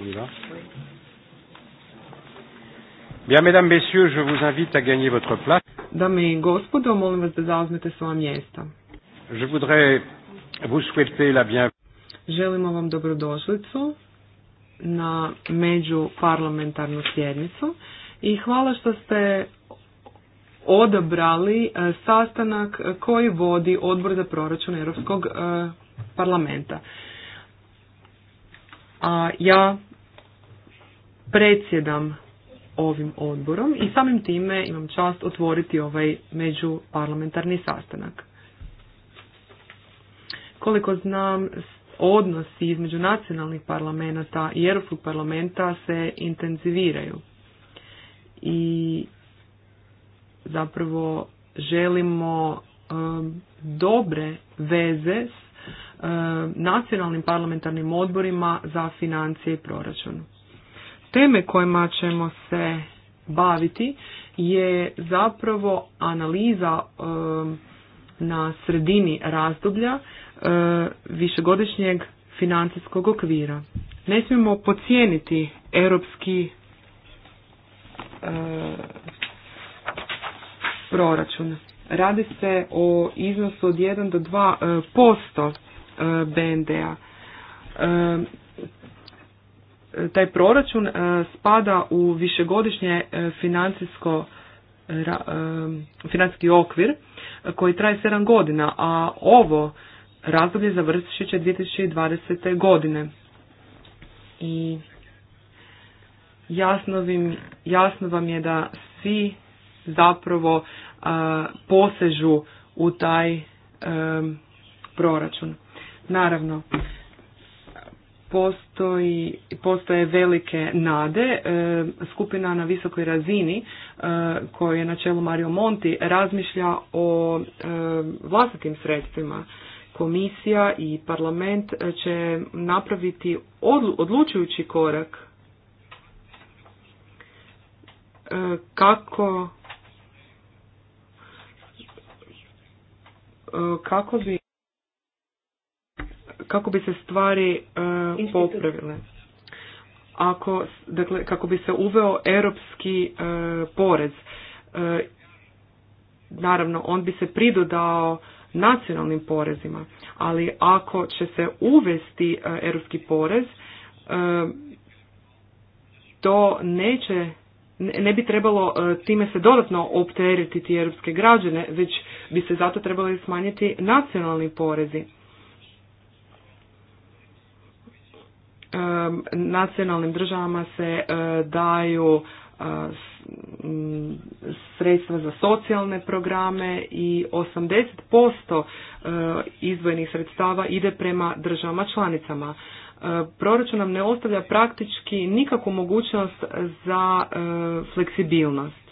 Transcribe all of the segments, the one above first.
On y messieurs, je vous invite à gagner votre place. Dame i gospodo, molim vas da zauzmete svoja mjesta. Je voudrais vous souhaiter la Želimo vam dobrodošlicu na međuparlamentarnu sjednicu i hvala što ste odabrali e, sastanak koji vodi Odbor za proračun Europskog e, parlamenta. A ja predsjedam ovim odborom i samim time imam čast otvoriti ovaj međuparlamentarni sastanak. Koliko znam, odnosi između nacionalnih parlamenta i Europskog parlamenta se intenziviraju. I zapravo želimo um, dobre veze s um, nacionalnim parlamentarnim odborima za financije i proračun teme kojima ćemo se baviti je zapravo analiza na sredini razdoblja višegodišnjeg financijskog okvira. Ne smijemo pocijeniti europski proračun. Radi se o iznosu od 1 do 2 posto BND-a taj proračun e, spada u višegodišnje e, financijsko e, financijski okvir koji traje 7 godina, a ovo razdoblje završit će 2020. godine. I jasno, vim, jasno vam je da svi zapravo posežu u taj proračun. Naravno, postoji, postoje velike nade. E, skupina na visokoj razini e, koja je na čelu Mario Monti razmišlja o e, vlastitim sredstvima. Komisija i parlament će napraviti odlučujući korak kako kako bi kako bi se stvari e, popravile ako dakle kako bi se uveo europski e, porez e, naravno on bi se pridodao nacionalnim porezima ali ako će se uvesti europski porez to neće ne bi trebalo time se dodatno opteretiti europske građane, već bi se zato trebali smanjiti nacionalni porezi. nacionalnim državama se eh, daju eh, mm, sredstva za socijalne programe i 80% eh, izvojenih sredstava ide prema državama članicama. Proračun nam ne ostavlja praktički nikakvu mogućnost za fleksibilnost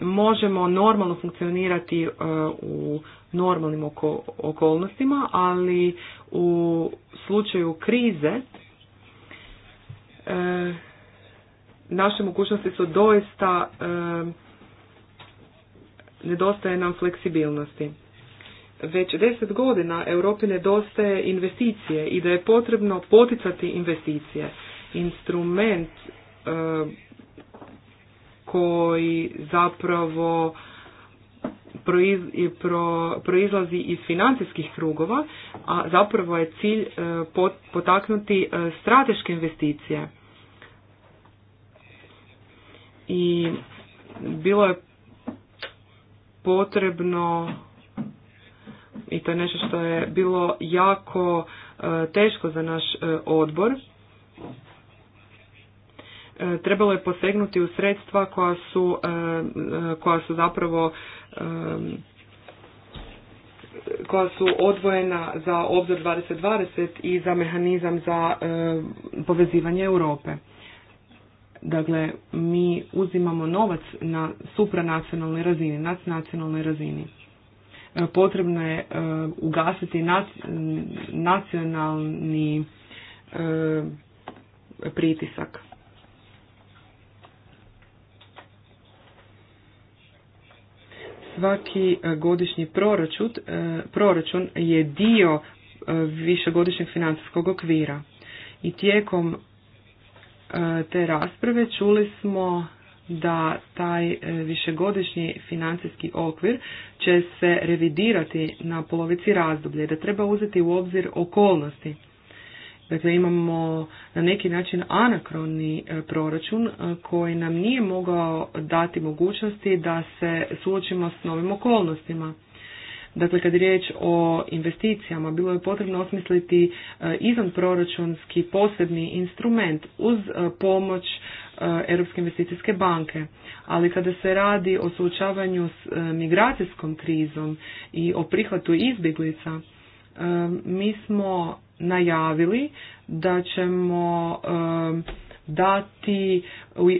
možemo normalno funkcionirati e, u normalnim okolnostima, ali u slučaju krize e, naše mogućnosti su doista e, nedostaje nam fleksibilnosti. Već deset godina Europi nedostaje investicije i da je potrebno poticati investicije. Instrument koji zapravo proiz, pro, proizlazi iz financijskih krugova, a zapravo je cilj e, potaknuti e, strateške investicije. I bilo je potrebno i to je nešto što je bilo jako e, teško za naš odbor E, trebalo je posegnuti u sredstva koja su, e, e, koja su zapravo koja su odvojena za obzor 2020 i za mehanizam za povezivanje Europe. Dakle, mi uzimamo novac na supranacionalnoj razini, nacionalnoj razini. Potrebno je ugasiti nacionalni pritisak. svaki e, godišnji proračun, e, proračun je dio e, višegodišnjeg financijskog okvira. I tijekom te rasprave čuli smo da taj višegodišnji financijski okvir će se revidirati na polovici razdoblje, da treba uzeti u obzir okolnosti. Dakle, imamo na neki način anakroni e, proračun e, koji nam nije mogao dati mogućnosti da se suočimo s novim okolnostima. Dakle, kad je riječ o investicijama, bilo je potrebno osmisliti e, izvanproračunski posebni instrument uz pomoć Europske investicijske banke. Ali kada se radi o suočavanju s migracijskom krizom i o prihvatu izbjeglica, mi smo najavili da ćemo dati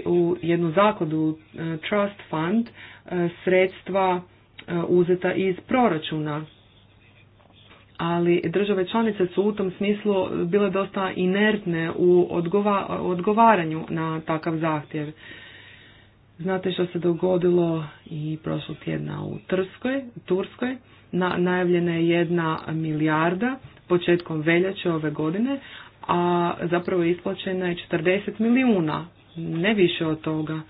u jednu zakladu eh, Trust Fund eh, sredstva eh, uzeta iz proračuna. Ali države članice su u tom smislu bile dosta inertne u odgovaranju na takav zahtjev. Znate što se dogodilo i prošlog tjedna u Trskoj, Turskoj na, najavljena je jedna milijarda početkom veljače ove godine, a zapravo isplaćeno isplaćena je 40 milijuna, ne više od toga.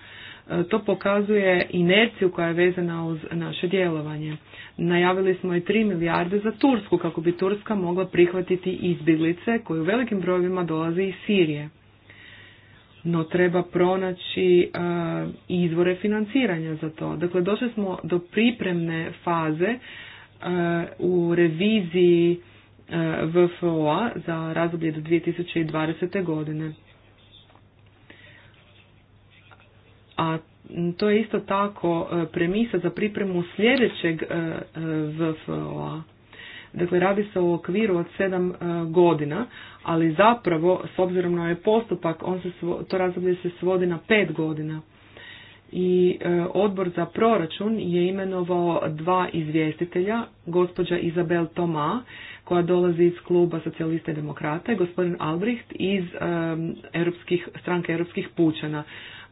E, to pokazuje inerciju koja je vezana uz naše djelovanje. Najavili smo i 3 milijarde za Tursku kako bi Turska mogla prihvatiti izbjeglice koje u velikim brojevima dolaze iz Sirije. No treba pronaći e, izvore financiranja za to. Dakle, došli smo do pripremne faze Eh, u reviziji eh, VFO-a za razdoblje do 2020. godine. A to je isto tako eh, premisa za pripremu sljedećeg VFO-a. Dakle, radi se o okviru od sedam godina, ali zapravo, s obzirom na ovaj postupak, on se, to razdoblje se svodi na pet godina i e, odbor za proračun je imenovao dva izvjestitelja, gospođa Izabel Toma, koja dolazi iz kluba socijaliste i demokrata i gospodin Albrecht iz e, europskih, stranke europskih pučana.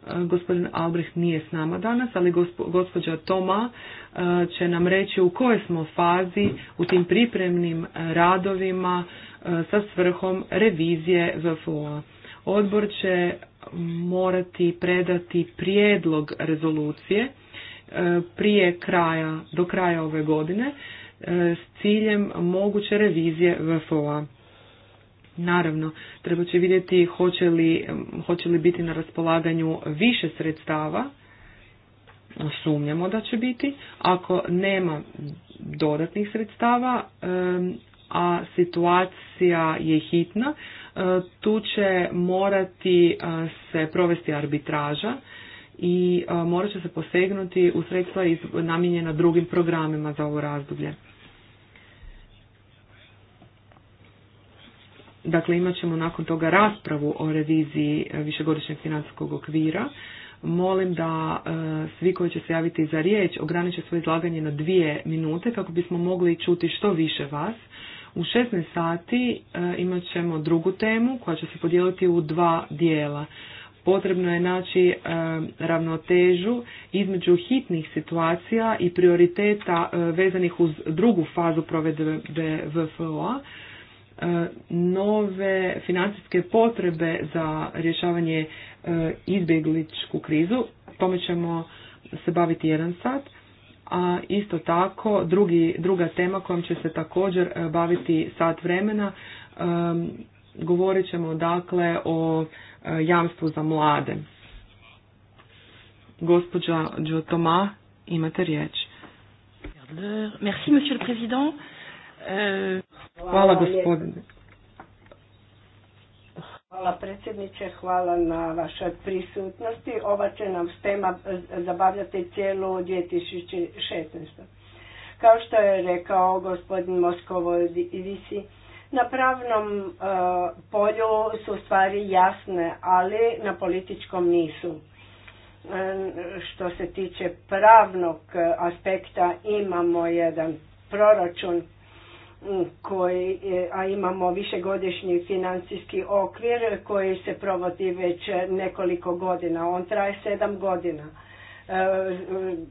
E, gospodin Albrecht nije s nama danas, ali gospođa Toma će nam reći u kojoj smo fazi u tim pripremnim radovima sa svrhom revizije VFO-a. Odbor će morati predati prijedlog rezolucije e, prije kraja, do kraja ove godine e, s ciljem moguće revizije VFO-a. Naravno, treba će vidjeti hoće li, hoće li biti na raspolaganju više sredstava, sumnjamo da će biti, ako nema dodatnih sredstava, e, a situacija je hitna, tu će morati se provesti arbitraža i morat će se posegnuti u sredstva namijenjena drugim programima za ovo razdoblje. Dakle, imat ćemo nakon toga raspravu o reviziji e, višegodišnjeg financijskog okvira. Molim da e, svi koji će se javiti za riječ ograniče svoje izlaganje na dvije minute kako bismo mogli čuti što više vas u 16 sati e, imat ćemo drugu temu koja će se podijeliti u dva dijela. Potrebno je naći e, ravnotežu između hitnih situacija i prioriteta e, vezanih uz drugu fazu provedbe VFO-a, nove financijske potrebe za rješavanje izbjegličku krizu. Tome ćemo se baviti jedan sat a isto tako drugi, druga tema kojom će se također e, baviti sat vremena. govorit ćemo dakle o e, jamstvu za mlade. Gospođa Đotoma, imate riječ. Merci, monsieur le président. Euh, Hvala gospodine. Hvala predsjedniče, hvala na vašoj prisutnosti. Ova će nam tema zabavljati cijelu 2016. Kao što je rekao gospodin Moskovo Visi, na pravnom e, polju su stvari jasne, ali na političkom nisu. E, što se tiče pravnog aspekta imamo jedan proračun koji, e, a imamo višegodišnji financijski okvir koji se provodi već nekoliko godina. On traje sedam godina. E,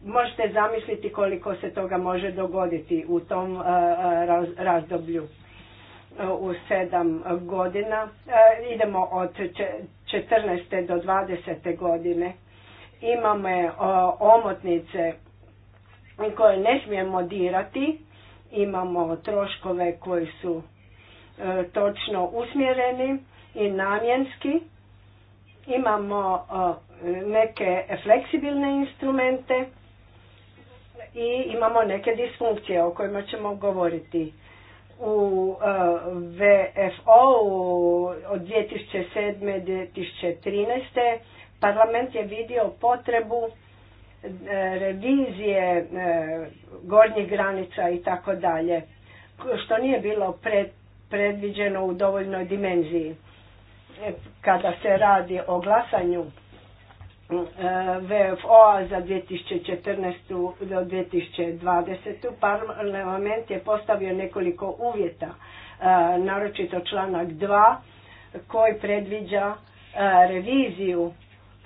možete zamisliti koliko se toga može dogoditi u tom e, razdoblju u sedam godina. idemo od 14. do 20. godine. Imamo omotnice koje ne smijemo dirati imamo troškove koji su e, točno usmjereni i namjenski. Imamo e, neke fleksibilne instrumente i imamo neke disfunkcije o kojima ćemo govoriti. U e, VFO -u od 2007. 2013. parlament je vidio potrebu E, revizije e, gornjih granica i tako dalje, što nije bilo predviđeno u dovoljnoj dimenziji. E, kada se radi o glasanju VFO-a za 2014. do 2020. parlament je postavio nekoliko uvjeta, naročito članak 2 koji predviđa reviziju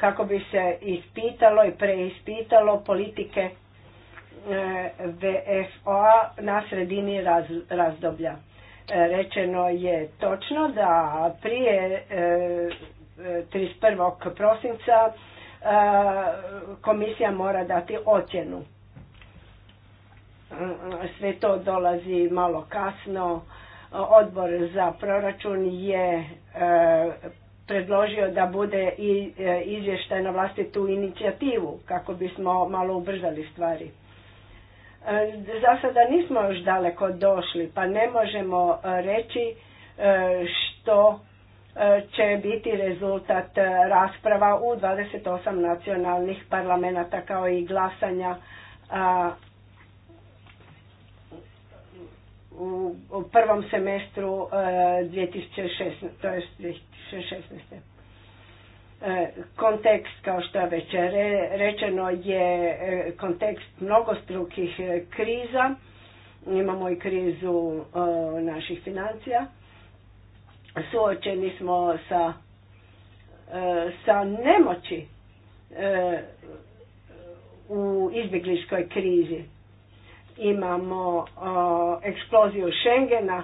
kako bi se ispitalo i preispitalo politike e, vfo na sredini razdoblja. E, rečeno je točno da prije 31. E, prosinca komisija mora dati ocjenu. Sve to dolazi malo kasno. Odbor za proračun je predložio da bude i e, izvještaj na vlastitu inicijativu kako bismo malo ubrzali stvari. E, za sada nismo još daleko došli pa ne možemo e, reći što će biti rezultat rasprava u 28 nacionalnih parlamenta kao i glasanja u, prvom semestru 2016. E, to je 2016 e, kontekst, kao što je već rečeno, je e, kontekst mnogostrukih kriza. Imamo i krizu naših financija. Suočeni smo sa, sa nemoći u izbjegličkoj krizi imamo eksploziju Schengena,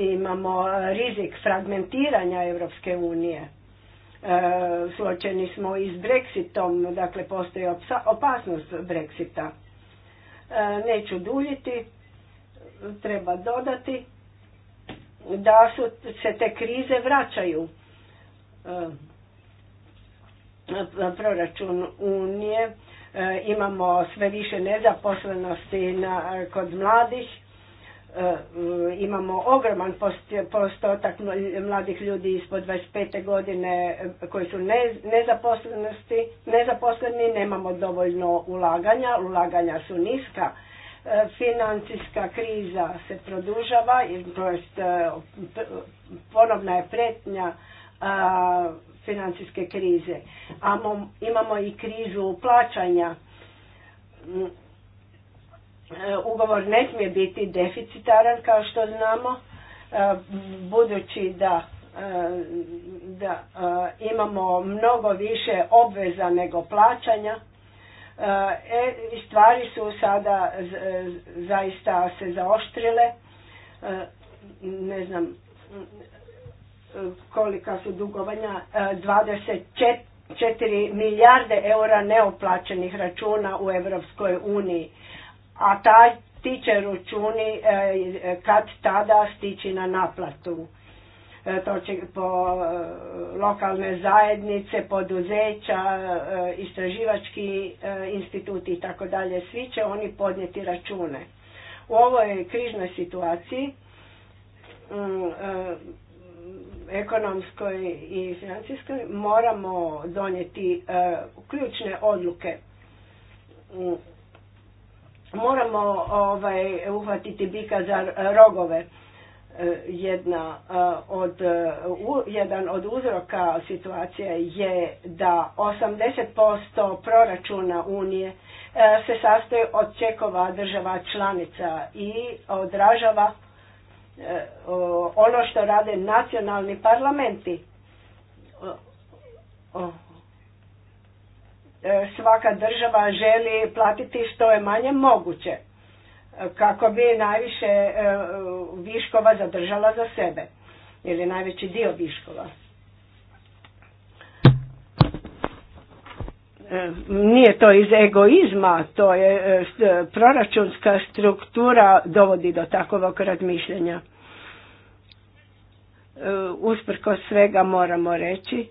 imamo e, rizik fragmentiranja Europske unije. E, suočeni smo i s Brexitom, dakle postoji opasnost Brexita. E, neću duljiti, treba dodati da su, se te krize vraćaju. Proračun Unije E, imamo sve više nezaposlenosti kod mladih, e, imamo ogroman postotak mladih ljudi ispod 25. godine koji su nezaposleni, nemamo dovoljno ulaganja, ulaganja su niska, e, financijska kriza se produžava, ponovna je pretnja financijske krize. imamo i krizu plaćanja. Mm, e, ugovor ne smije biti deficitaran kao što znamo, e, budući da, e, da imamo mnogo više obveza nego plaćanja. E, stvari su sada zaista se zaoštrile. Ne znam, kolika su dugovanja, 24 e, milijarde eura neoplaćenih računa u Europskoj uniji, a taj ti će računi e, kad tada stići na naplatu. E, to će po lokalne zajednice, poduzeća, istraživački instituti i tako dalje. Svi će oni podnijeti račune. U ovoj križnoj situaciji mm, ekonomskoj i financijskoj moramo donijeti e, ključne odluke mm. moramo ovaj, uhvatiti bika za rogove. E, jedna e, od, jedan od uzroka situacije je da 80% proračuna Unije se sastoji od čekova država članica i odražava ono što rade nacionalni parlamenti. E, svaka država želi platiti što je manje moguće e, kako bi najviše e, viškova zadržala za sebe ili najveći dio viškova. nije to iz egoizma, to je e, e, proračunska struktura dovodi do takvog razmišljanja. E, usprko svega moramo reći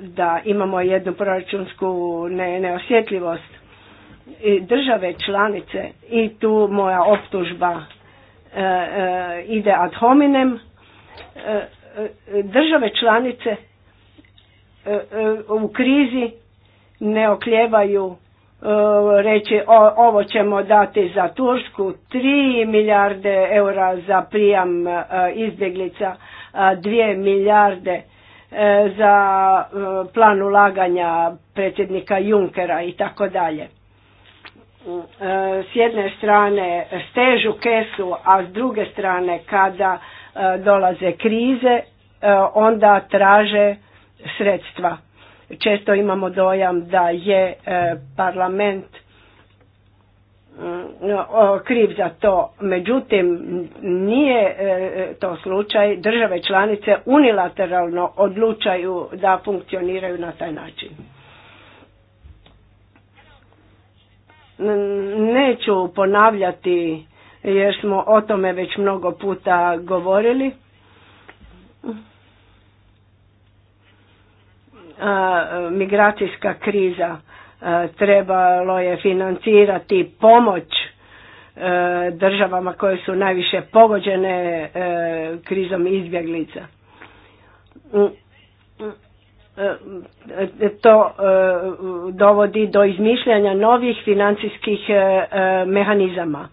da imamo jednu proračunsku ne, neosjetljivost i države članice i tu moja optužba ide ad hominem države članice u krizi ne okljevaju e, reći ovo ćemo dati za Tursku 3 milijarde eura za prijam e, izbjeglica, 2 milijarde e, za plan ulaganja predsjednika Junkera i tako dalje. S jedne strane stežu kesu, a s druge strane kada dolaze krize onda traže sredstva Često imamo dojam da je e, parlament mm, kriv za to. Međutim, nije e, to slučaj. Države članice unilateralno odlučaju da funkcioniraju na taj način. Neću ponavljati jer smo o tome već mnogo puta govorili migracijska kriza trebalo je financirati pomoć državama koje su najviše pogođene krizom izbjeglica. Mm, mm, e, to e, dovodi do izmišljanja novih financijskih e, mehanizama.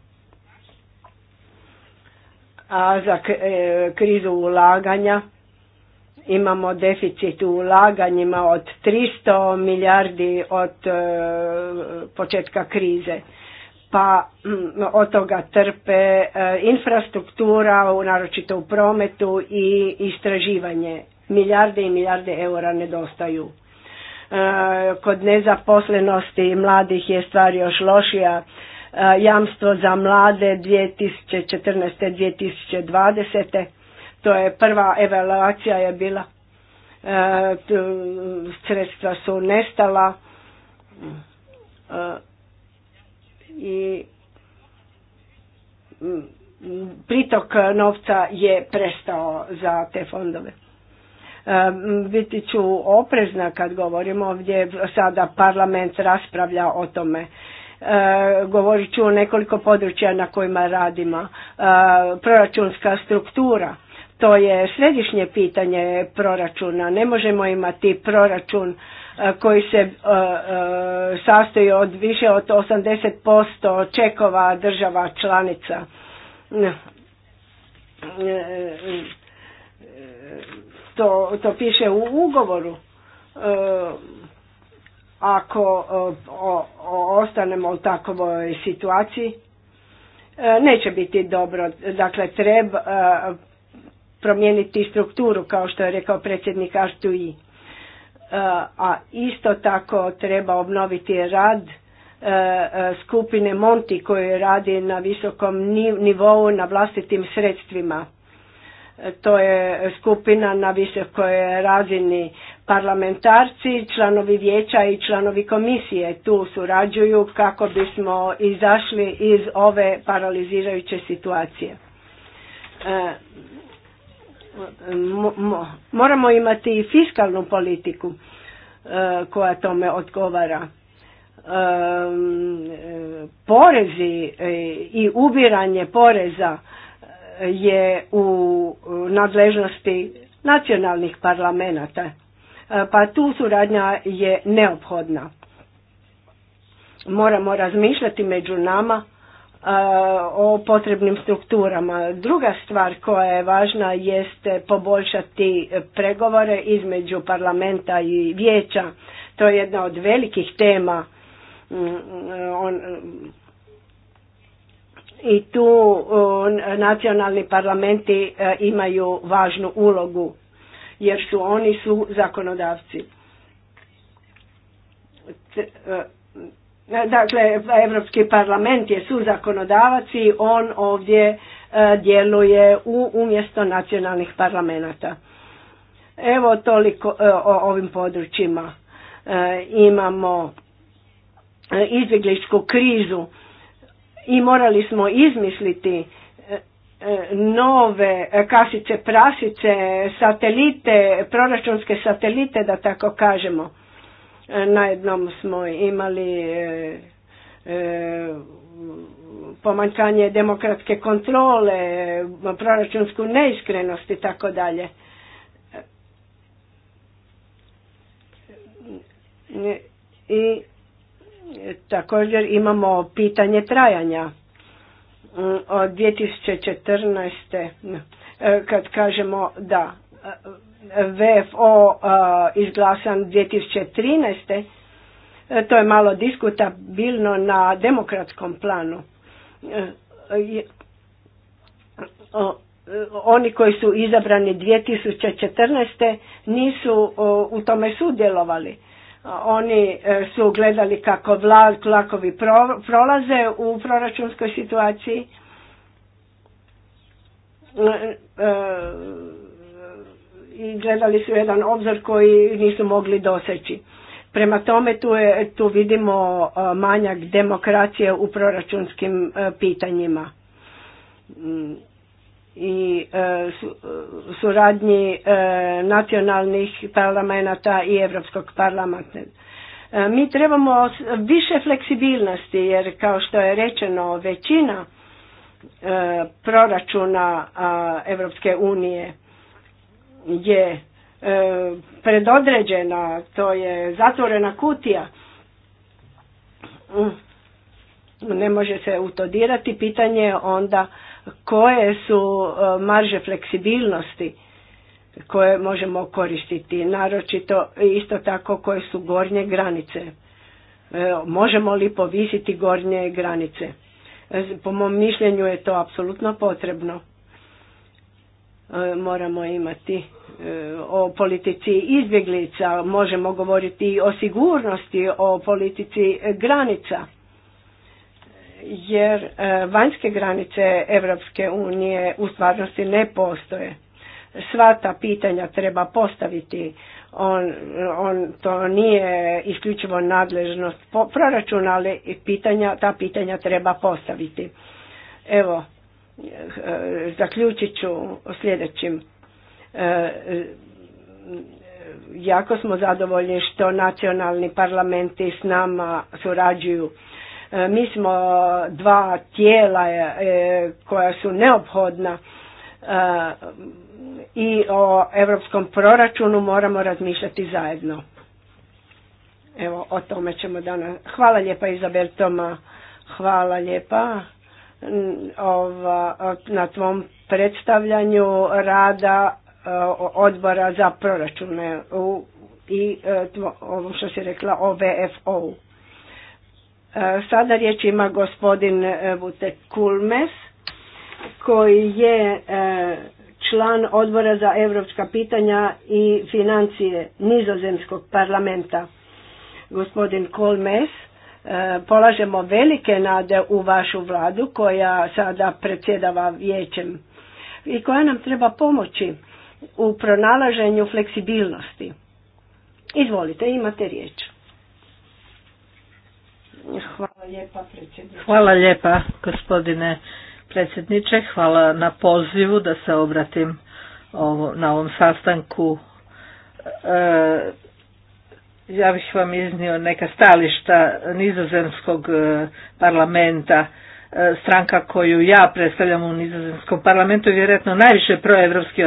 A za krizu ulaganja Imamo deficit u ulaganjima od 300 milijardi od e, početka krize pa mm, od toga trpe e, infrastruktura, naročito u prometu i istraživanje. Milijarde i milijarde eura nedostaju. E, kod nezaposlenosti mladih je stvar još lošija. Jamstvo za mlade 2014. 2020. To je prva evaluacija je bila. E, sredstva su nestala e, i mm, pritok novca je prestao za te fondove. E, biti ću oprezna kad govorimo ovdje, sada parlament raspravlja o tome. E, govorit ću o nekoliko područja na kojima radimo. proračunska struktura, to je središnje pitanje proračuna. Ne možemo imati proračun e, koji se e, e, sastoji od više od 80% čekova država članica. To, to piše u ugovoru. ako ostanemo u takvoj situaciji, neće biti dobro. Dakle, treba, promijeniti strukturu kao što je rekao predsjednik Artui. E, a isto tako treba obnoviti rad e, skupine Monti koje radi na visokom nivou na vlastitim sredstvima. E, to je skupina na visokoj razini parlamentarci, članovi vijeća i članovi komisije tu surađuju kako bismo izašli iz ove paralizirajuće situacije moramo imati i fiskalnu politiku e, koja tome odgovara. E, porezi e, i ubiranje poreza je u nadležnosti nacionalnih parlamenta, pa tu suradnja je neophodna. Moramo razmišljati među nama o potrebnim strukturama. Druga stvar koja je važna jeste poboljšati pregovore između parlamenta i vijeća. To je jedna od velikih tema mm, i tu nacionalni parlamenti e, imaju važnu ulogu jer su oni su zakonodavci e, Dakle, Europski parlament je zakonodavac i on ovdje e, djeluje u, umjesto nacionalnih parlamenta. Evo toliko e, o ovim područjima. E, imamo izbjegličku krizu i morali smo izmisliti nove kasice prasice, satelite, proračunske satelite da tako kažemo. Na jednom smo imali e, e, pomanjkanje demokratske kontrole, proračunsku neiskrenost i tako dalje. I također imamo pitanje trajanja od 2014. E, kad kažemo da VFO uh, izglasan 2013. E, to je malo diskutabilno na demokratskom planu. E, oni koji su izabrani 2014. nisu u tome sudjelovali. Oni e, su gledali kako vlakovi prolaze u proračunskoj situaciji i gledali su jedan obzor koji nisu mogli doseći. Prema tome tu, tu vidimo e, manjak demokracije u proračunskim e, pitanjima mm. i e, suradnji nacionalnih parlamenta i Europskog parlamenta. Mi trebamo više fleksibilnosti jer kao što je rečeno većina proračuna Europske unije je e, predodređena, to je zatvorena kutija. Mm. Ne može se utodirati pitanje onda koje su e, marže fleksibilnosti koje možemo koristiti, naročito isto tako koje su gornje granice. E, možemo li povisiti gornje granice? Po mom mišljenju je to apsolutno potrebno. Moramo imati o politici izbjeglica, možemo govoriti i o sigurnosti, o politici granica. Jer e, vanjske granice Europske unije u stvarnosti ne postoje. Sva ta pitanja treba postaviti. On, on to nije isključivo nadležnost proračuna, ali pitanja, ta pitanja treba postaviti. Evo, e, zaključit ću sljedećim E, e, jako smo zadovoljni što nacionalni parlamenti s nama surađuju. E, mi smo dva tijela koja su neophodna i o europskom proračunu moramo razmišljati zajedno. Evo, o tome ćemo danas. Hvala lijepa Izabel Toma, hvala lijepa na tvom predstavljanju rada odbora za proračune i e, ovo što si rekla OVFO. E, sada riječ ima gospodin Vute e, Kulmes koji je član odbora za europska pitanja i financije nizozemskog parlamenta. Gospodin Kulmes, polažemo velike nade u vašu vladu koja sada predsjedava vijećem i koja nam treba pomoći u pronalaženju fleksibilnosti. Izvolite, imate riječ. Hvala lijepa, predsjedniče. Hvala gospodine predsjedniče. Hvala na pozivu da se obratim ovo, na ovom sastanku. E, ja bih vam iznio neka stališta nizozemskog e, parlamenta E, stranka koju ja predstavljam u nizozemskom parlamentu je vjerojatno najviše proevropski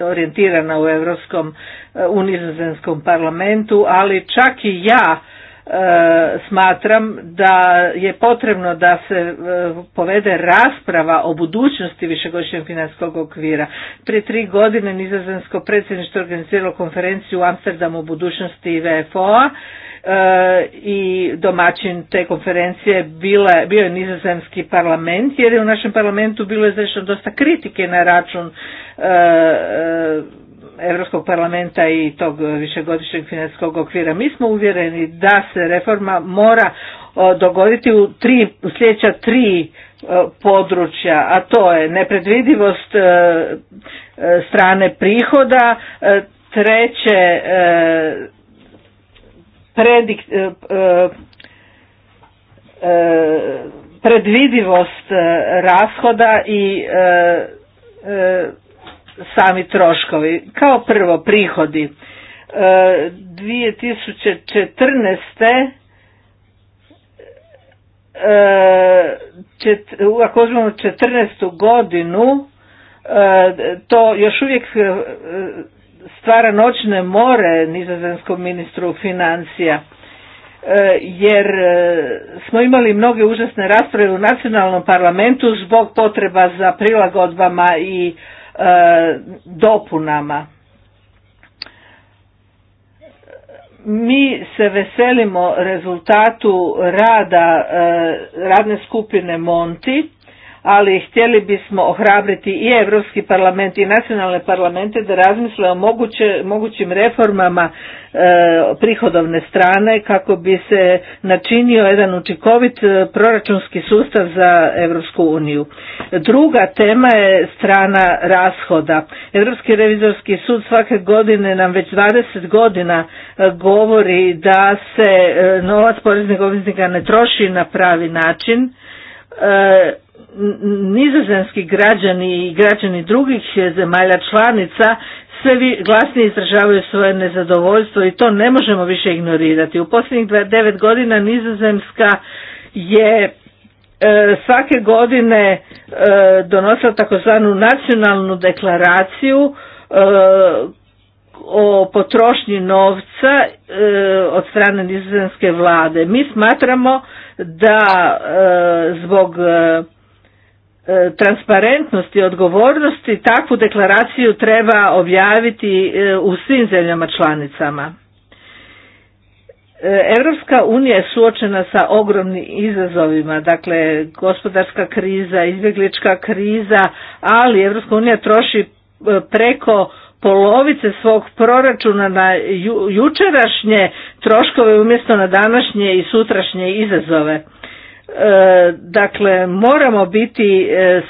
orijentirana u europskom e, u nizozemskom parlamentu, ali čak i ja e, smatram da je potrebno da se povede rasprava o budućnosti višegodišnjeg financijskog okvira. Prije tri godine nizozemsko predsjedništvo organiziralo konferenciju u Amsterdamu o budućnosti VFO-a i domaćin te konferencije bila, bio je nizozemski parlament jer je u našem parlamentu bilo izrečeno dosta kritike na račun Europskog e, parlamenta i tog višegodišnjeg financijskog okvira. Mi smo uvjereni da se reforma mora e, dogoditi u, tri, u sljedeća tri e, područja, a to je nepredvidivost strane prihoda, treće Eh, eh, eh, predvidivost rashoda i sami troškovi. Kao prvo prihodi. 2014. Čet, ako uzmemo 14. godinu to još uvijek stvara noćne more nizozemskom ministru financija e, jer e, smo imali mnoge užasne rasprave u nacionalnom parlamentu zbog potreba za prilagodbama i e, dopunama. Mi se veselimo rezultatu rada radne skupine Monti ali htjeli bismo ohrabriti i Europski parlament i nacionalne parlamente da razmisle o moguće, mogućim reformama e, prihodovne strane kako bi se načinio jedan učinkovit e, proračunski sustav za Europsku uniju. Druga tema je strana rashoda. Europski revizorski sud svake godine nam već 20 godina e, govori da se novac poreznih obveznika ne troši na pravi način nizozemski građani i građani drugih zemalja članica sve glasnije izražavaju svoje nezadovoljstvo i to ne možemo više ignorirati. U posljednjih devet godina nizozemska je e, svake godine e, donosila takozvanu nacionalnu deklaraciju e, o potrošnji novca od strane nizozemske vlade. Mi smatramo da zbog E, transparentnosti i odgovornosti takvu deklaraciju treba objaviti e, u svim zemljama članicama. Europska unija je suočena sa ogromnim izazovima, dakle gospodarska kriza, izbjeglička kriza, ali Europska unija troši e, preko polovice svog proračuna na jučerašnje troškove umjesto na današnje i sutrašnje izazove. E, dakle, moramo biti e,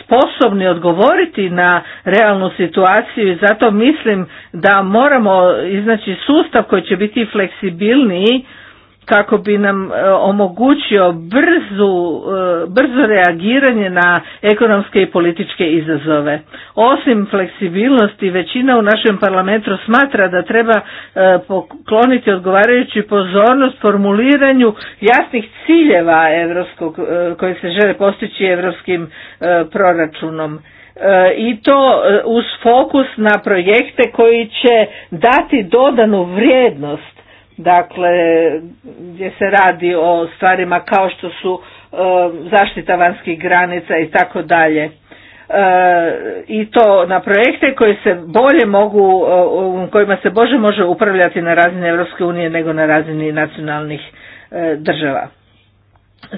sposobni odgovoriti na realnu situaciju i zato mislim da moramo iznaći sustav koji će biti fleksibilniji kako bi nam e, omogućio brzu, e, brzo reagiranje na ekonomske i političke izazove. Osim fleksibilnosti, većina u našem parlamentu smatra da treba e, pokloniti odgovarajuću pozornost formuliranju jasnih ciljeva Europskog koji se žele postići evropskim proračunom i to uz fokus na projekte koji će dati dodanu vrijednost dakle gdje se radi o stvarima kao što su e, zaštita vanjskih granica i tako dalje. E, I to na projekte koji se bolje mogu, e, kojima se bože može upravljati na razini Europske unije nego na razini nacionalnih država.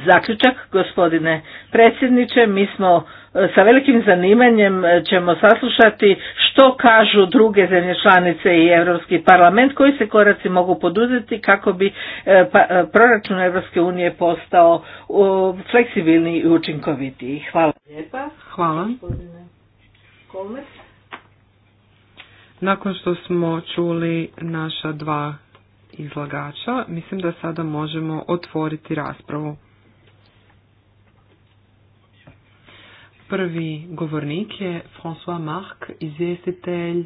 Zaključak, gospodine predsjedniče, mi smo sa velikim zanimanjem e, ćemo saslušati što kažu druge zemlje članice i Europski parlament, koji se koraci mogu poduzeti kako bi e, pa, e, proračun Europske unije postao fleksibilniji i učinkovitiji. Hvala lijepa. Hvala. Nakon što smo čuli naša dva izlagača, mislim da sada možemo otvoriti raspravu. Prvi govornik je François Marc, izvjestitelj e,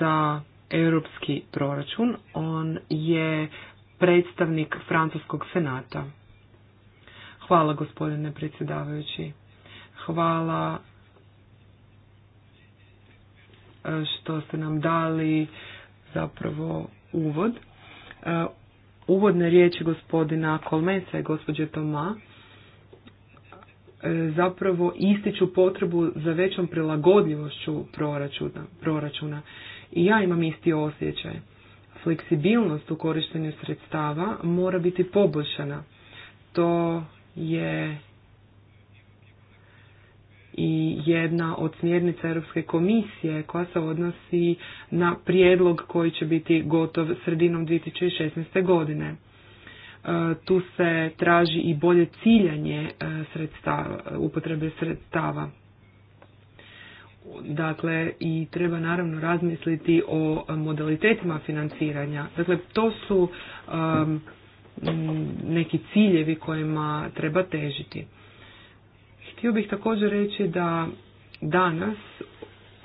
za europski proračun. On je predstavnik Francuskog senata. Hvala gospodine predsjedavajući. Hvala e, što ste nam dali zapravo uvod. E, uvodne riječi gospodina Kolmeca i gospođe Toma E, zapravo ističu potrebu za većom prilagodljivošću proračuna. proračuna. I ja imam isti osjećaj. Fleksibilnost u korištenju sredstava mora biti poboljšana. To je i jedna od smjernica Europske komisije koja se odnosi na prijedlog koji će biti gotov sredinom 2016. godine tu se traži i bolje ciljanje e, sredstava, upotrebe sredstava. Dakle, i treba naravno razmisliti o modalitetima financiranja. Dakle, to su neki ciljevi kojima treba težiti. Htio bih također reći da danas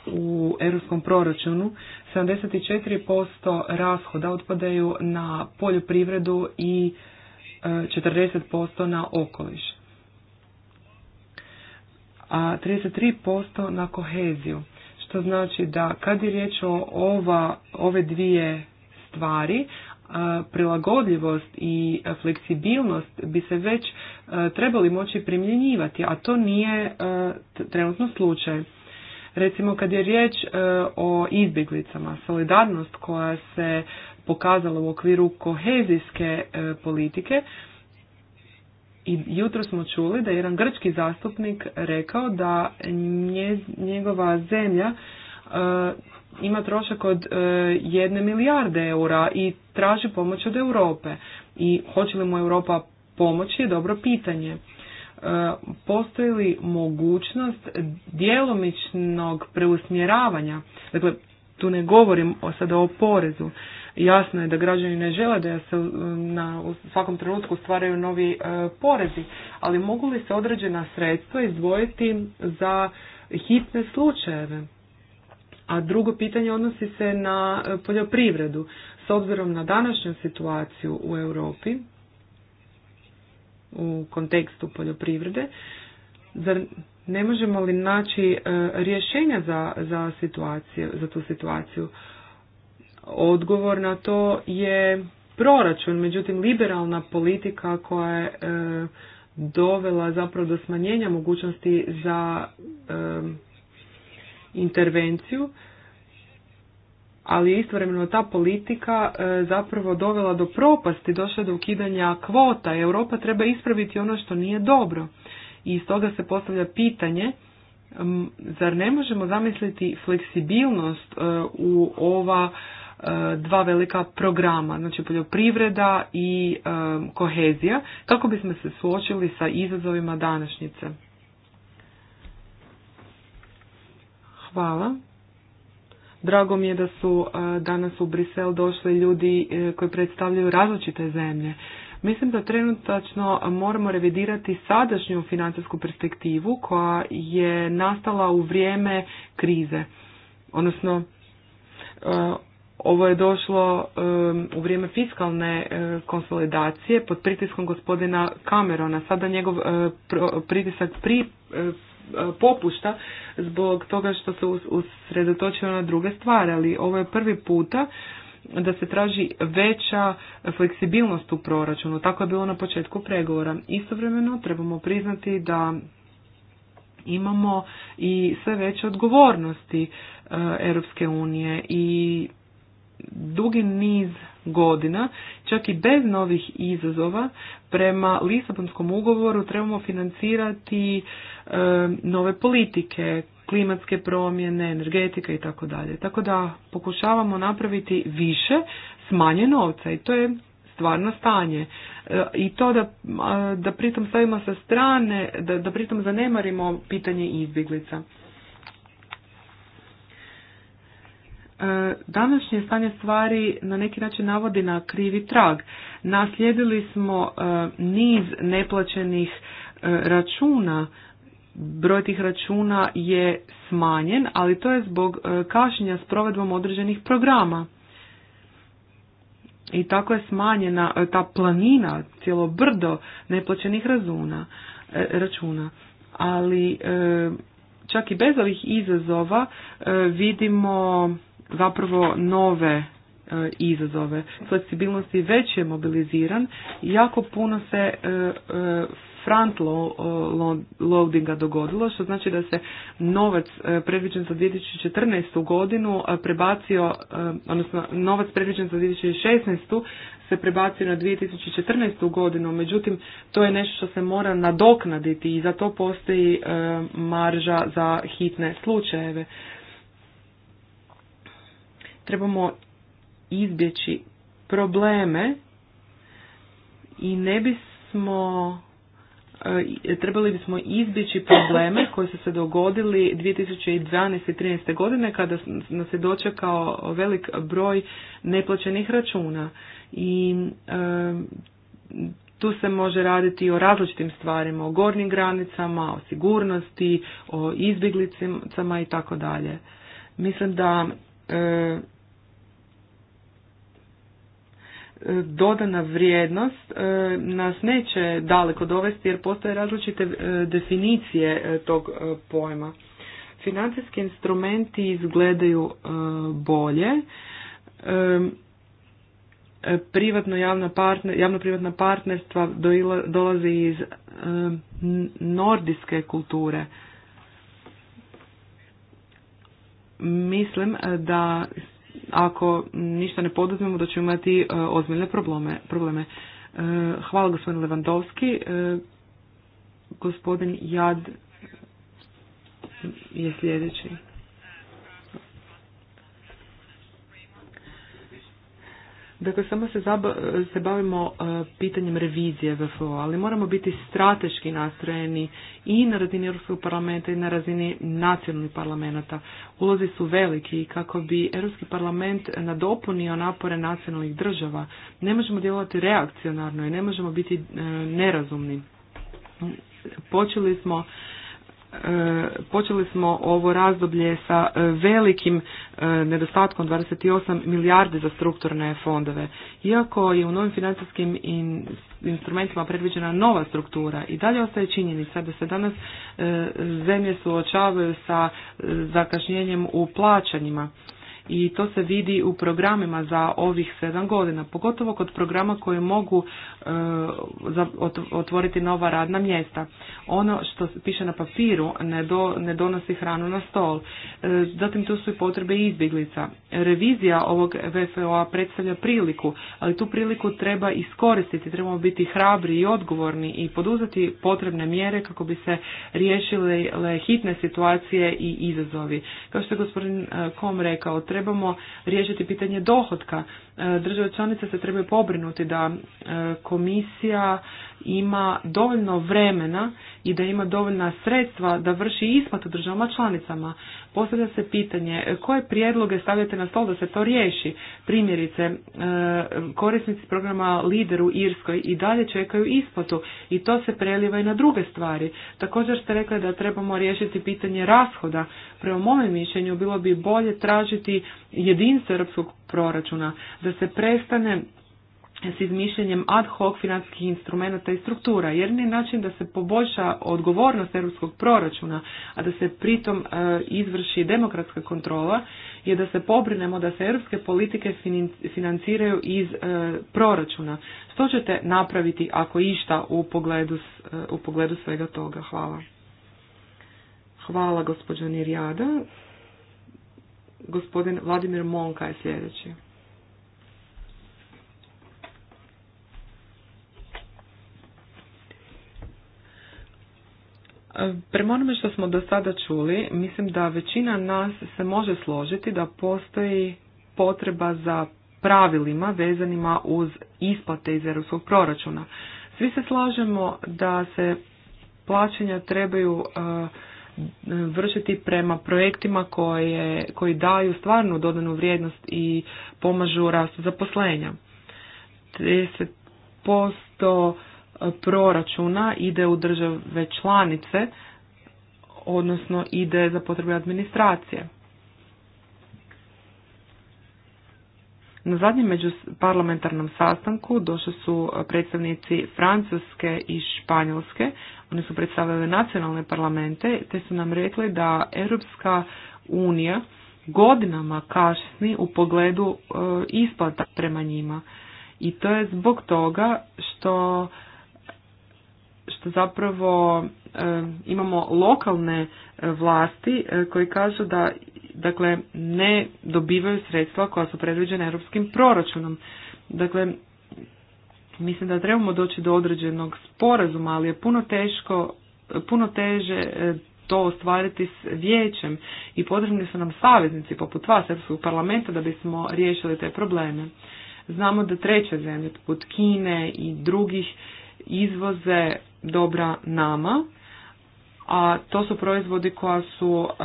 u europskom proračunu 74% rashoda otpadaju na poljoprivredu i 40% e, na okoliš. A 33% na koheziju. Što znači da kad je riječ o ova, ove dvije stvari, e, prilagodljivost i fleksibilnost bi se već e, trebali moći primjenjivati, a to nije trenutno slučaj. Recimo kad je riječ e, o izbjeglicama, solidarnost koja se pokazala u okviru kohezijske e, politike, i jutro smo čuli da je jedan grčki zastupnik rekao da nje, njegova zemlja e, ima trošak od jedne milijarde eura i traži pomoć od Europe. I hoće li mu Europa pomoći je dobro pitanje postoji li mogućnost djelomičnog preusmjeravanja, dakle tu ne govorim o, sada o porezu, jasno je da građani ne žele da se um, na, u svakom trenutku stvaraju novi uh, porezi, ali mogu li se određena sredstva izdvojiti za hitne slučajeve? A drugo pitanje odnosi se na uh, poljoprivredu. S obzirom na današnju situaciju u Europi, u kontekstu poljoprivrede. Zar ne možemo li naći e, rješenja za, za, situaciju, za tu situaciju? Odgovor na to je proračun, međutim liberalna politika koja je e, dovela zapravo do smanjenja mogućnosti za e, intervenciju ali je istovremeno ta politika e, zapravo dovela do propasti, došla do ukidanja kvota. Europa treba ispraviti ono što nije dobro. I stoga se postavlja pitanje, zar ne možemo zamisliti fleksibilnost e, u ova e, dva velika programa, znači poljoprivreda i kohezija, kako bismo se suočili sa izazovima današnjice. Hvala. Drago mi je da su e, danas u Brisel došli ljudi e, koji predstavljaju različite zemlje. Mislim da trenutačno moramo revidirati sadašnju financijsku perspektivu koja je nastala u vrijeme krize. Odnosno, e, ovo je došlo u vrijeme fiskalne konsolidacije pod pritiskom gospodina Camerona. Sada njegov pritisak pri E, popušta zbog toga što se usredotočio na druge stvari, ali ovo je prvi puta da se traži veća fleksibilnost u proračunu. Tako je bilo na početku pregovora. Istovremeno trebamo priznati da imamo i sve veće odgovornosti e, Europske unije i dugi niz godina, čak i bez novih izazova, prema Lisabonskom ugovoru trebamo financirati nove politike, klimatske promjene, energetika i tako dalje. Tako da pokušavamo napraviti više s manje novca i to je stvarno stanje. E, I to da, da pritom stavimo sa strane, da, da pritom zanemarimo pitanje izbjeglica. današnje stanje stvari na neki način navodi na krivi trag. Naslijedili smo e, niz neplaćenih e, računa, broj tih računa je smanjen, ali to je zbog e, kašnjenja s provedbom određenih programa. I tako je smanjena ta planina, cijelo brdo neplaćenih razuna, računa. Ali čak i bez ovih izazova vidimo zapravo nove e, izazove. Fleksibilnost je već je mobiliziran, jako puno se e, e, front loadinga dogodilo, što znači da se novac predviđen za 2014. godinu prebacio, odnosno novac predviđen za 2016. se prebacio na 2014. godinu, međutim to je nešto što se mora nadoknaditi i za to postoji marža za hitne slučajeve trebamo izbjeći probleme i ne bismo e, trebali bismo izbjeći probleme koji su se dogodili 2012. i 2013. godine kada nas je dočekao velik broj neplaćenih računa i e, tu se može raditi o različitim stvarima, o gornjim granicama, o sigurnosti, o izbjeglicama i tako dalje. Mislim da e, dodana vrijednost e, nas neće daleko dovesti jer postoje različite e, definicije e, tog pojma. Financijski instrumenti izgledaju bolje. Privatno javna partner, javno privatna partnerstva dolaze iz nordijske kulture. Mislim da ako ništa ne poduzmemo da ćemo imati e, ozbiljne probleme. probleme. E, hvala gospodin Levandovski. E, gospodin Jad je sljedeći. Dakle, samo se, se bavimo e, pitanjem revizije VFO, ali moramo biti strateški nastrojeni i na razini Europskog parlamenta i na razini nacionalnih parlamenta. Ulozi su veliki i kako bi Europski parlament nadopunio napore nacionalnih država, ne možemo djelovati reakcionarno i ne možemo biti e, nerazumni. Počeli smo E, počeli smo ovo razdoblje sa e, velikim e, nedostatkom 28 milijardi za strukturne fondove. Iako je u novim financijskim instrumentima predviđena nova struktura i dalje ostaje činjenica da se danas zemlje suočavaju sa zakašnjenjem u plaćanjima i to se vidi u programima za ovih sedam godina, pogotovo kod programa koje mogu e, otvoriti nova radna mjesta. Ono što piše na papiru ne, do, ne donosi hranu na stol. E, zatim tu su i potrebe izbjeglica. Revizija ovog VFOA predstavlja priliku, ali tu priliku treba iskoristiti, trebamo biti hrabri i odgovorni i poduzeti potrebne mjere kako bi se riješile hitne situacije i izazovi. Kao što je gospodin e, Kom rekao, treba trebamo riješiti pitanje dohodka. E, države članice se trebaju pobrinuti da e, komisija ima dovoljno vremena i da ima dovoljna sredstva da vrši isplatu državama članicama. Postavlja se pitanje koje prijedloge stavljate na stol da se to riješi. Primjerice, e, korisnici programa Lider u Irskoj i dalje čekaju isplatu i to se preliva i na druge stvari. Također ste rekli da trebamo riješiti pitanje rashoda. Prema mojem mišljenju bilo bi bolje tražiti jedinstvo europskog proračuna, da se prestane s izmišljenjem ad hoc financijskih instrumenata i struktura. Jedini način da se poboljša odgovornost europskog proračuna, a da se pritom e, izvrši demokratska kontrola, je da se pobrinemo da se europske politike financiraju iz e, proračuna. Što ćete napraviti ako išta u pogledu, e, u pogledu svega toga? Hvala. Hvala gospođo Nirjada. Gospodin Vladimir Monka je sljedeći. Prema onome što smo do sada čuli, mislim da većina nas se može složiti da postoji potreba za pravilima vezanima uz isplate iz europskog proračuna. Svi se slažemo da se plaćanja trebaju e, vršiti prema projektima koje, koji daju stvarnu dodanu vrijednost i pomažu rastu zaposlenja. 30% proračuna ide u države članice, odnosno ide za potrebe administracije. Na zadnjem među parlamentarnom sastanku došli su predstavnici Francuske i Španjolske. Oni su predstavili nacionalne parlamente te su nam rekli da Europska unija godinama kasni u pogledu e, isplata prema njima. I to je zbog toga što što zapravo e, imamo lokalne e, vlasti e, koji kažu da dakle ne dobivaju sredstva koja su predviđena europskim proračunom. Dakle, mislim da trebamo doći do određenog sporazuma, ali je puno teško, puno teže to ostvariti s vijećem i potrebni su nam saveznici poput vas Europskog parlamenta da bismo riješili te probleme. Znamo da treće zemlje poput Kine i drugih izvoze dobra nama, a to su proizvodi koja su e,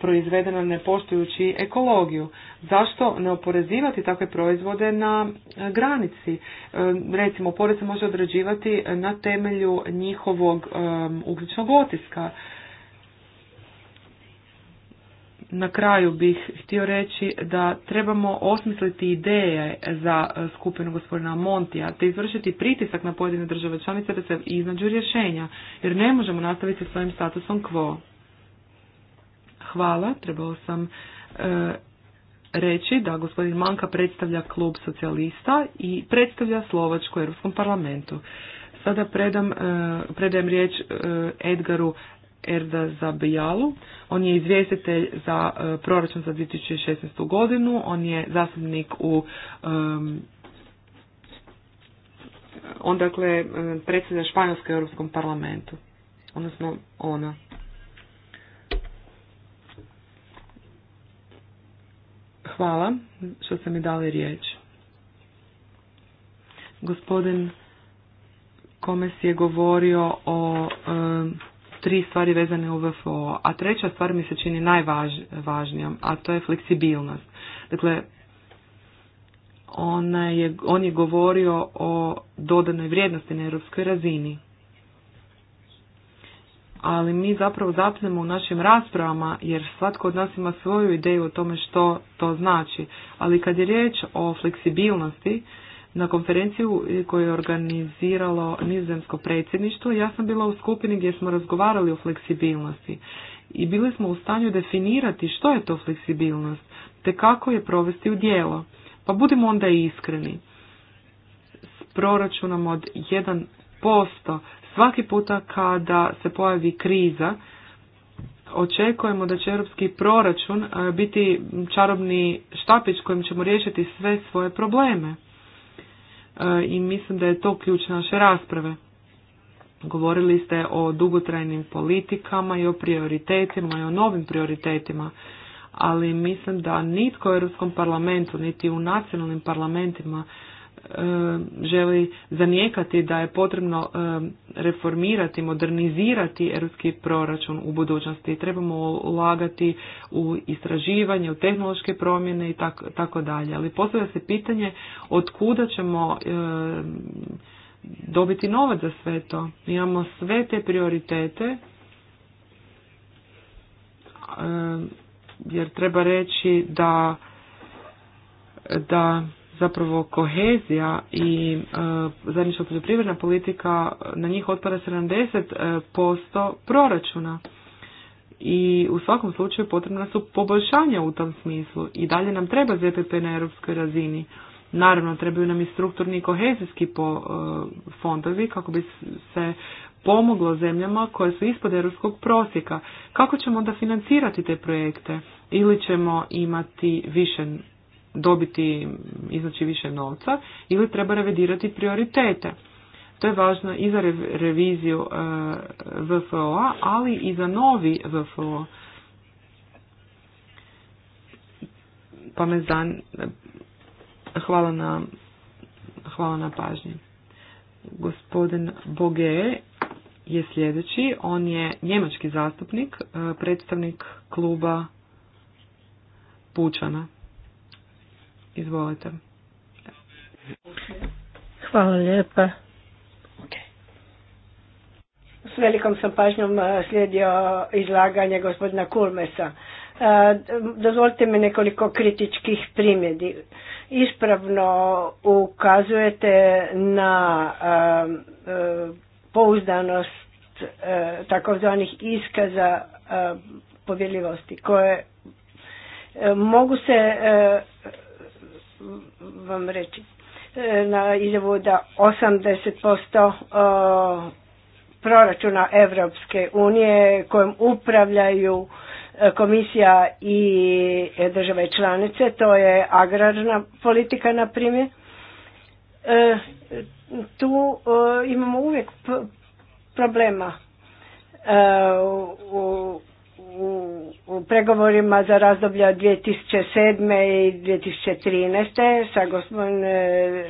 proizvedena ne poštujući ekologiju. Zašto ne oporezivati takve proizvode na e, granici? E, recimo, porez se može određivati na temelju njihovog ugljičnog otiska na kraju bih htio reći da trebamo osmisliti ideje za e, skupinu gospodina Montija, te izvršiti pritisak na pojedine države članice da se iznađu rješenja, jer ne možemo nastaviti sa svojim statusom quo. Hvala, trebao sam e, reći da gospodin Manka predstavlja klub socijalista i predstavlja Slovačku u Europskom parlamentu. Sada predam, e, predajem riječ e, Edgaru Erda Zabijalu. On je izvjestitelj za e, proračun za 2016. godinu. On je zastupnik u on dakle e, predsjeda Španjolske Europskom parlamentu. Odnosno ona. Hvala što ste mi dali riječ. Gospodin Komes je govorio o tri stvari vezane u VFO, a treća stvar mi se čini najvažnijom, a to je fleksibilnost. Dakle, ona je, on je govorio o dodanoj vrijednosti na europskoj razini. Ali mi zapravo zapnemo u našim raspravama jer svatko od nas ima svoju ideju o tome što to znači. Ali kad je riječ o fleksibilnosti, na konferenciju koju je organiziralo nizemsko predsjedništvo. Ja sam bila u skupini gdje smo razgovarali o fleksibilnosti i bili smo u stanju definirati što je to fleksibilnost te kako je provesti u djelo. Pa budimo onda iskreni. S proračunom od 1% svaki puta kada se pojavi kriza, očekujemo da će europski proračun e, biti čarobni štapić kojim ćemo riješiti sve svoje probleme. E, i mislim da je to ključ naše rasprave. Govorili ste o dugotrajnim politikama i o prioritetima i o novim prioritetima, ali mislim da nitko u Europskom parlamentu, niti u nacionalnim parlamentima E, želi zanijekati da je potrebno e, reformirati, modernizirati europski proračun u budućnosti. Trebamo ulagati u istraživanje, u tehnološke promjene i tako, tako dalje. Ali postavlja se pitanje od kuda ćemo e, dobiti novac za sve to. Imamo sve te prioritete jer treba reći da da zapravo kohezija i e, zajednička poljoprivredna politika, na njih otpada 70% proračuna. I u svakom slučaju potrebna su poboljšanja u tom smislu i dalje nam treba ZPP na europskoj razini. Naravno, trebaju nam i strukturni kohezijski po, e, fondovi kako bi se pomoglo zemljama koje su ispod europskog prosjeka. Kako ćemo onda financirati te projekte? Ili ćemo imati više dobiti, iznaći više novca ili treba revidirati prioritete. To je važno i za reviziju e, VFO-a, ali i za novi VFO. Pa me Hvala na, hvala na pažnji. Gospodin Boge je sljedeći. On je njemački zastupnik, e, predstavnik kluba Pučana. Izvolite. Hvala lijepa. S velikom sam pažnjom e, slijedio izlaganje gospodina Kulmesa. E, dozvolite mi nekoliko kritičkih primjedi. Ispravno ukazujete na e, pouzdanost takozvanih iskaza povjeljivosti koje mogu se vam reći e, na izjavu da 80% e, proračuna Europske unije kojom upravljaju e, komisija i države članice, to je agrarna politika na primjer. Tu imamo uvijek problema u u pregovorima za razdoblja 2007. i 2013. sa gospodinom e,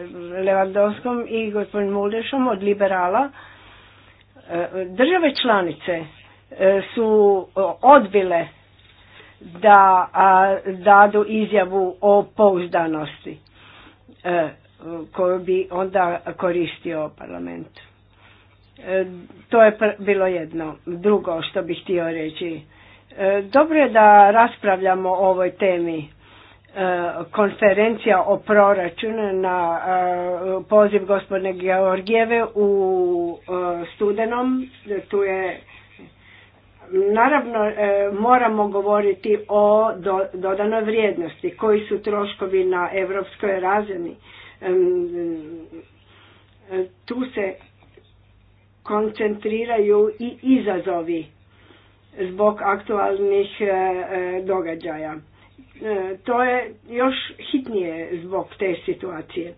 Levandovskom i gospodinom Muldešom od liberala. E, države članice e, su odbile da dadu izjavu o pouzdanosti koju bi onda koristio parlament. To je bilo jedno. Drugo što bih htio reći E, dobro je da raspravljamo o ovoj temi. E, konferencija o proračunu na e, poziv gospodine Georgijeve u studenom. Tu je Naravno, moramo govoriti o dodanoj vrijednosti, koji su troškovi na evropskoj razini. Tu se koncentriraju i izazovi zbog aktualnih e, e, događaja. E, to je još hitnije zbog te situacije.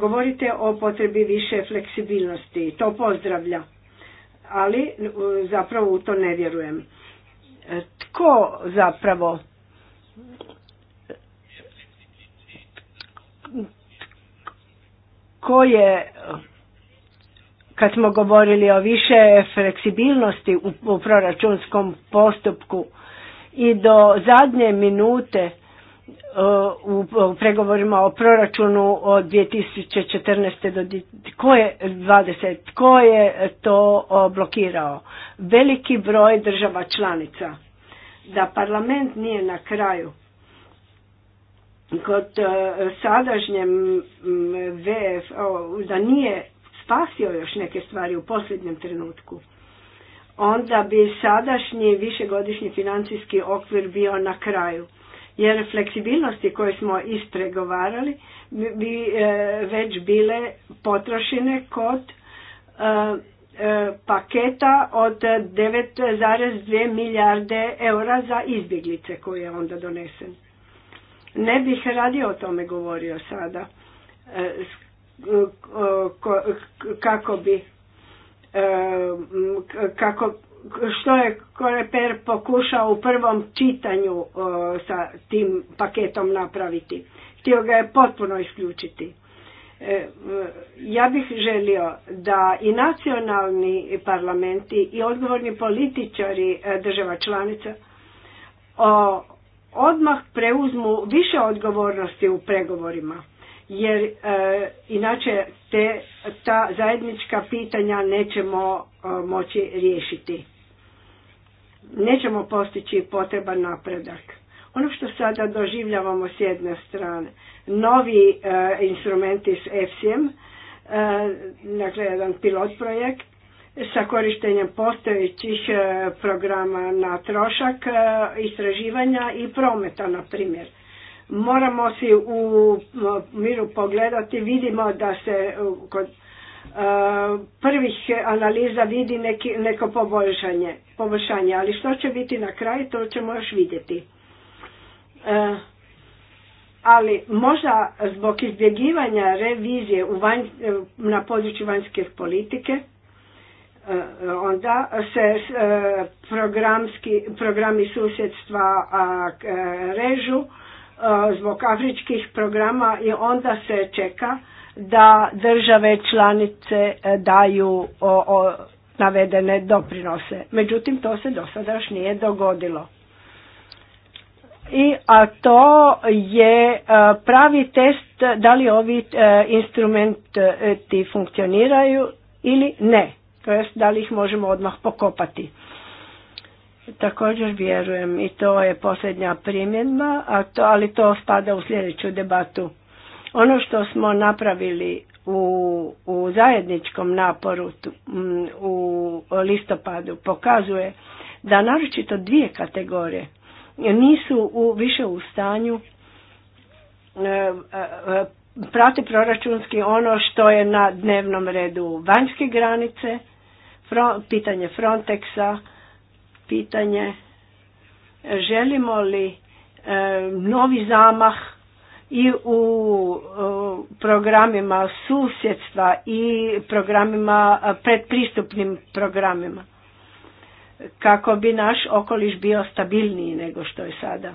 Govorite o potrebi više fleksibilnosti, to pozdravlja, ali zapravo u to ne vjerujem. Tko zapravo tko je kad smo govorili o više fleksibilnosti u, proračunskom postupku i do zadnje minute e, u pregovorima o proračunu od 2014. do ko je 20, tko je to blokirao? Veliki broj država članica. Da parlament nije na kraju kod e, sadašnjem VF, da nije spasio još neke stvari u posljednjem trenutku, onda bi sadašnji višegodišnji financijski okvir bio na kraju. Jer fleksibilnosti koje smo ispregovarali bi e, već bile potrošene kod e, e, paketa od 9,2 milijarde eura za izbjeglice koji je onda donesen. Ne bih radio o tome govorio sada kako bi kako, što je Koreper pokušao u prvom čitanju sa tim paketom napraviti. Htio ga je potpuno isključiti. E, ja bih želio da i nacionalni parlamenti i odgovorni političari e, država članica odmah preuzmu više odgovornosti u pregovorima jer e, inače te, ta zajednička pitanja nećemo e, moći riješiti. Nećemo postići potreban napredak. Ono što sada doživljavamo s jedne strane, novi e, instrumenti s EFSIM, e, dakle jedan pilot projekt, sa korištenjem postojećih programa na trošak istraživanja i prometa, na primjer Moramo si u miru pogledati, vidimo da se kod e, prvih analiza vidi neki, neko poboljšanje, poboljšanje, ali što će biti na kraju to ćemo još vidjeti. E, ali možda zbog izbjegivanja revizije u vanj, e, na području vanjske politike, onda se programski, programi susjedstva režu, E, zbog afričkih programa i onda se čeka da države članice e, daju o, navedene doprinose. Međutim, to se do sada još nije dogodilo. I, a to je e, pravi test da li ovi instrumenti funkcioniraju ili ne. To jest da li ih možemo odmah pokopati. Također vjerujem i to je posljednja primjedba, a to, ali to spada u sljedeću debatu. Ono što smo napravili u, u zajedničkom naporu u listopadu pokazuje da naročito dvije kategorije nisu u, više u stanju e, e proračunski ono što je na dnevnom redu vanjske granice, pitanje Frontexa, pitanje želimo li e, novi zamah i u e, programima susjedstva i programima e, predpristupnim programima kako bi naš okoliš bio stabilniji nego što je sada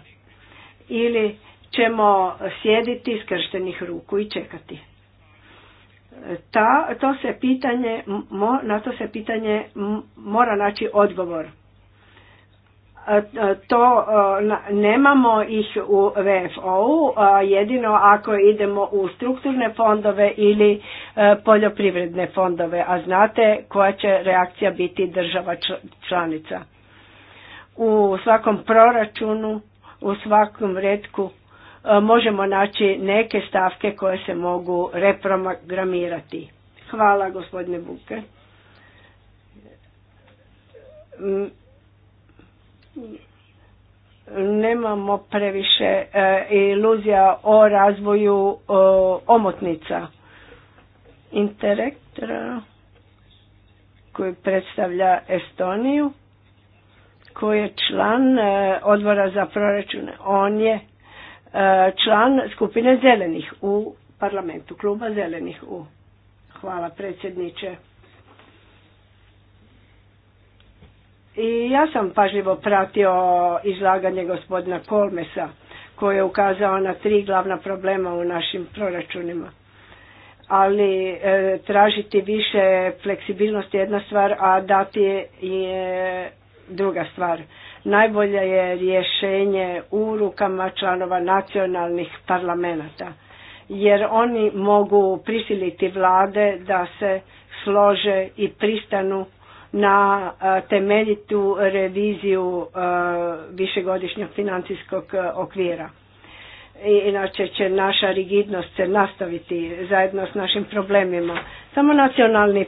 ili ćemo sjediti skrštenih ruku i čekati ta to se pitanje na to se pitanje mora naći odgovor to e, nemamo ih u VFO-u, jedino ako idemo u strukturne fondove ili e, poljoprivredne fondove, a znate koja će reakcija biti država članica. U svakom proračunu, u svakom redku e, možemo naći neke stavke koje se mogu reprogramirati. Hvala gospodine Buke nemamo previše e, iluzija o razvoju e, omotnica. Interekt koji predstavlja Estoniju, koji je član e, odbora za proračune. On je član skupine zelenih u parlamentu, kluba zelenih u. Hvala predsjedniče. I ja sam pažljivo pratio izlaganje gospodina Kolmesa koji je ukazao na tri glavna problema u našim proračunima. Ali e, tražiti više fleksibilnosti je jedna stvar, a dati je druga stvar. Najbolje je rješenje u rukama članova nacionalnih parlamenta jer oni mogu prisiliti vlade da se slože i pristanu na e, temeljitu reviziju e, višegodišnjeg financijskog e, okvira. Inače će naša rigidnost se nastaviti zajedno s našim problemima. Samo nacionalni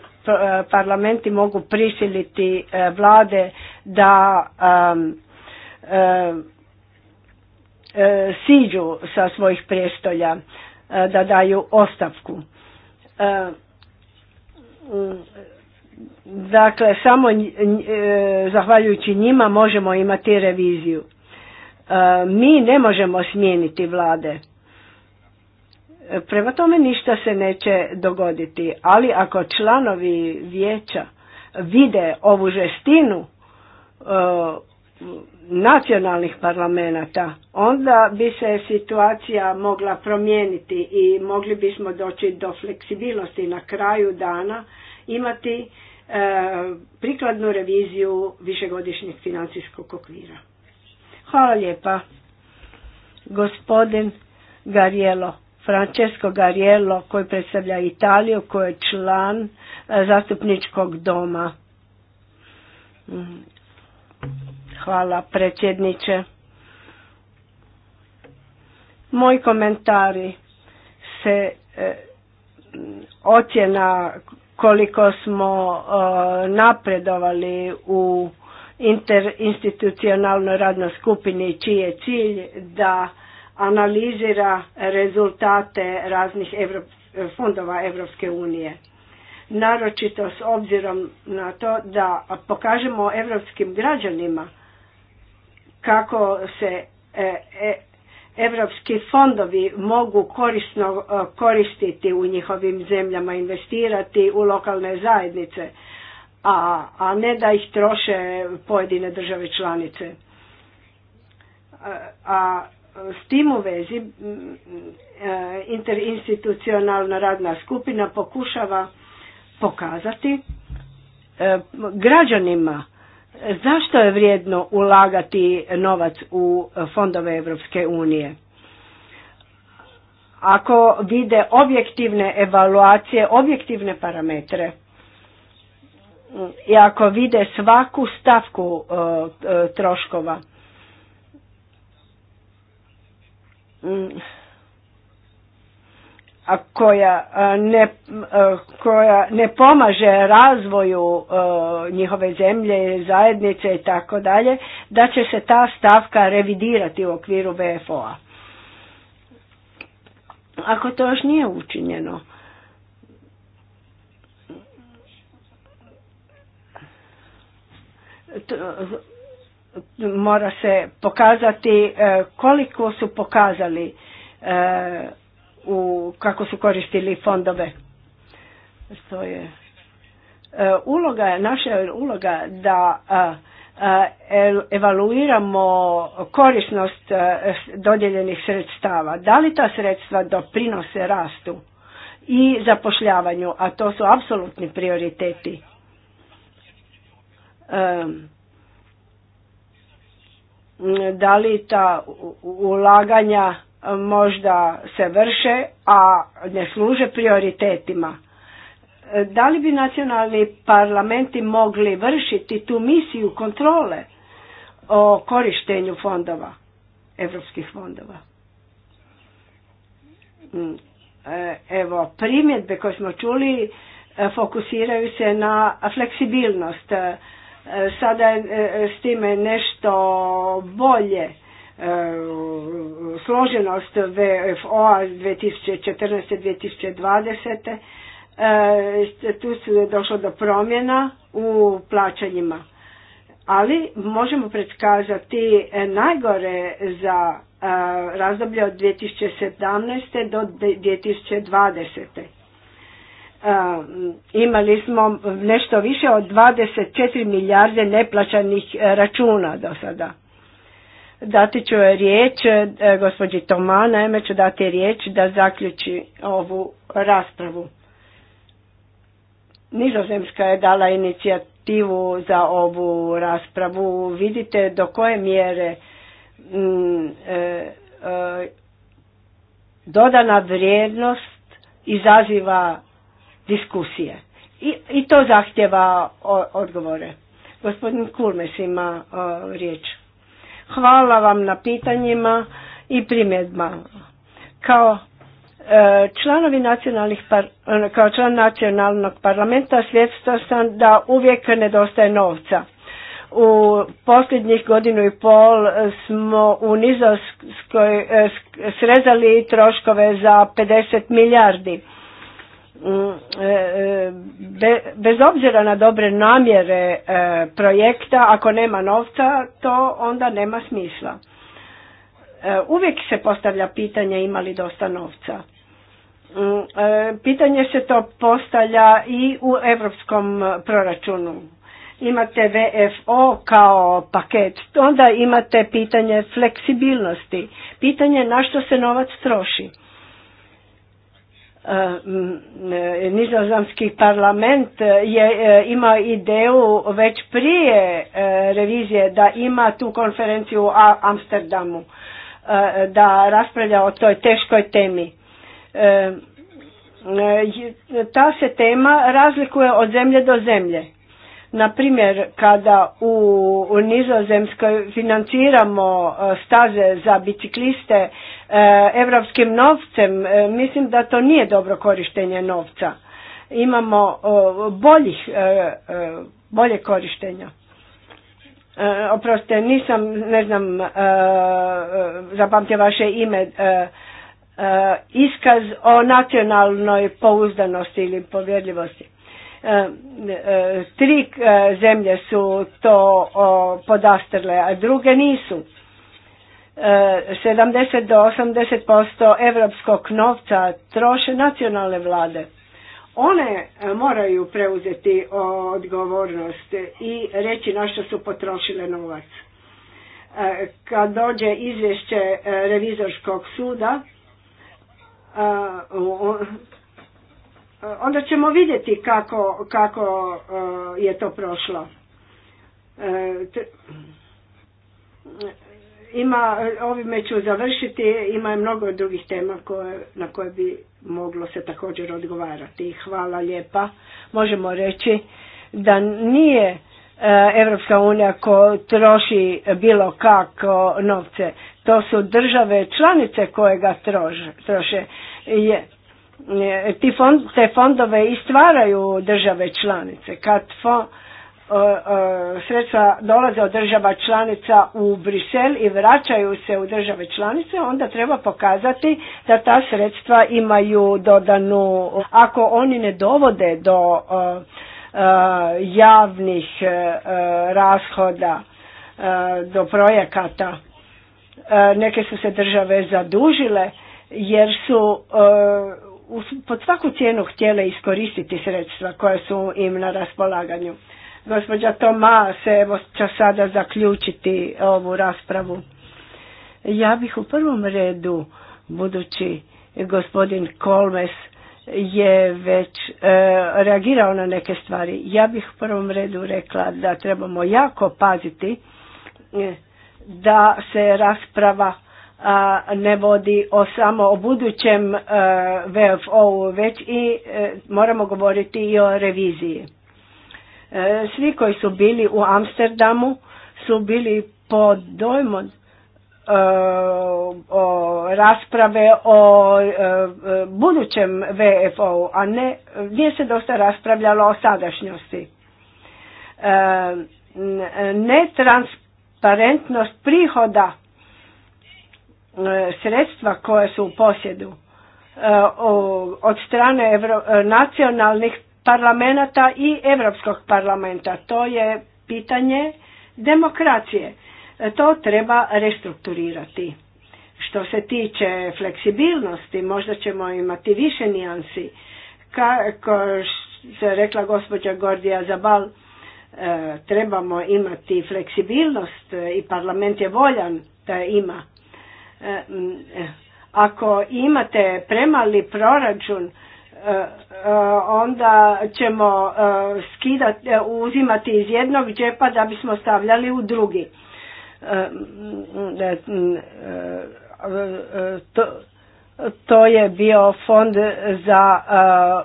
parlamenti mogu prisiliti vlade da siđu sa svojih prijestolja, da daju ostavku Dakle, samo e, zahvaljujući njima možemo imati reviziju. E, mi ne možemo smijeniti vlade. E, prema tome ništa se neće dogoditi, ali ako članovi vijeća vide ovu žestinu nacionalnih parlamenta, onda bi se situacija mogla promijeniti i mogli bismo doći do fleksibilnosti na kraju dana imati e, prikladnu reviziju višegodišnjeg financijskog okvira. Hvala lijepa. Gospodin Garijelo, Francesco Garijelo koji predstavlja Italiju, koji je član e, zastupničkog doma. Mhm. Hvala predsjedniče. Moji komentari se e, ocjena koliko smo e, napredovali u interinstitucionalnoj radnoj skupini čiji je cilj da analizira rezultate raznih fondova Evropske unije. Naročito s obzirom na to da pokažemo evropskim građanima kako se e, e, Europski fondovi mogu korisno e, koristiti u njihovim zemljama, investirati u lokalne zajednice, a, a ne da ih troše pojedine države članice. A, e, a s tim u vezi e, interinstitucionalna radna skupina pokušava pokazati građanima Zašto je vrijedno ulagati novac u fondove Evropske unije? Ako vide objektivne evaluacije, objektivne parametre i ako vide svaku stavku e, e, troškova, koja ne, koja ne pomaže razvoju njihove zemlje, zajednice i tako dalje, da će se ta stavka revidirati u okviru VFO-a. Ako to još nije učinjeno, to, mora se pokazati e, koliko su pokazali e, u kako su koristili fondove. To je e, uloga, naša uloga da evaluiramo korisnost e, dodjeljenih sredstava. Da li ta sredstva doprinose rastu i zapošljavanju, a to su apsolutni prioriteti. E, da li ta ulaganja možda se vrše, a ne služe prioritetima. Da li bi nacionalni parlamenti mogli vršiti tu misiju kontrole o korištenju fondova, evropskih fondova? Mm, e, evo, primjedbe koje smo čuli e, fokusiraju se na fleksibilnost. E, sada je s time nešto bolje E, složenost VFO-a 2014-2020 e, tu su došlo do promjena u plaćanjima. Ali možemo predskazati najgore za e, razdoblje od 2017. do 2020. Imali smo nešto više od 24 milijarde neplaćanih računa do sada. Dati ću riječ e, gospođi Toma, naime ću dati riječ da zaključi ovu raspravu. Nizozemska je dala inicijativu za ovu raspravu. Vidite do koje mjere mm, e, e, dodana vrijednost izaziva diskusije. I, i to zahtjeva odgovore. Gospodin Kulmes ima riječ. Hvala vam na pitanjima i primjedbama. Kao e, članovi nacionalnih e, kao član nacionalnog parlamenta svjetstva sam da uvijek nedostaje novca. U posljednjih godinu i pol smo u nizoskoj e, srezali troškove za 50 milijardi Mm, e, e, bez obzira na dobre namjere e, projekta, ako nema novca, to onda nema smisla. Uvijek se postavlja pitanje ima li dosta novca. Mm, pitanje se to postavlja i u europskom proračunu. Imate VFO kao paket, onda imate pitanje fleksibilnosti, pitanje na što se novac troši Eh, mm, eh, nizozemski parlament eh, je imao ideju već prije revizije da ima tu konferenciju u Amsterdamu, da raspravlja o toj teškoj temi. Ta se tema razlikuje od zemlje do zemlje. Na primjer, kada u Nizozemskoj financiramo staze za bicikliste, europskim eh, novcem, eh, mislim da to nije dobro korištenje novca. Imamo eh, boljih, bolje korištenja. Oproste, nisam, ne znam, zapamtio vaše ime, iskaz o nacionalnoj pouzdanosti ili povjerljivosti. Tri zemlje su to podastrle, a druge nisu 70 do 80% evropskog novca troše nacionalne vlade. One e, moraju preuzeti e, odgovornost i reći na što su potrošile novac. E, kad dođe izvješće revizorskog suda, onda ćemo vidjeti kako, kako je to prošlo ima, ovime ću završiti, ima mnogo drugih tema koje, na koje bi moglo se također odgovarati. Hvala lijepa. Možemo reći da nije e, Evropska unija ko troši bilo kako novce. To su države članice koje ga troše. Je, e, ti te fondove i stvaraju države članice. Kad fond, E, e, sredstva dolaze od država članica u Brisel i vraćaju se u države članice, onda treba pokazati da ta sredstva imaju dodanu. Ako oni ne dovode do e, javnih rashoda, do projekata, neke su se države zadužile jer su pod svaku cijenu htjele iskoristiti sredstva koja su im na raspolaganju. Gospođa Toma se evo će sada zaključiti ovu raspravu. Ja bih u prvom redu, budući gospodin Kolmes je već e, reagirao na neke stvari, ja bih u prvom redu rekla da trebamo jako paziti e, da se rasprava ne vodi o samo o budućem e, VFO-u već i moramo govoriti i o reviziji. E, svi koji su bili u Amsterdamu su bili pod dojmom e, rasprave o e, budućem VFO-u, a ne, nije se dosta raspravljalo o sadašnjosti. Netransparentnost prihoda sredstva koje su u posjedu od strane nacionalnih parlamenta i Europskog parlamenta. To je pitanje demokracije. To treba restrukturirati. Što se tiče fleksibilnosti, možda ćemo imati više nijansi. Kako se rekla gospođa Gordija Zabal, e, trebamo imati fleksibilnost i parlament je voljan da ima. E, e, ako imate premali proračun, Eh, onda ćemo eh, skidati, eh, uzimati iz jednog džepa da bismo stavljali u drugi. Mm, mm, to, to je bio fond za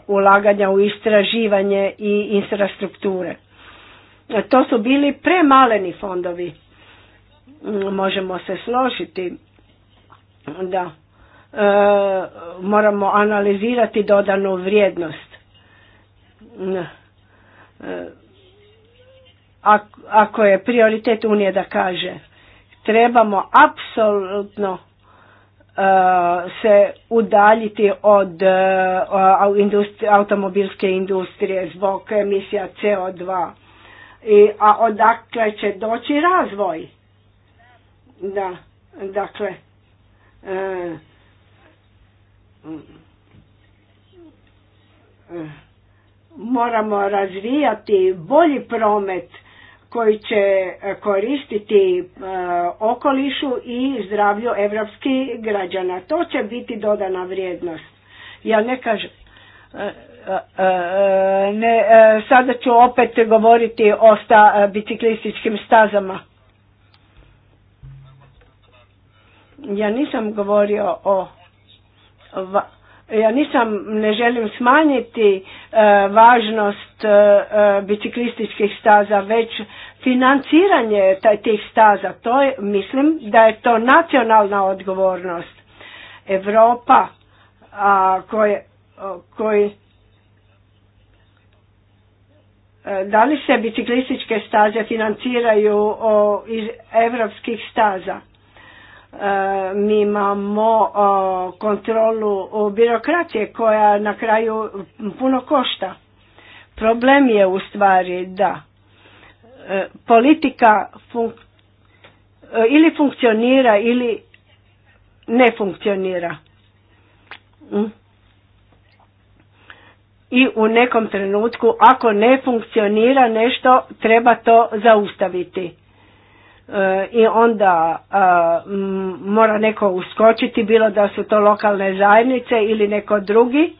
ulaganja u istraživanje i infrastrukture. To su bili premaleni fondovi. Mm, možemo se složiti da E, moramo analizirati dodanu vrijednost. E, ako je prioritet Unije da kaže trebamo apsolutno e, se udaljiti od automobilske industrije zbog emisija CO2. I, a odakle će doći razvoj? Da, dakle, e, moramo razvijati bolji promet koji će koristiti e, okolišu i zdravlju evropskih građana. To će biti dodana vrijednost. Ja ne kažem, e, e, ne, sada ću opet govoriti o sta, biciklističkim stazama. Ja nisam govorio o ja nisam, ne želim smanjiti e, važnost e, e, biciklističkih staza, već financiranje taj, tih staza. To je, mislim da je to nacionalna odgovornost. Europa a, koje, koji da li se biciklističke staze financiraju iz evropskih staza? E, mi imamo kontrolu birokracije koja na kraju puno košta. Problem je u stvari da e, politika funk e, ili funkcionira ili ne funkcionira. Mm. I u nekom trenutku ako ne funkcionira nešto treba to zaustaviti i onda mora neko uskočiti, bilo da su to lokalne zajednice ili neko drugi.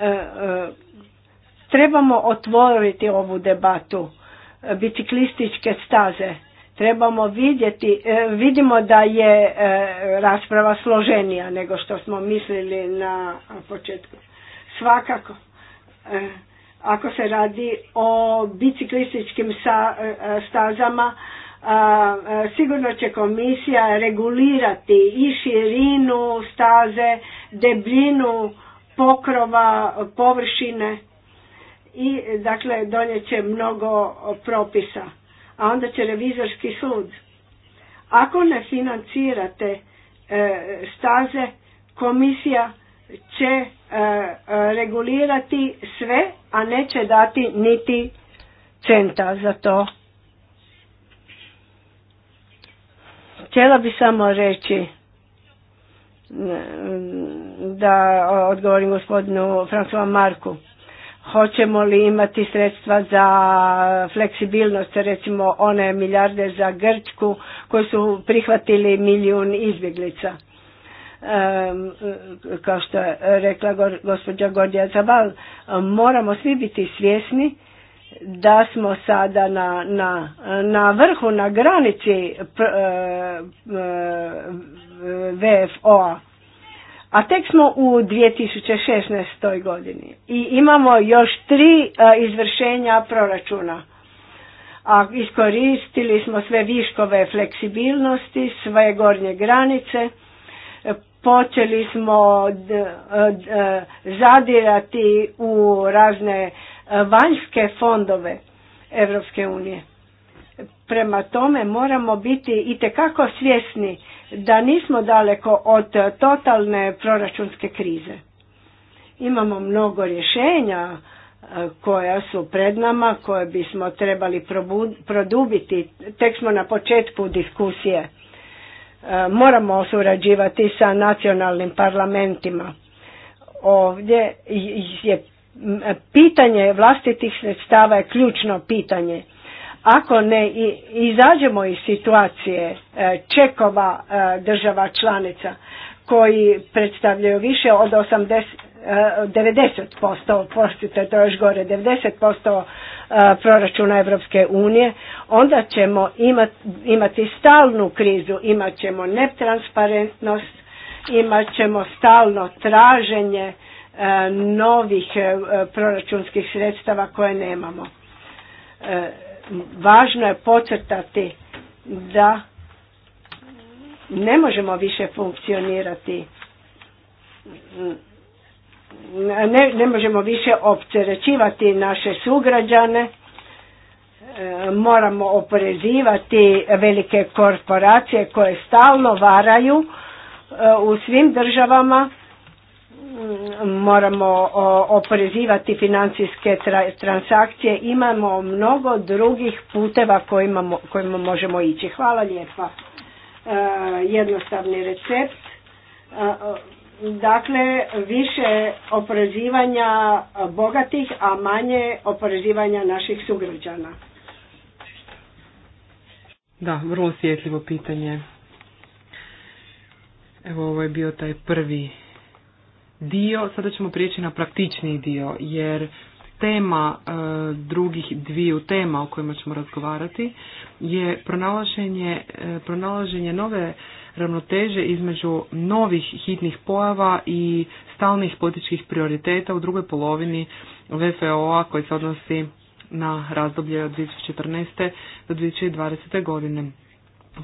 E, e, trebamo otvoriti ovu debatu e, biciklističke staze. Trebamo vidjeti, vidimo da je rasprava složenija nego što smo mislili na početku. Svakako, ako se radi o biciklističkim stazama, E, sigurno će komisija regulirati i širinu staze, debljinu pokrova, površine i dakle donijet će mnogo propisa. A onda će revizorski sud. Ako ne financirate e, staze, komisija će e, regulirati sve, a neće dati niti centa za to Htjela bi samo reći mm, da odgovorim gospodinu Francova Marku. Hoćemo li imati sredstva za fleksibilnost, recimo one milijarde za Grčku koji su prihvatili milijun izbjeglica? kao što je rekla gospođa Gordija Zabal, moramo svi biti svjesni da smo sada na, na, na vrhu, na granici e, e, VFO-a, a tek smo u 2016. godini i imamo još tri e, izvršenja proračuna. A iskoristili smo sve viškove fleksibilnosti, sve gornje granice, počeli smo zadirati u razne vanjske fondove Europske unije. Prema tome moramo biti i itekako svjesni da nismo daleko od totalne proračunske krize. Imamo mnogo rješenja e, koja su pred nama, koje bismo trebali produbiti. Tek smo na početku diskusije. E, moramo surađivati sa nacionalnim parlamentima. Ovdje je E, pitanje vlastitih sredstava je ključno pitanje. Ako ne izađemo iz situacije e, čekova e, država članica koji predstavljaju više od 80, 90%, postite to još gore, 90% proračuna Europske unije, onda ćemo imati, imati stalnu krizu, imat ćemo netransparentnost, imat ćemo stalno traženje E, novih e, proračunskih sredstava koje nemamo. E, važno je pocrtati da ne možemo više funkcionirati ne, ne možemo više opterećivati naše sugrađane moramo oporezivati velike korporacije koje stalno varaju u svim državama moramo oporezivati financijske transakcije, imamo mnogo drugih puteva kojima, možemo ići. Hvala lijepa. E, jednostavni recept. E, dakle, više oporezivanja bogatih, a manje oporezivanja naših sugrađana. Da, vrlo osjetljivo pitanje. Evo, ovo je bio taj prvi dio, sada ćemo prijeći na praktični dio, jer tema e, drugih dviju tema o kojima ćemo razgovarati je pronalaženje, e, pronalaženje nove ravnoteže između novih hitnih pojava i stalnih političkih prioriteta u drugoj polovini VFO-a koji se odnosi na razdoblje od 2014. do 2020. godine.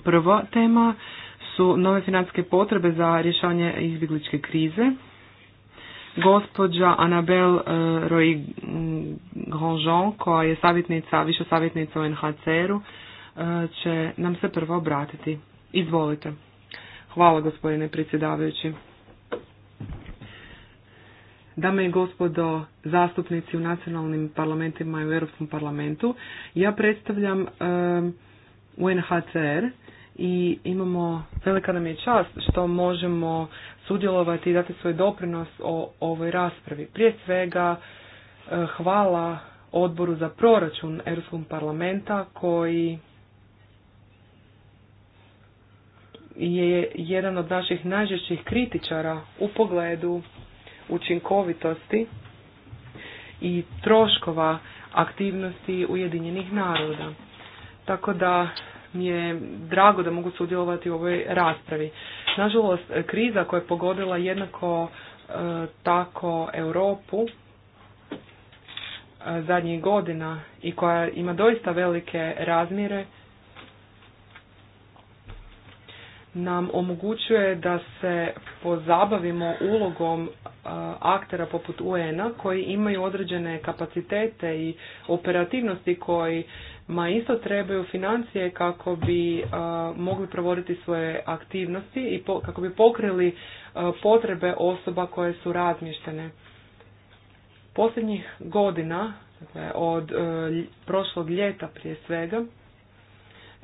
Prva tema su nove financijske potrebe za rješavanje izbjegličke krize Gospođa Anabel e, Roy Grandjean, koja je savjetnica, više savjetnica u NHCR-u, e, će nam se prvo obratiti. Izvolite. Hvala gospodine predsjedavajući. Dame i gospodo zastupnici u nacionalnim parlamentima i u Europskom parlamentu, ja predstavljam e, UNHCR i imamo, velika nam je čast što možemo sudjelovati i dati svoj doprinos o ovoj raspravi. Prije svega eh, hvala odboru za proračun Europskog parlamenta koji je jedan od naših najžešćih kritičara u pogledu učinkovitosti i troškova aktivnosti Ujedinjenih naroda. Tako da mi je drago da mogu sudjelovati u ovoj raspravi. Nažalost, kriza koja je pogodila jednako e, tako Europu e, zadnjih godina i koja ima doista velike razmjere nam omogućuje da se pozabavimo ulogom e, aktera poput UN-a koji imaju određene kapacitete i operativnosti koji ma isto trebaju financije kako bi mogli provoditi svoje aktivnosti i po, kako bi pokrili potrebe osoba koje su razmještene. Posljednjih godina, dakle, od e, prošlog ljeta prije svega,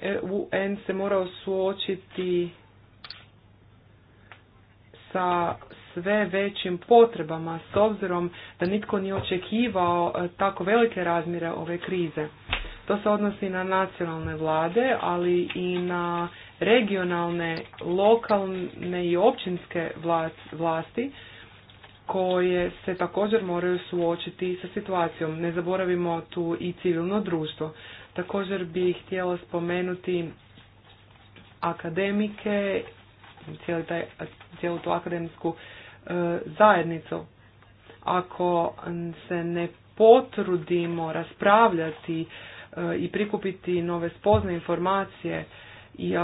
e, UN se morao suočiti sa sve većim potrebama s obzirom da nitko nije očekivao e, tako velike razmjere ove krize. To se odnosi na nacionalne vlade, ali i na regionalne, lokalne i općinske vlasti koje se također moraju suočiti sa situacijom. Ne zaboravimo tu i civilno društvo. Također bih htjela spomenuti akademike, cijelu, tu akademsku e, zajednicu. Ako se ne potrudimo raspravljati i prikupiti nove spozne informacije i,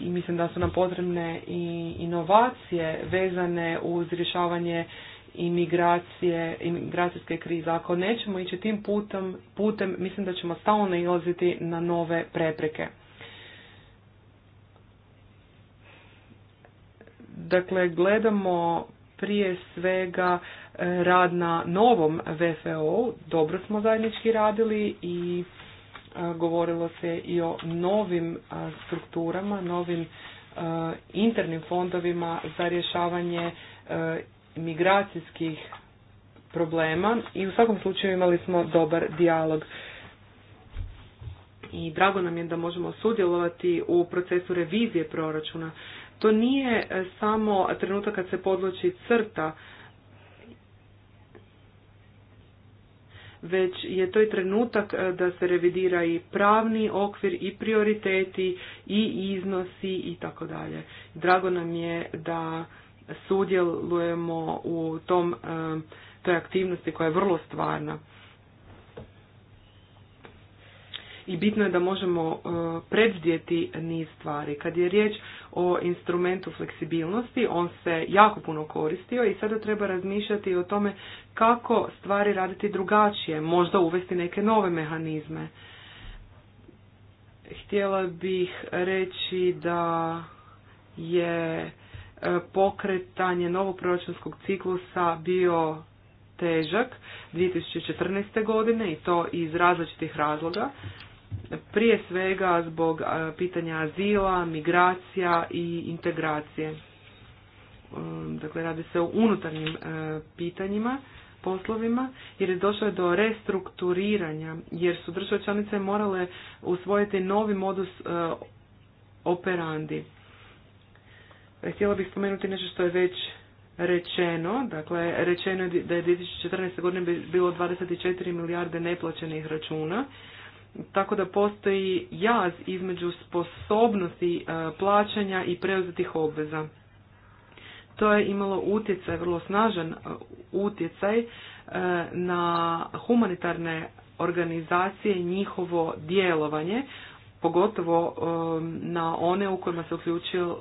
i mislim da su nam potrebne i inovacije vezane uz rješavanje imigracije, imigracijske krize. Ako nećemo ići tim putem, putem mislim da ćemo stalno nailaziti na nove prepreke. Dakle, gledamo prije svega e, rad na novom VFO, dobro smo zajednički radili i govorilo se i o novim strukturama, novim internim fondovima za rješavanje migracijskih problema i u svakom slučaju imali smo dobar dijalog. I drago nam je da možemo sudjelovati u procesu revizije proračuna. To nije e, samo trenutak kad se podloči crta, već je to i trenutak e, da se revidira i pravni okvir i prioriteti i iznosi i tako dalje. Drago nam je da sudjelujemo u tom, e, toj aktivnosti koja je vrlo stvarna. I bitno je da možemo e, predvidjeti niz stvari. Kad je riječ o instrumentu fleksibilnosti, on se jako puno koristio i sada treba razmišljati o tome kako stvari raditi drugačije, možda uvesti neke nove mehanizme. Htjela bih reći da je e, pokretanje novog proračunskog ciklusa bio težak 2014. godine i to iz različitih razloga prije svega zbog pitanja azila, migracija i integracije. Um, dakle, radi se o unutarnjim e, pitanjima, poslovima, jer je došlo do restrukturiranja, jer su države članice morale usvojiti novi modus e, operandi. E, htjela bih spomenuti nešto što je već rečeno, dakle rečeno je da je 2014. godine bilo 24 milijarde neplaćenih računa, tako da postoji jaz između sposobnosti e, plaćanja i preuzetih obveza. To je imalo utjecaj, vrlo snažan e, utjecaj e, na humanitarne organizacije njihovo djelovanje, pogotovo na one u kojima se uključila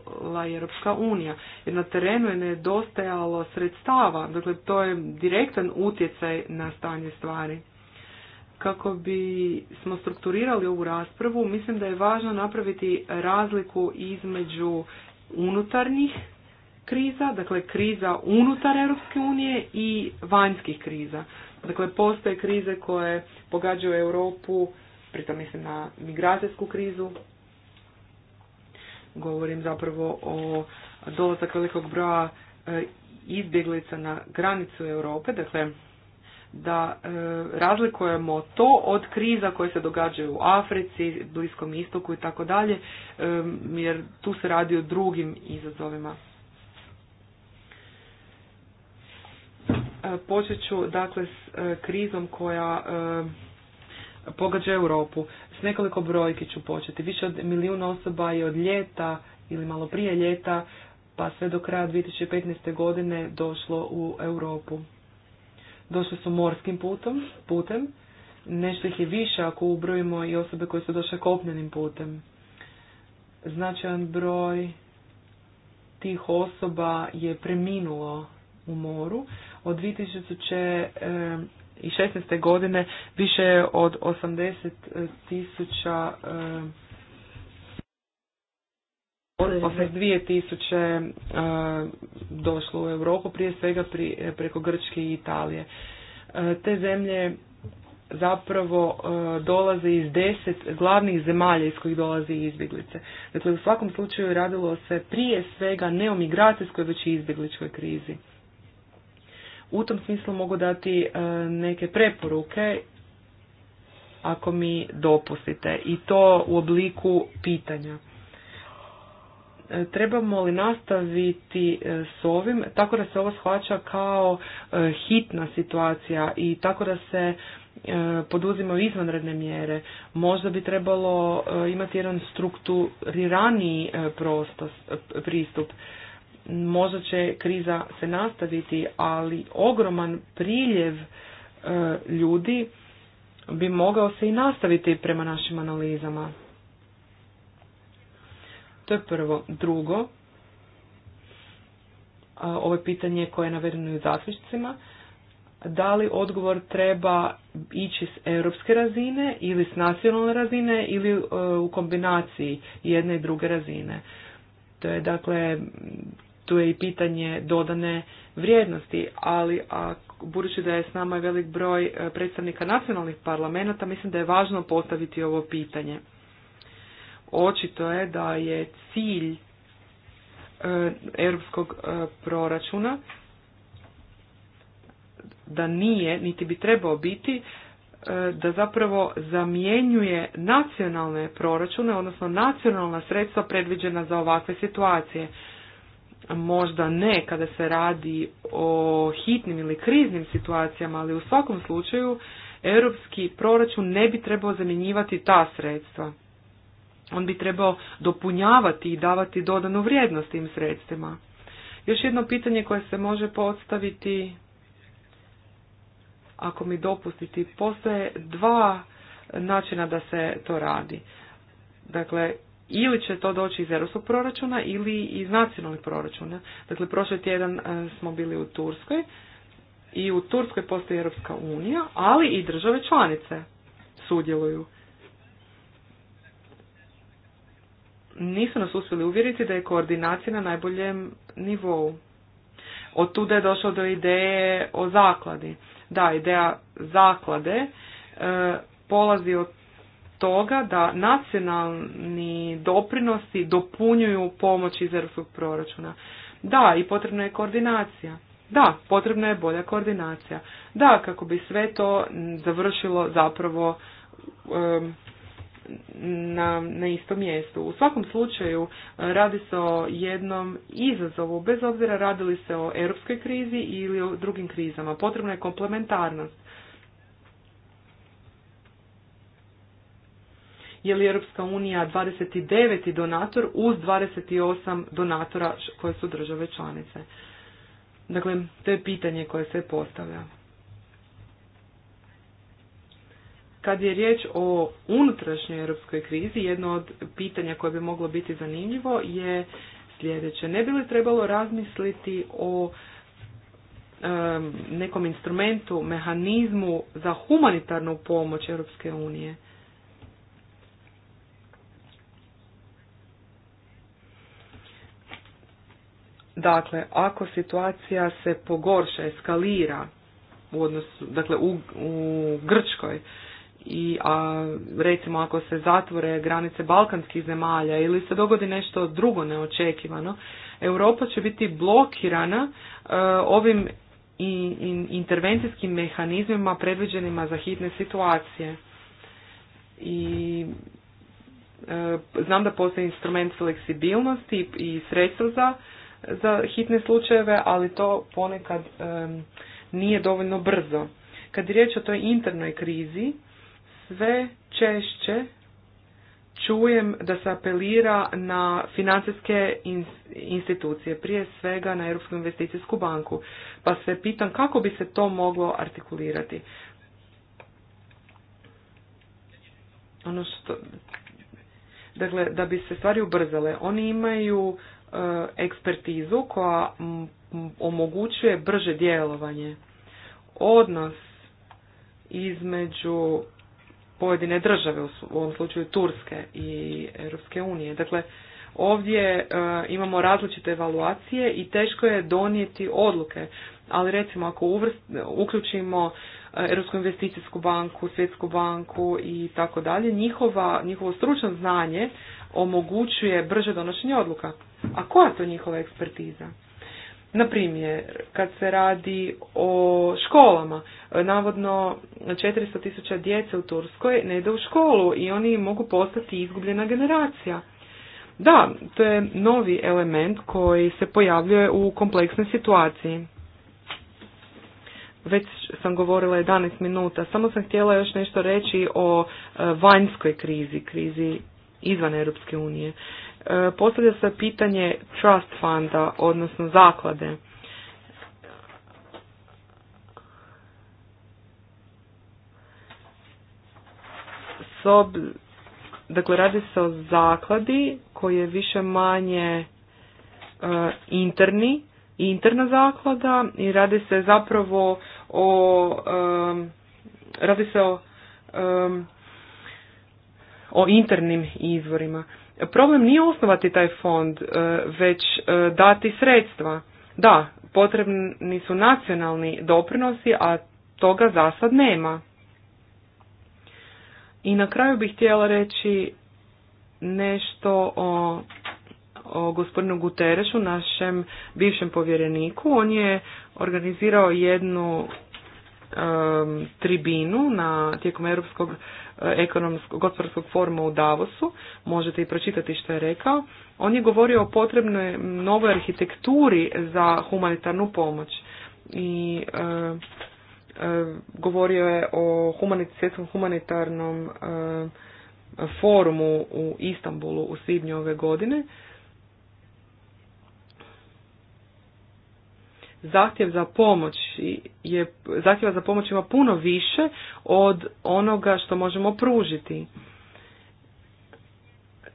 Europska unija. Jer na terenu je nedostajalo sredstava, dakle to je direktan utjecaj na stanje stvari kako bi smo strukturirali ovu raspravu, mislim da je važno napraviti razliku između unutarnjih kriza, dakle kriza unutar Europske unije i vanjskih kriza. Dakle, postoje krize koje pogađaju Europu, pritom mislim na migracijsku krizu, govorim zapravo o dolazak velikog broja e, izbjeglica na granicu Europe, dakle da e, razlikujemo to od kriza koje se događaju u Africi, Bliskom istoku i tako dalje, e, jer tu se radi o drugim izazovima. E, počet ću dakle s e, krizom koja pogađa Europu. S nekoliko brojki ću početi. Više od milijuna osoba je od ljeta ili malo prije ljeta pa sve do kraja 2015. godine došlo u Europu došli su morskim putom, putem, nešto ih je više ako ubrojimo i osobe koje su došle kopnenim putem. Značajan broj tih osoba je preminulo u moru. Od 2016. E, godine više od 80 tisuća e, dvije 2000 e, došlo u Europu, prije svega pri, e, preko Grčke i Italije. E, te zemlje zapravo dolaze iz deset glavnih zemalja iz kojih dolaze izbjeglice. Dakle, u svakom slučaju radilo se prije svega ne o migracijskoj, već i izbjegličkoj krizi. U tom smislu mogu dati neke preporuke ako mi dopustite i to u obliku pitanja. E, trebamo li nastaviti e, s ovim tako da se ovo shvaća kao e, hitna situacija i tako da se poduzimaju izvanredne mjere. Možda bi trebalo imati jedan strukturiraniji pristup. Možda će kriza se nastaviti, ali ogroman priljev ljudi bi mogao se i nastaviti prema našim analizama. To je prvo. Drugo, ovo je pitanje koje je navedeno u zaključcima, da li odgovor treba ići s europske razine ili s nacionalne razine ili e, u kombinaciji jedne i druge razine. To je dakle, tu je i pitanje dodane vrijednosti, ali a, budući da je s nama velik broj e, predstavnika nacionalnih parlamenta, mislim da je važno postaviti ovo pitanje. Očito je da je cilj e, europskog e, proračuna da nije, niti bi trebao biti, e, da zapravo zamjenjuje nacionalne proračune, odnosno nacionalna sredstva predviđena za ovakve situacije. Možda ne kada se radi o hitnim ili kriznim situacijama, ali u svakom slučaju europski proračun ne bi trebao zamjenjivati ta sredstva on bi trebao dopunjavati i davati dodanu vrijednost tim sredstvima. Još jedno pitanje koje se može postaviti, ako mi dopustiti, postoje dva načina da se to radi. Dakle, ili će to doći iz europskog proračuna ili iz nacionalnih proračuna. Dakle, prošli tjedan e, smo bili u Turskoj i u Turskoj postoji Europska unija, ali i države članice sudjeluju. nisu nas uspjeli uvjeriti da je koordinacija na najboljem nivou. Od tuda je došlo do ideje o zakladi. Da, ideja zaklade e, polazi od toga da nacionalni doprinosi dopunjuju pomoć iz europskog proračuna. Da, i potrebna je koordinacija. Da, potrebna je bolja koordinacija. Da, kako bi sve to završilo zapravo na, na istom mjestu. U svakom slučaju e, radi se o jednom izazovu, bez obzira li se o europskoj krizi ili o drugim krizama. Potrebna je komplementarnost. Je li Europska unija 29. donator uz 28 donatora koje su države članice? Dakle, to je pitanje koje se postavlja. Kad je riječ o unutrašnjoj europskoj krizi, jedno od pitanja koje bi moglo biti zanimljivo je sljedeće. Ne bi li trebalo razmisliti o nekom instrumentu, mehanizmu za humanitarnu pomoć Europske unije? Dakle, ako situacija se pogorša, eskalira u odnosu, dakle u, u Grčkoj, i a, recimo ako se zatvore granice balkanskih zemalja ili se dogodi nešto drugo neočekivano, Europa će biti blokirana e, ovim i, i intervencijskim mehanizmima predviđenima za hitne situacije. I e, znam da postoji instrument fleksibilnosti i sredstva za, za hitne slučajeve, ali to ponekad nije dovoljno brzo. Kad je riječ o toj internoj krizi, sve češće čujem da se apelira na financijske institucije, prije svega na Europsku investicijsku banku. Pa se pitam kako bi se to moglo artikulirati. Ono što, dakle, da bi se stvari ubrzale, oni imaju eh, ekspertizu koja omogućuje brže djelovanje. Odnos između pojedine države, u ovom slučaju Turske i Europske unije. Dakle, ovdje e, imamo različite evaluacije i teško je donijeti odluke, ali recimo ako uključimo e, Europsku investicijsku banku, Svjetsku banku i tako dalje, njihovo stručno znanje omogućuje brže donošenje odluka. A koja je to njihova ekspertiza? Na primjer, kad se radi o školama, navodno 400 tisuća djece u Turskoj ne ide u školu i oni mogu postati izgubljena generacija. Da, to je novi element koji se pojavljuje u kompleksnoj situaciji. Već sam govorila 11 minuta, samo sam htjela još nešto reći o e, vanjskoj krizi, krizi izvan Europske unije. E, postavlja se pitanje trust funda, odnosno zaklade. Sob, dakle, radi se o zakladi koji je više manje e, interni, interna zaklada i radi se zapravo o e, radi se o o internim izvorima. Problem nije osnovati taj fond, e, već e, dati sredstva. Da, potrebni su nacionalni doprinosi, a toga za sad nema. I na kraju bih htjela reći nešto o, o gospodinu Guterešu, našem bivšem povjereniku. On je organizirao jednu um, tribinu na tijekom Europskog ekonomskog gospodarskog foruma u Davosu, možete i pročitati što je rekao, on je govorio o potrebnoj novoj arhitekturi za humanitarnu pomoć i e, e, govorio je o humanit, svjetskom humanitarnom e, forumu u Istanbulu u svibnju ove godine zahtjev za pomoć je, zahtjeva za pomoć ima puno više od onoga što možemo pružiti.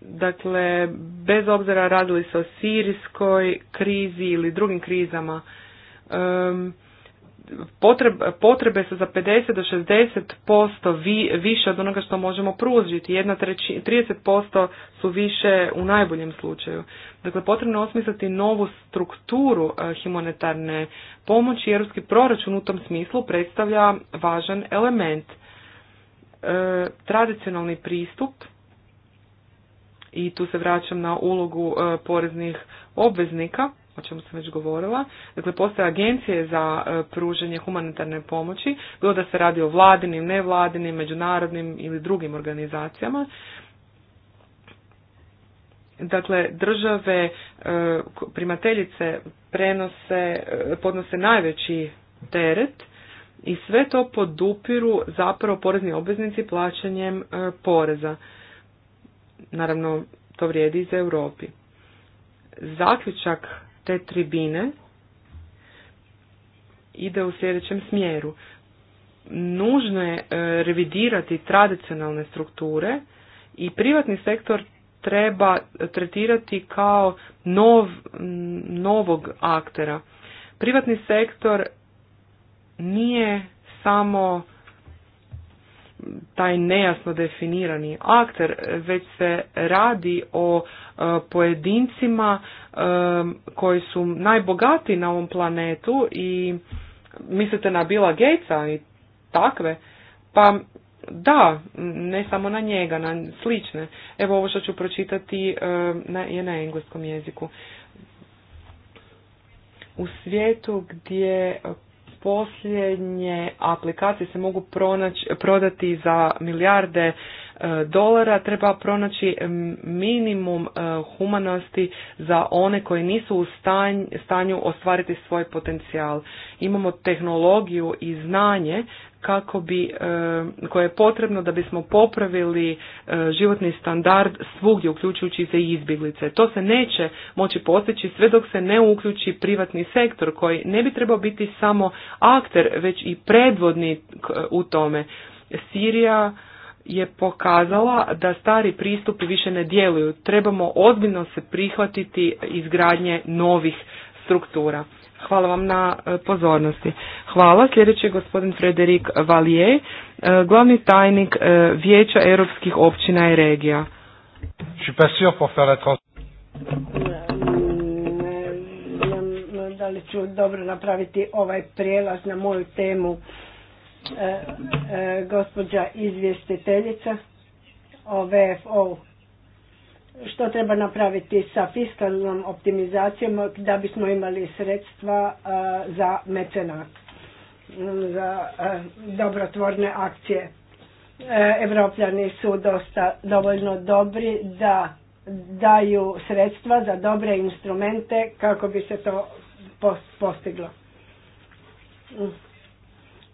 Dakle, bez obzira radili se o sirijskoj krizi ili drugim krizama, potrebe, su za 50 do 60% vi, više od onoga što možemo pružiti. Jedna treći, 30% su više u najboljem slučaju. Dakle, potrebno je osmisliti novu strukturu e, humanitarne pomoći. Europski proračun u tom smislu predstavlja važan element. E, tradicionalni pristup i tu se vraćam na ulogu e, poreznih obveznika o čemu sam već govorila. Dakle, postoje agencije za e, pruženje humanitarne pomoći, bilo da se radi o vladinim, nevladinim, međunarodnim ili drugim organizacijama. Dakle, države e, primateljice prenose, e, podnose najveći teret i sve to podupiru zapravo porezni obveznici plaćanjem poreza. Naravno, to vrijedi i za Europi. Zaključak te tribine ide u sljedećem smjeru. Nužno je e, revidirati tradicionalne strukture i privatni sektor treba tretirati kao nov, novog aktera. Privatni sektor nije samo taj nejasno definirani akter, već se radi o e, pojedincima e, koji su najbogati na ovom planetu i mislite na Bila Gatesa i takve, pa da, ne samo na njega, na slične. Evo ovo što ću pročitati e, je na engleskom jeziku. U svijetu gdje posljednje aplikacije se mogu pronaći, prodati za milijarde E, dolara treba pronaći minimum e, humanosti za one koji nisu u stanju ostvariti svoj potencijal. Imamo tehnologiju i znanje kako bi, e, koje je potrebno da bismo popravili životni standard svugdje, uključujući i izbjeglice. To se neće moći postići sve dok se ne uključi privatni sektor koji ne bi trebao biti samo akter, već i predvodnik u tome. Sirija je pokazala da stari pristupi više ne djeluju. Trebamo ozbiljno se prihvatiti izgradnje novih struktura. Hvala vam na pozornosti. Hvala. Sljedeći je gospodin Frederik Valije, glavni tajnik Vijeća europskih općina i regija. Da li ću dobro napraviti ovaj prijelaz na moju temu? E, e, gospođa izvjestiteljica o VFO što treba napraviti sa fiskalnom optimizacijom da bismo imali sredstva e, za mecenat, za dobrotvorne akcije. Evropljani su dosta dovoljno dobri da daju sredstva za dobre instrumente kako bi se to postiglo.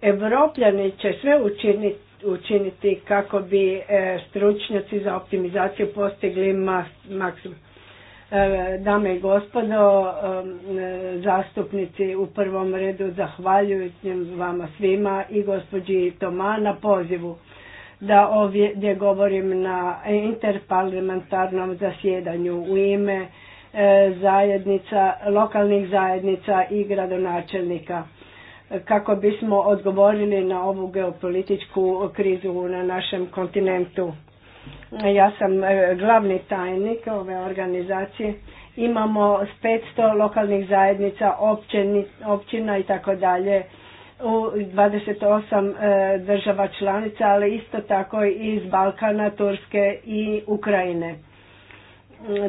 Evropljani će sve učiniti, učiniti kako bi e, stručnjaci za optimizaciju postigli maksimum. E, dame i gospodo, e, zastupnici u prvom redu zahvaljujem vama svima i gospođi Toma na pozivu da ovdje govorim na interparlamentarnom zasjedanju u ime zajednica, lokalnih zajednica i gradonačelnika kako bismo odgovorili na ovu geopolitičku krizu na našem kontinentu. Ja sam e, glavni tajnik ove organizacije. Imamo 500 lokalnih zajednica, općina i tako dalje u 28 e, država članica, ali isto tako i iz Balkana, Turske i Ukrajine.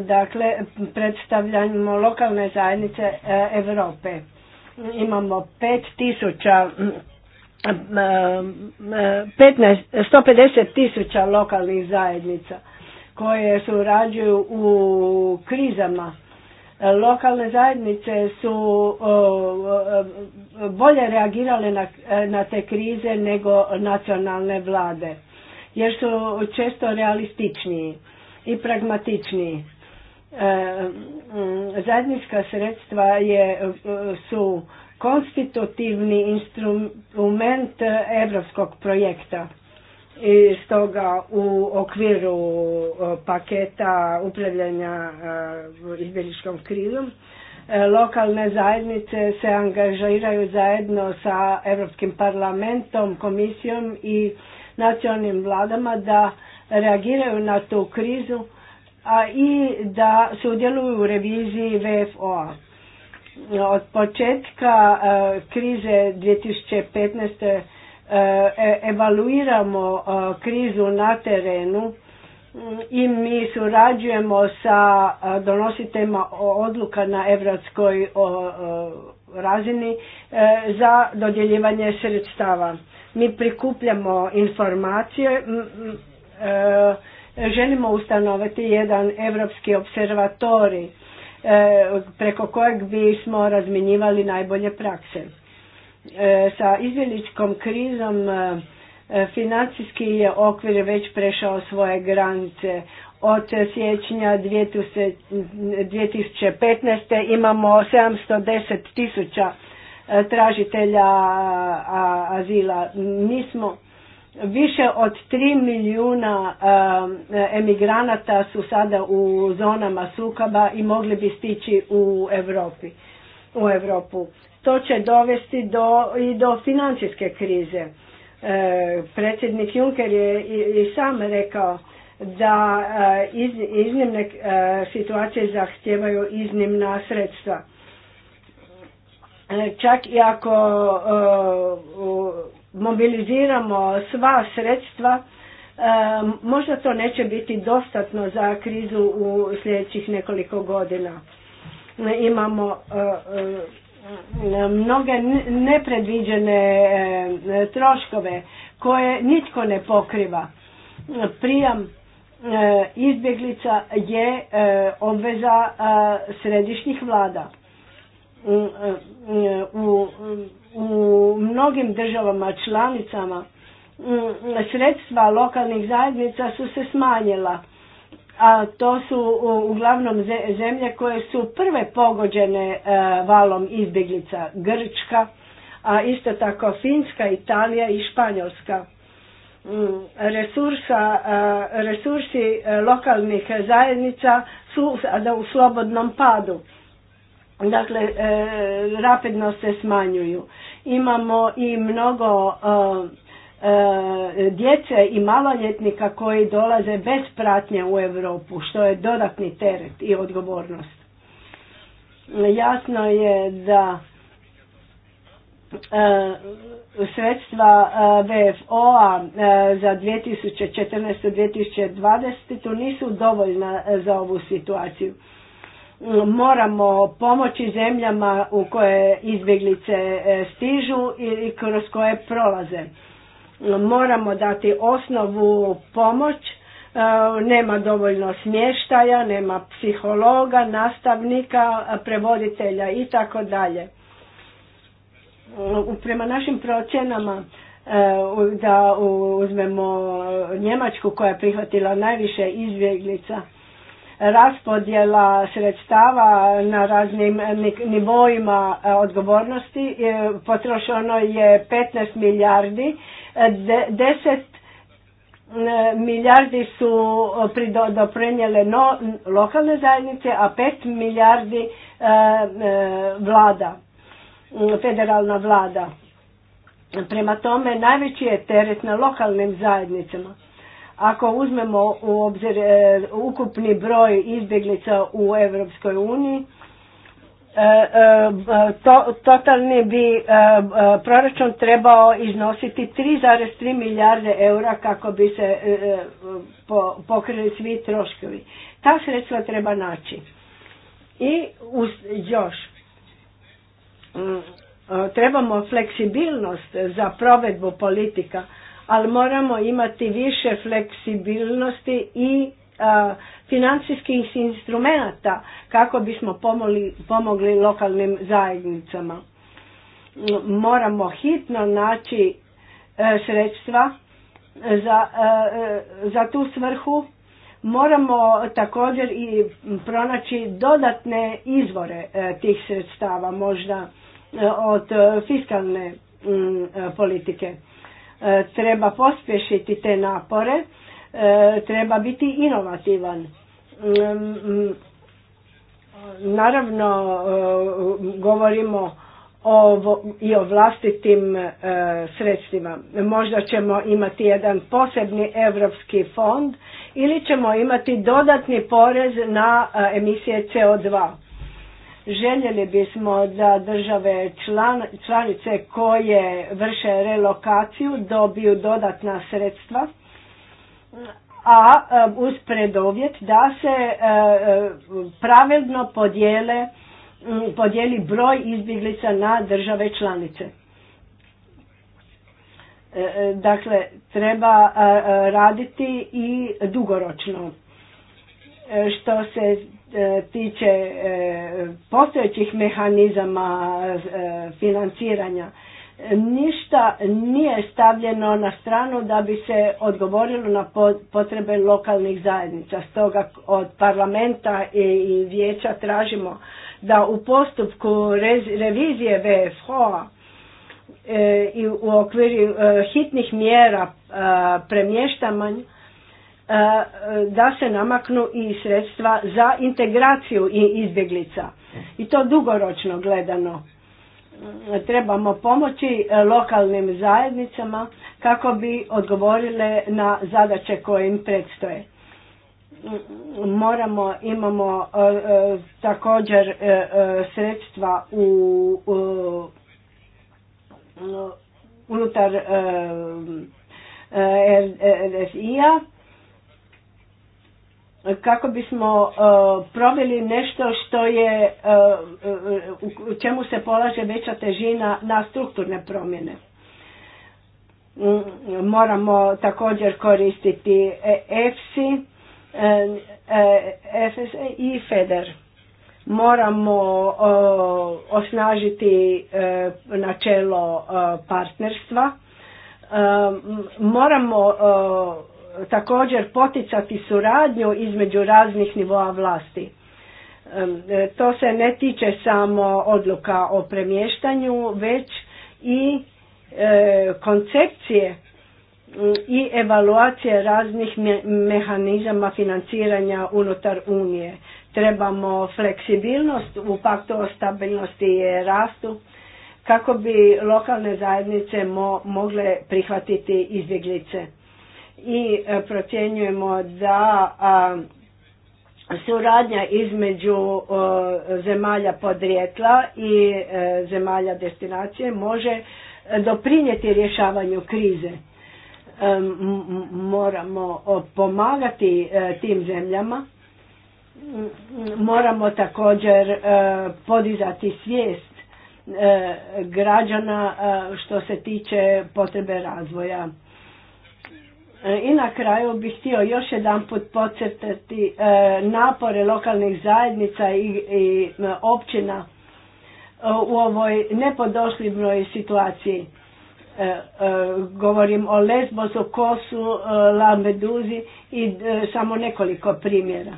Dakle, predstavljamo lokalne zajednice e, Europe imamo 5000 15, 150 tisuća lokalnih zajednica koje surađuju u krizama. Lokalne zajednice su bolje reagirale na te krize nego nacionalne vlade jer su često realističniji i pragmatičniji. Eh, zajednička sredstva je, eh, su konstitutivni instrument europskog projekta. I stoga u okviru eh, paketa upravljanja izbjegličkom krizom lokalne zajednice se angažiraju zajedno sa Europskim parlamentom, komisijom i nacionalnim vladama da reagiraju na tu krizu a i da sudjeluju u reviziji VFO-a. Od početka e, krize 2015. E, e, evaluiramo krizu na terenu i mi surađujemo sa donositeljima odluka na evropskoj razini za dodjeljivanje sredstava. Mi prikupljamo informacije želimo ustanoviti jedan europski observatori e, preko kojeg bismo razminjivali najbolje prakse. E, sa izbjegličkom krizom e, financijski je okvir već prešao svoje granice. Od siječnja 2015. imamo 710 tisuća tražitelja azila. Nismo... Više od 3 milijuna eh, emigranata su sada u zonama sukaba i mogli bi stići u Europi, u Europu. To će dovesti do, i do financijske krize. Eh, predsjednik Juncker je i, sam rekao da eh, iz, iznimne situacije zahtijevaju iznimna sredstva. Čak i ako mobiliziramo sva sredstva, e, možda to neće biti dostatno za krizu u sljedećih nekoliko godina. Imamo e, e, mnoge nepredviđene troškove koje nitko ne pokriva. Prijam izbjeglica je obveza središnjih vlada. Mm, mm, u, mm, u mnogim državama članicama sredstva lokalnih zajednica su se smanjila a to su uglavnom zemlje koje su prve pogođene e, valom izbjeglica Grčka, a isto tako Finska, Italija i Španjolska. Resursa, e, resursi e, lokalnih zajednica su u slobodnom padu. Dakle, e, rapidno se smanjuju. Imamo i mnogo e, e, djece i maloljetnika koji dolaze bez pratnje u Europu, što je dodatni teret i odgovornost. Jasno je da sredstva VFO-a za 2014-2020 nisu dovoljna za ovu situaciju moramo pomoći zemljama u koje izbjeglice e, stižu i kroz koje prolaze. Moramo dati osnovu pomoć, e, nema dovoljno smještaja, nema psihologa, nastavnika, prevoditelja i tako dalje. Prema našim procjenama e, da uzmemo Njemačku koja je prihvatila najviše izbjeglica, raspodjela sredstava na raznim nivoima e, odgovornosti. E, potrošeno je 15 milijardi, 10 e, milijardi su doprinjele no, lokalne zajednice, a 5 milijardi vlada, federalna vlada. Prema tome najveći je teret na lokalnim zajednicama ako uzmemo u obzir e, ukupni broj izbjeglica u Europskoj uniji, e, e, to, totalni bi proračun trebao iznositi 3,3 milijarde eura kako bi se pokrili svi troškovi. Ta sredstva treba naći. I uz, još, mm, trebamo fleksibilnost za provedbu politika ali moramo imati više fleksibilnosti i financijskih instrumenata kako bismo pomogli lokalnim zajednicama. Moramo hitno naći e, sredstva za, e, za tu svrhu. Moramo također i pronaći dodatne izvore e, tih sredstava, možda od fiskalne politike. E, treba pospješiti te napore, e, treba biti inovativan. Mm, mm, naravno, e, govorimo o, i o vlastitim sredstvima. Možda ćemo imati jedan posebni europski fond ili ćemo imati dodatni porez na emisije CO2. Željeli bismo da države članice koje vrše relokaciju dobiju dodatna sredstva, a e, uz predovjet da se e, e, pravedno podijele, podijeli broj izbjeglica na države članice. Dakle, treba raditi i dugoročno. Što se E, tiče e, postojećih mehanizama e, financiranja, ništa nije stavljeno na stranu da bi se odgovorilo na potrebe lokalnih zajednica. Stoga od parlamenta i vijeća tražimo da u postupku revizije VFO-a i u okviru hitnih mjera premještanja da se namaknu i sredstva za integraciju i izbjeglica. I to dugoročno gledano. Trebamo pomoći lokalnim zajednicama kako bi odgovorile na zadaće koje im predstoje. Moramo, imamo također sredstva u unutar RSI-a kako bismo e, proveli nešto što je, e, e, u čemu se polaže veća težina na strukturne promjene. Mm, moramo također koristiti EFSI i FEDER. Moramo osnažiti načelo partnerstva. Moramo također poticati suradnju između raznih nivoa vlasti. E, to se ne tiče samo odluka o premještanju, već i e, koncepcije i evaluacije raznih mehanizama financiranja unutar Unije. Trebamo fleksibilnost u paktu o stabilnosti i rastu kako bi lokalne zajednice mogle prihvatiti izbjeglice i e, procjenjujemo da suradnja između zemalja podrijetla i e, zemalja destinacije može doprinijeti rješavanju krize. E, moramo pomagati tim zemljama, moramo također podizati svijest građana što se tiče potrebe razvoja E, I na kraju bih htio još jedan put podcrtati e, napore lokalnih zajednica i e, općina u ovoj nepodošljivnoj situaciji. Govorim o Lesbosu, Kosu, Meduzi i samo nekoliko primjera.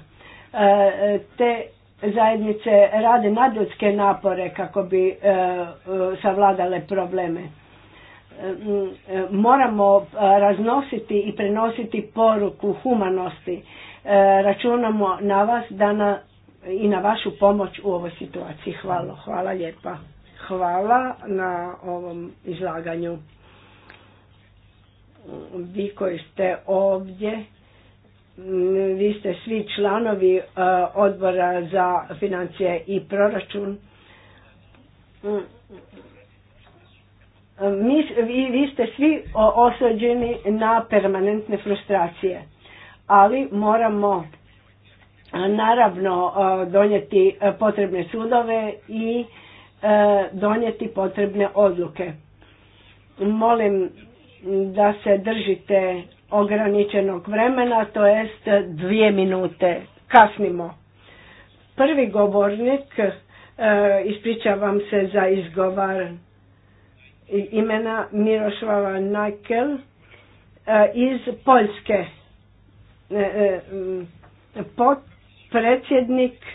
Te zajednice rade nadljudske napore kako bi savladale probleme moramo eh, raznositi i prenositi poruku humanosti. Eh, računamo na vas dana i na vašu pomoć u ovoj situaciji. Hvala, hvala lijepa. Hvala na ovom izlaganju. Vi koji ste ovdje, mm, vi ste svi članovi eh, odbora za financije i proračun mm, mi, vi, ste svi osuđeni na permanentne frustracije, ali moramo naravno donijeti potrebne sudove i donijeti potrebne odluke. Molim da se držite ograničenog vremena, to jest dvije minute. Kasnimo. Prvi govornik, ispričavam se za izgovaran imena Miroslava Nakel e, iz Poljske. E, e, predsjednik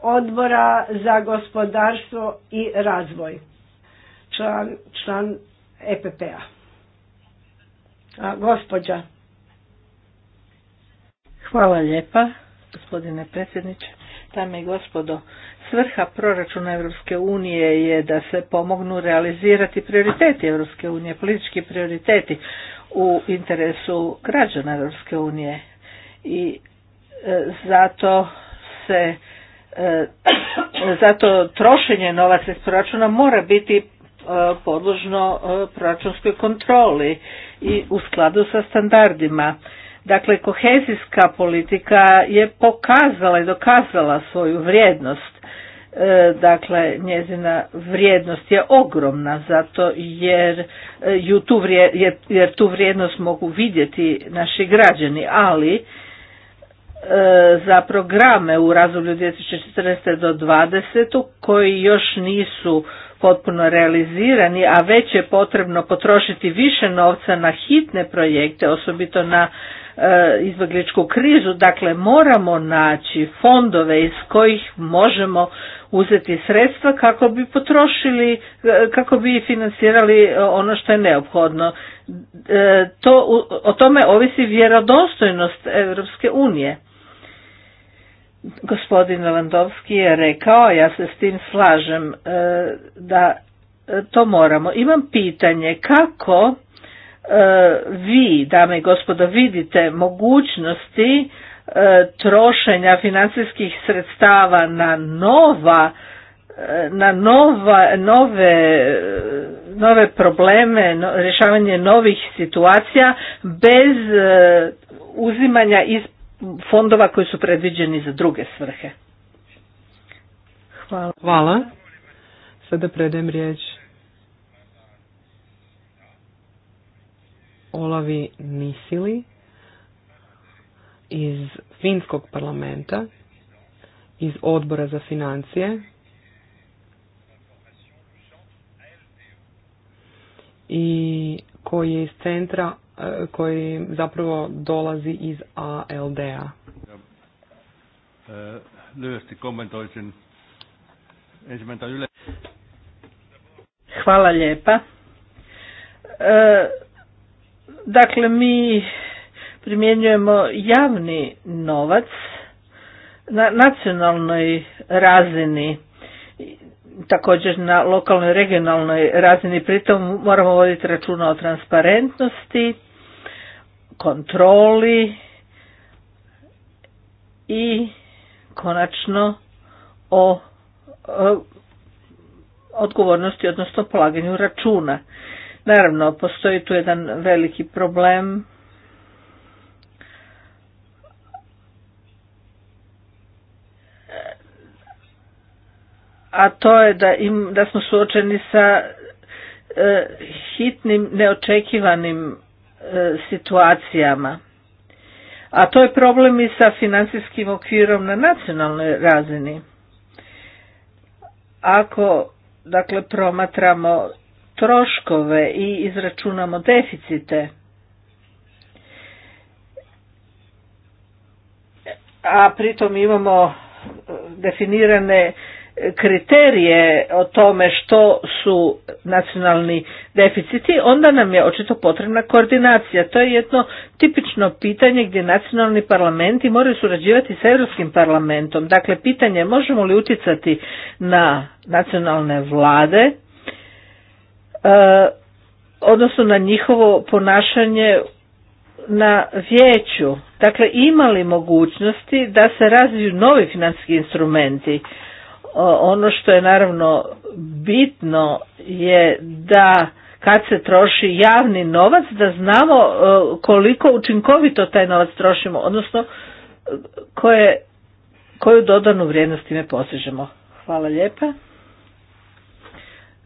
odbora za gospodarstvo i razvoj. Član, član EPP-a. A, gospođa. Hvala lijepa, gospodine predsjedniče. Dame i gospodo, Svrha proračuna Europske unije je da se pomognu realizirati prioriteti Europske unije, politički prioriteti u interesu građana Europske unije i e, zato se e, zato trošenje novaca iz proračuna mora biti e, podložno proračunskoj kontroli i u skladu sa standardima Dakle, kohezijska politika je pokazala i dokazala svoju vrijednost. E, dakle, njezina vrijednost je ogromna zato jer, e, tu, vrijednost, jer tu vrijednost mogu vidjeti naši građani, ali e, za programe u razdoblju 2014. do 2020. koji još nisu potpuno realizirani, a već je potrebno potrošiti više novca na hitne projekte, osobito na Eh, izbjegličku krizu, dakle moramo naći fondove iz kojih možemo uzeti sredstva kako bi potrošili, eh, kako bi financirali eh, ono što je neophodno. To, o tome ovisi vjerodostojnost Europske unije. Gospodin Lewandowski je rekao, ja se s tim slažem, da to moramo. Imam pitanje kako E, vi, dame i gospodo, vidite mogućnosti e, trošenja financijskih sredstava na nova e, na nova, nove, nove probleme, rješavanje novih situacija bez uzimanja iz fondova koji su predviđeni za druge svrhe. Hvala. Hvala. Sada predem riječ Olavi Nisili iz Finskog parlamenta, iz odbora za financije i koji je iz centra eh, koji zapravo dolazi iz ALD-a. Eh, Hvala lijepa. Eh, Dakle, mi primjenjujemo javni novac na nacionalnoj razini, također na lokalnoj regionalnoj razini, pritom moramo voditi računa o transparentnosti, kontroli i konačno o odgovornosti, odnosno polaganju računa. Naravno, postoji tu jedan veliki problem a to je da, im, da smo suočeni sa e, hitnim, neočekivanim e, situacijama. A to je problem i sa financijskim okvirom na nacionalnoj razini. Ako dakle promatramo troškove i izračunamo deficite. A pritom imamo e, definirane kriterije o tome što su nacionalni deficiti, onda nam je očito potrebna koordinacija. To je jedno tipično pitanje gdje nacionalni parlamenti moraju surađivati sa Europskim parlamentom. Dakle, pitanje možemo li utjecati na nacionalne vlade E, odnosno na njihovo ponašanje na vijeću. Dakle, imali mogućnosti da se razviju novi financijski instrumenti. E, ono što je naravno bitno je da kad se troši javni novac, da znamo e, koliko učinkovito taj novac trošimo, odnosno koje, koju dodanu vrijednost time postižemo. Hvala lijepa.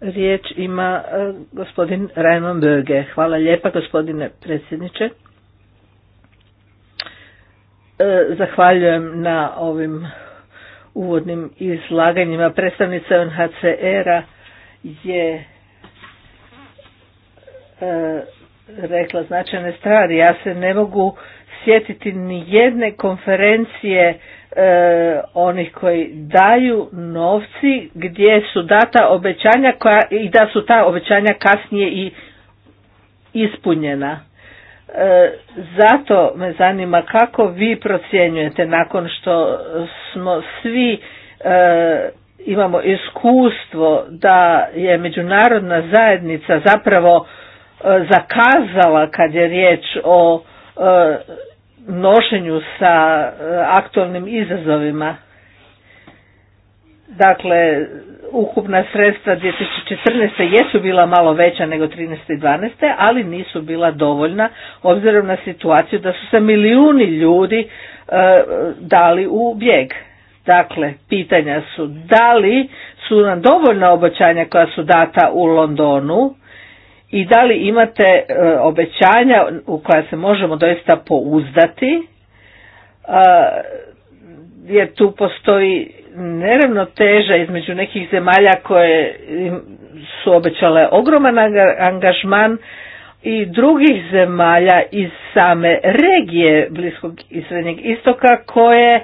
Riječ ima e, gospodin Raymond Böge. Hvala lijepa gospodine predsjedniče. E, zahvaljujem na ovim uvodnim izlaganjima. Predstavnica UNHCR-a je e, rekla značajne stvari. Ja se ne mogu sjetiti ni jedne konferencije e, onih koji daju novci gdje su data obećanja koja, i da su ta obećanja kasnije i ispunjena. E, zato me zanima kako vi procjenjujete nakon što smo svi e, imamo iskustvo da je međunarodna zajednica zapravo e, zakazala kad je riječ o e, nošenju sa e, aktualnim izazovima. Dakle, ukupna sredstva 2014. jesu bila malo veća nego 13. i 12. ali nisu bila dovoljna obzirom na situaciju da su se milijuni ljudi e, dali u bijeg. Dakle, pitanja su da li su nam dovoljna obećanja koja su data u Londonu, i da li imate e, obećanja u koja se možemo doista pouzdati, e, jer tu postoji teža između nekih zemalja koje su obećale ogroman angažman i drugih zemalja iz same regije Bliskog i Srednjeg istoka koje e,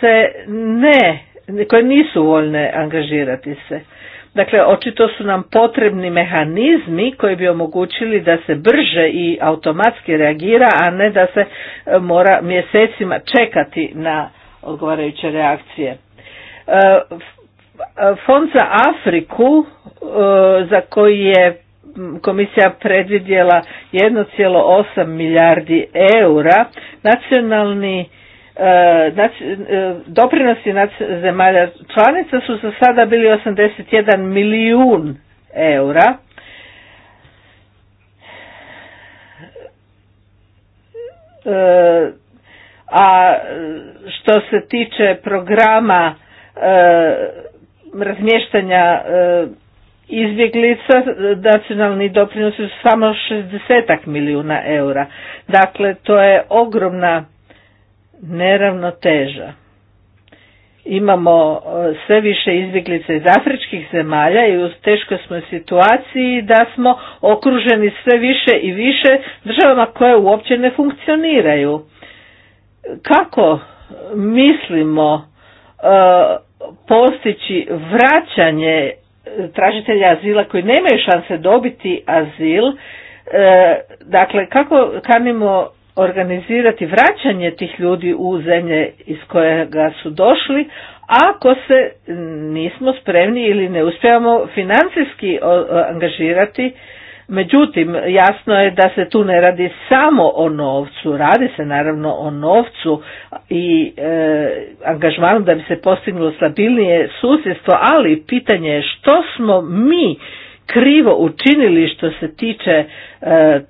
se ne, koje nisu voljne angažirati se. Dakle, očito su nam potrebni mehanizmi koji bi omogućili da se brže i automatski reagira, a ne da se e, mora mjesecima čekati na odgovarajuće reakcije. E, Fond za Afriku, e, za koji je komisija predvidjela 1,8 milijardi eura, nacionalni E, znači, e, doprinosi zemalja članica su za sada bili 81 milijun eura. E, a što se tiče programa razmještanja izbjeglica nacionalni doprinosi su samo 60 milijuna eura. Dakle, to je ogromna neravnoteža. Imamo e, sve više izbjeglica iz afričkih zemalja i u teškoj smo situaciji da smo okruženi sve više i više državama koje uopće ne funkcioniraju. Kako mislimo e, postići vraćanje e, tražitelja azila koji nemaju šanse dobiti azil, dakle kako kanimo organizirati vraćanje tih ljudi u zemlje iz kojega su došli, ako se nismo spremni ili ne uspijemo financijski angažirati. Međutim, jasno je da se tu ne radi samo o novcu, radi se naravno o novcu i e, angažmanu da bi se postignulo stabilnije susjedstvo, ali pitanje je što smo mi krivo učinili što se tiče e,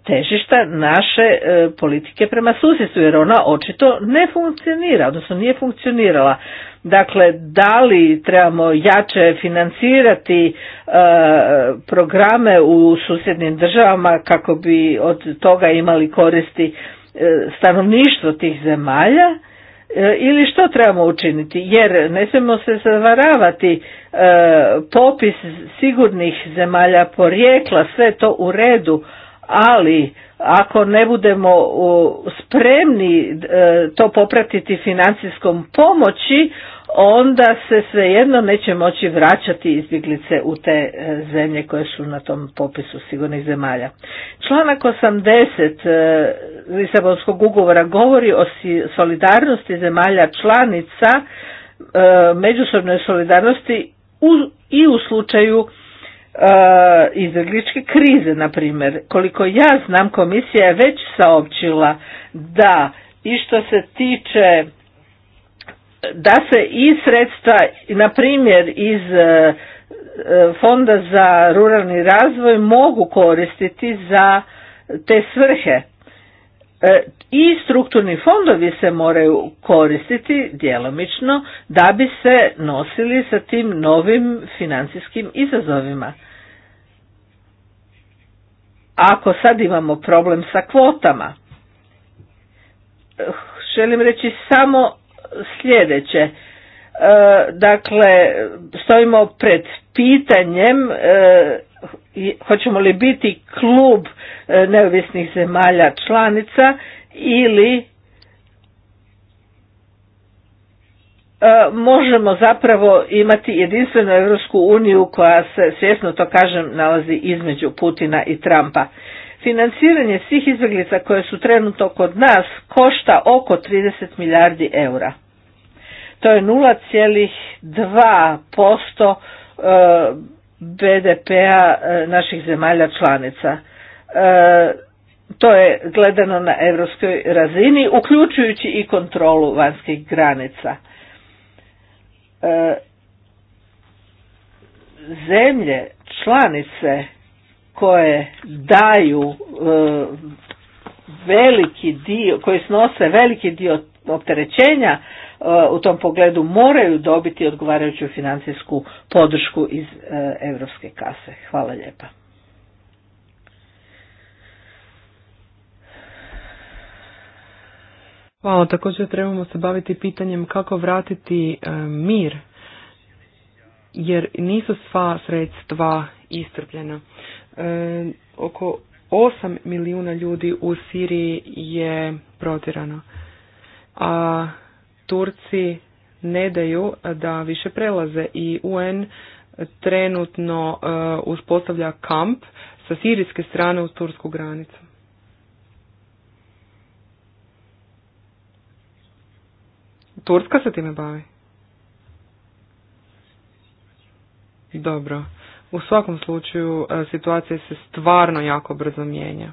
težišta naše e, politike prema susjedstvu jer ona očito ne funkcionira, odnosno nije funkcionirala. Dakle, da li trebamo jače financirati e, programe u susjednim državama kako bi od toga imali koristi stanovništvo tih zemalja E, ili što trebamo učiniti jer ne smijemo se zavaravati e, popis sigurnih zemalja porijekla sve to u redu ali ako ne budemo spremni e, to popratiti financijskom pomoći, onda se svejedno neće moći vraćati izbjeglice u te e, zemlje koje su na tom popisu sigurnih zemalja. Članak 80 e, Lisabonskog ugovora govori o solidarnosti zemalja članica, međusobnoj solidarnosti i u slučaju Eh, izbjegličke krize, na primjer. Koliko ja znam, komisija je već saopćila da i što se tiče da se i sredstva, na primjer iz eh, eh, fonda za ruralni razvoj mogu koristiti za te svrhe. I strukturni fondovi se moraju koristiti djelomično da bi se nosili sa tim novim financijskim izazovima ako sad imamo problem sa kvotama. Eh, želim reći samo sljedeće. Eh, dakle, stojimo pred pitanjem eh, hoćemo li biti klub neovisnih zemalja članica ili E, možemo zapravo imati jedinstvenu Europsku uniju koja se, svjesno to kažem, nalazi između Putina i Trumpa. Financiranje svih izbjeglica koje su trenutno kod nas košta oko 30 milijardi eura. To je 0,2% e, BDP-a e, naših zemalja članica. To je gledano na europskoj razini, uključujući i kontrolu vanjskih granica. E, zemlje članice koje daju e, veliki dio, koji snose veliki dio opterećenja e, u tom pogledu moraju dobiti odgovarajuću financijsku podršku iz europske kase. Hvala lijepa. Hvala. Također trebamo se baviti pitanjem kako vratiti e, mir, jer nisu sva sredstva istrpljena. E, oko 8 milijuna ljudi u Siriji je protirano, a Turci ne daju da više prelaze i UN trenutno e, uspostavlja kamp sa sirijske strane u tursku granicu. Turska se time bavi? Dobro. U svakom slučaju e, situacija se stvarno jako brzo mijenja.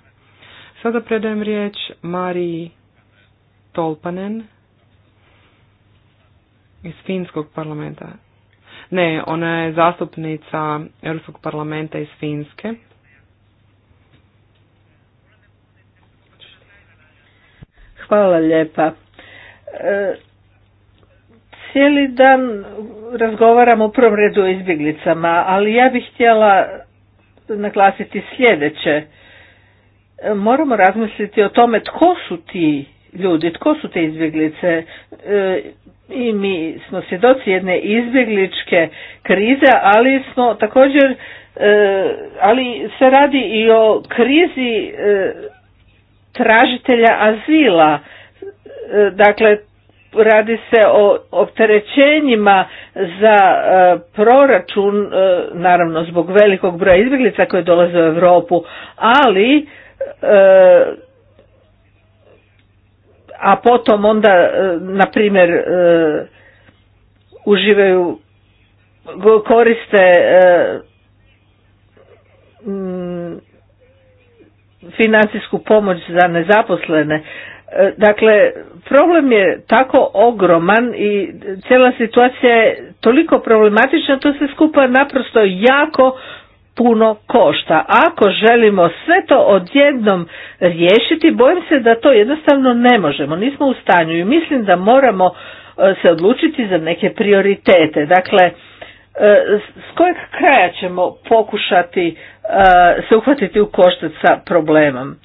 Sada predajem riječ Mariji Tolpanen iz Finskog parlamenta. Ne, ona je zastupnica Europskog parlamenta iz Finske. Hvala lijepa. E, Cijeli dan razgovaramo u prvom redu o izbjeglicama, ali ja bih htjela naglasiti sljedeće. Moramo razmisliti o tome tko su ti ljudi, tko su te izbjeglice. E, I mi smo svjedoci jedne izbjegličke krize, ali smo također, e, ali se radi i o krizi e, tražitelja azila. Dakle, radi se o opterećenjima za e, proračun, e, naravno zbog velikog broja izbjeglica koje dolaze u Europu, ali e, a potom onda, na primjer, uživaju, koriste financijsku pomoć za nezaposlene. Dakle, problem je tako ogroman i cijela situacija je toliko problematična, to se skupa naprosto jako puno košta. Ako želimo sve to odjednom riješiti, bojim se da to jednostavno ne možemo, nismo u stanju i mislim da moramo e, se odlučiti za neke prioritete. Dakle, e, s kojeg kraja ćemo pokušati e, se uhvatiti u koštac sa problemom?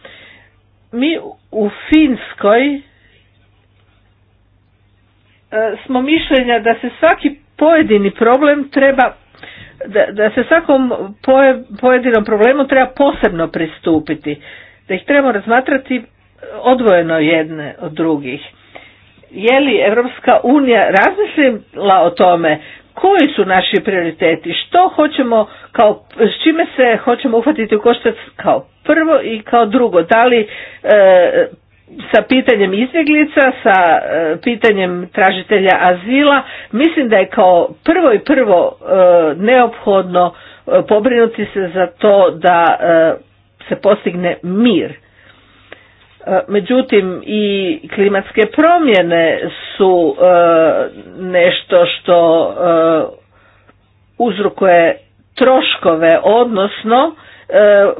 Mi u Finskoj E, smo mišljenja da se svaki pojedini problem treba da, se svakom pojedinom problemu treba posebno pristupiti da ih trebamo razmatrati odvojeno jedne od drugih je li Europska unija razmislila o tome koji su naši prioriteti što hoćemo kao s čime se hoćemo uhvatiti u koštac kao prvo i kao drugo da li e, sa pitanjem izbjeglica, sa e, pitanjem tražitelja azila, mislim da je kao prvo i prvo e, neophodno e, pobrinuti se za to da se postigne mir. Međutim, i klimatske promjene su nešto što uzrukuje troškove, odnosno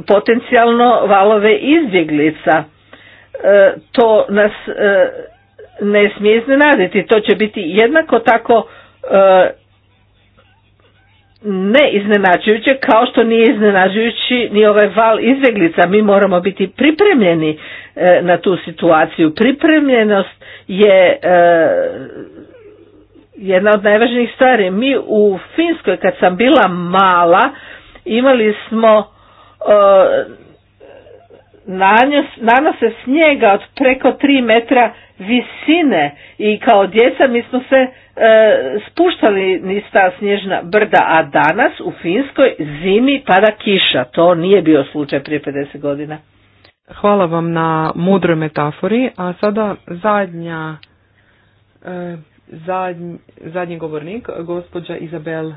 potencijalno valove izbjeglica E, to nas e, ne smije iznenaditi. To će biti jednako tako e, ne iznenađujuće kao što nije iznenađujući ni ovaj val izbjeglica. Mi moramo biti pripremljeni na tu situaciju. Pripremljenost je jedna od najvažnijih stvari. Mi u Finskoj kad sam bila mala imali smo nanose snijega od preko 3 metra visine i kao djeca mi smo se e, spuštali niz ta snježna brda, a danas u Finskoj zimi pada kiša. To nije bio slučaj prije 50 godina. Hvala vam na mudroj metafori, a sada zadnja, e, zadnji govornik, gospođa Izabel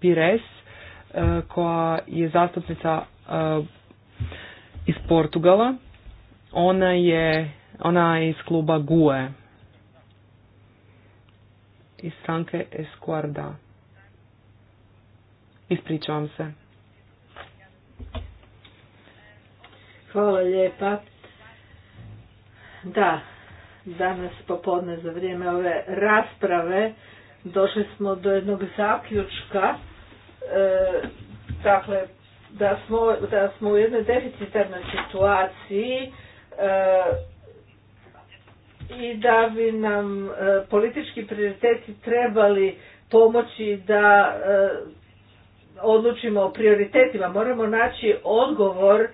Pires, e, koja je zastupnica e, iz Portugala. Ona je, ona je iz kluba GUE. Iz stranke Esquarda. Ispričavam se. Hvala lijepa. Da, danas popodne za vrijeme ove rasprave došli smo do jednog zaključka. E, dakle, da smo, da smo u jednoj deficitarnoj situaciji e, i da bi nam e, politički prioriteti trebali pomoći da e, odlučimo o prioritetima. Moramo naći odgovor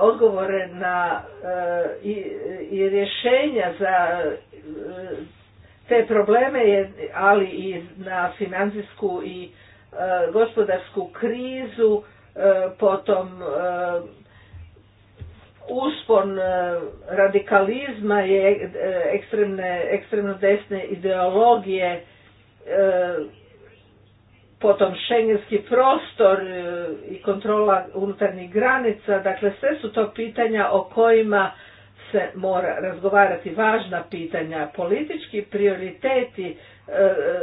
odgovore na i, i rješenja za te probleme, ali i na financijsku i gospodarsku krizu potom e, uspon e, radikalizma i e, ekstremne, ekstremno desne ideologije, potom šengenski prostor i kontrola unutarnjih granica, dakle sve su to pitanja o kojima se mora razgovarati važna pitanja. Politički prioriteti E,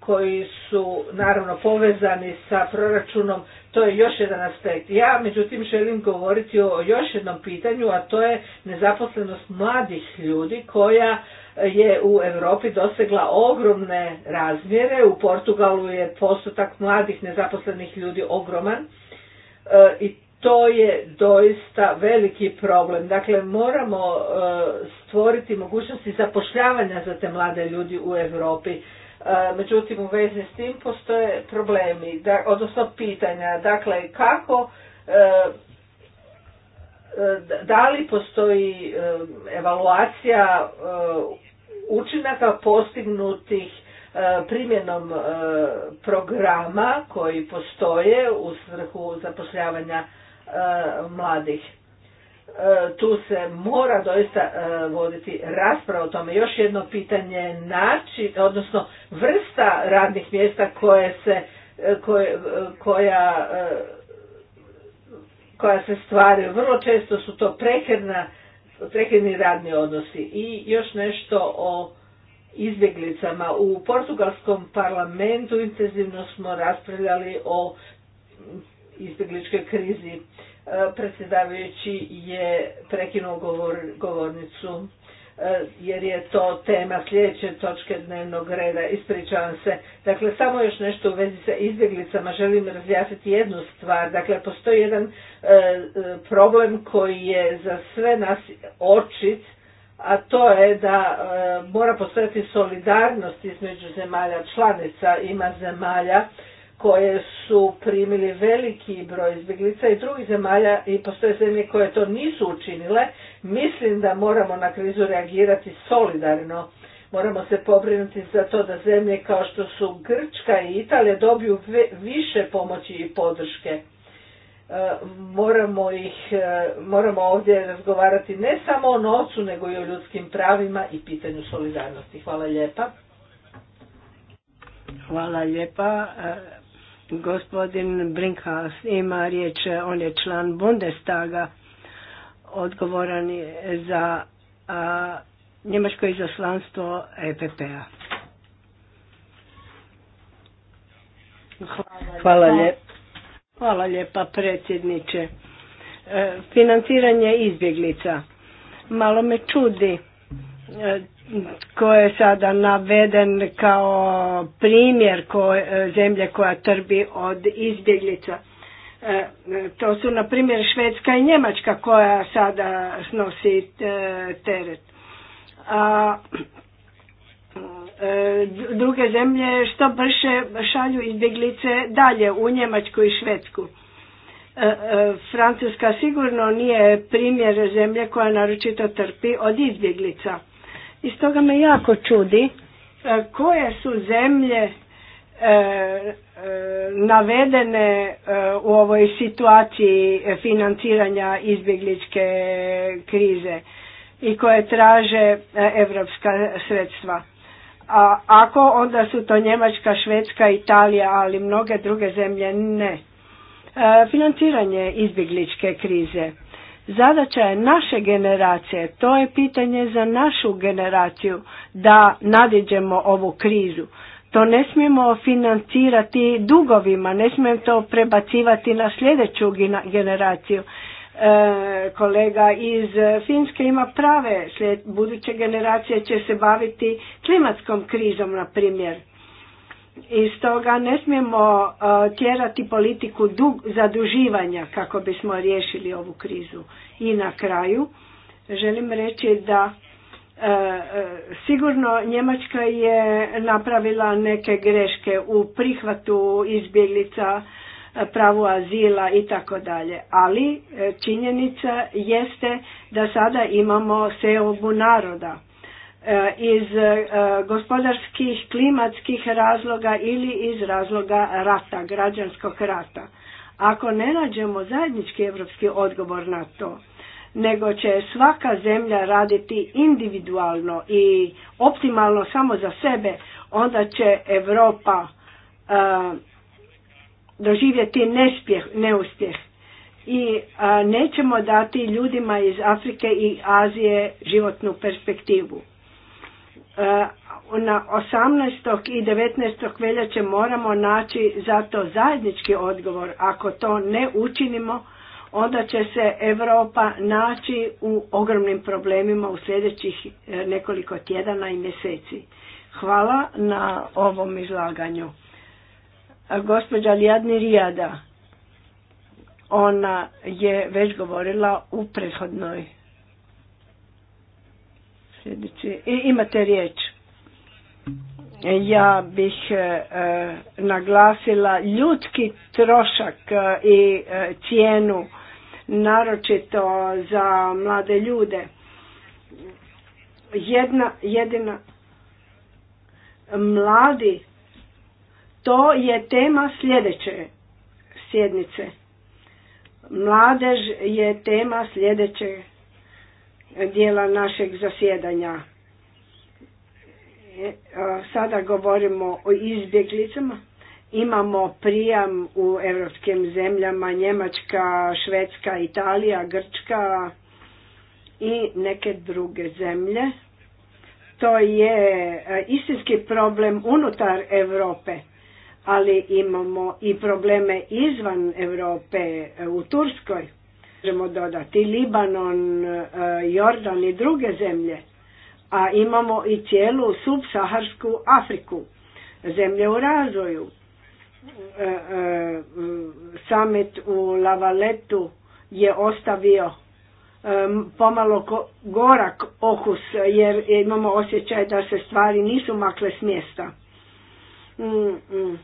koji su naravno povezani sa proračunom, to je još jedan aspekt. Ja međutim želim govoriti o još jednom pitanju, a to je nezaposlenost mladih ljudi koja je u Europi dosegla ogromne razmjere. U Portugalu je postotak mladih nezaposlenih ljudi ogroman e, i to je doista veliki problem. Dakle, moramo e, stvoriti mogućnosti zapošljavanja za te mlade ljudi u Europi. E, međutim, u vezi s tim postoje problemi, odnosno pitanja. Dakle, kako, e, da li postoji evaluacija učinaka postignutih primjenom programa koji postoje u svrhu zapošljavanja E, mladih. E, tu se mora doista e, voditi rasprava o tome. Još jedno pitanje način, odnosno vrsta radnih mjesta koje se, koje, koja, koja se stvaraju. Vrlo često su to prekerna, prekerni radni odnosi. I još nešto o izbjeglicama. U portugalskom parlamentu intenzivno smo raspravljali o izbjegličkoj krizi. E, predsjedavajući je prekinuo govornicu e, jer je to tema sljedeće točke dnevnog reda. Ispričavam se. Dakle, samo još nešto u vezi sa izbjeglicama. Želim razjasniti jednu stvar. Dakle, postoji jedan e, problem koji je za sve nas očit, a to je da mora postojati solidarnost između zemalja članica. Ima zemalja koje su primili veliki broj izbjeglica i drugih zemalja i postoje zemlje koje to nisu učinile, mislim da moramo na krizu reagirati solidarno. Moramo se pobrinuti za to da zemlje kao što su Grčka i Italija dobiju više pomoći i podrške. E, moramo, ih, e, moramo ovdje razgovarati ne samo o novcu, nego i o ljudskim pravima i pitanju solidarnosti. Hvala lijepa. Hvala lijepa. E, Gospodin Brinkhaus ima riječ, on je član Bundestaga, odgovoran je za a, njemačko izaslanstvo EPP-a. Hvala, Hvala lijepa. predsjedniče. E, financiranje izbjeglica. Malo me čudi e, koji je sada naveden kao primjer koje, e, zemlje koja trbi od izbjeglica. E, to su na primjer Švedska i Njemačka koja sada snosi e, teret. A druge zemlje što brše šalju izbjeglice dalje u Njemačku i Švedsku. Francuska sigurno nije primjer zemlje koja naročito trpi od izbjeglica i stoga me jako čudi e, koje su zemlje e, e, navedene u ovoj situaciji financiranja izbjegličke krize i koje traže evropska sredstva. A ako onda su to Njemačka, Švedska, Italija, ali mnoge druge zemlje ne. Financiranje izbjegličke krize. Zadaća je naše generacije, to je pitanje za našu generaciju da nadiđemo ovu krizu. To ne smijemo financirati dugovima, ne smijemo to prebacivati na sljedeću generaciju. E, kolega iz Finske ima prave, buduće generacije će se baviti klimatskom krizom, na primjer i stoga ne smijemo e, tjerati politiku dug, zaduživanja kako bismo riješili ovu krizu. I na kraju želim reći da e, e, sigurno Njemačka je napravila neke greške u prihvatu izbjeglica, pravu azila i tako dalje. Ali činjenica jeste da sada imamo seobu naroda E, iz e, gospodarskih, klimatskih razloga ili iz razloga rata, građanskog rata. Ako ne nađemo zajednički evropski odgovor na to, nego će svaka zemlja raditi individualno i optimalno samo za sebe, onda će Europa e, doživjeti nespjeh, neuspjeh i nećemo dati ljudima iz Afrike i Azije životnu perspektivu. E, na 18. i 19. veljače moramo naći za to zajednički odgovor. Ako to ne učinimo, onda će se Europa naći u ogromnim problemima u sljedećih e, nekoliko tjedana i mjeseci. Hvala na ovom izlaganju. E, gospođa Lijadni Rijada, ona je već govorila u prethodnoj Sljedeći, imate riječ. E, ja bih e, e, naglasila ljudski trošak i cijenu, naročito za mlade ljude. Jedna, jedina mladi, to je tema sljedeće sjednice. Mladež je tema sljedeće dijela našeg zasjedanja. E, sada govorimo o izbjeglicama. Imamo prijam u europskim zemljama Njemačka, Švedska, Italija, Grčka i neke druge zemlje. To je e, istinski problem unutar Europe, ali imamo i probleme izvan Europe e, u Turskoj možemo dodati Libanon, e, Jordan i druge zemlje, a imamo i cijelu subsaharsku Afriku, zemlje u razvoju. E, e, Samet u Lavaletu je ostavio pomalo gorak okus jer imamo osjećaj da se stvari nisu makle s mjesta. Mm, mm.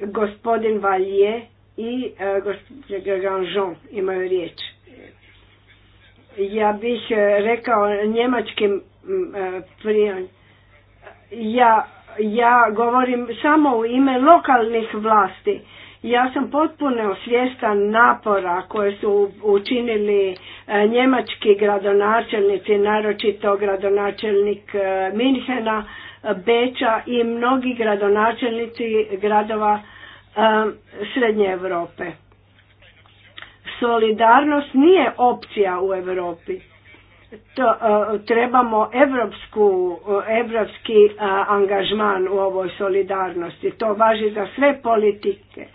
Gospodin Valje i e, gospodin imaju riječ. Ja bih e, rekao njemačkim e, prijanjima. Ja, ja govorim samo u ime lokalnih vlasti. Ja sam potpuno svjestan napora koje su učinili njemački gradonačelnici, naročito gradonačelnik Minhena, Beča i mnogi gradonačelnici gradova srednje Europe. Solidarnost nije opcija u Europi. To, e, trebamo evropsku, evropski e, angažman u ovoj solidarnosti. To važi za sve politike.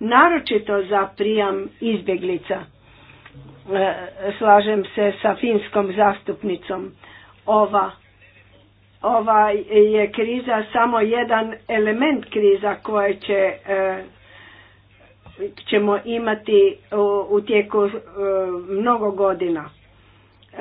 Naročito za prijam izbjeglica. E, slažem se sa finskom zastupnicom. Ova ova je kriza samo jedan element kriza koje će e, ćemo imati u tijeku e, mnogo godina.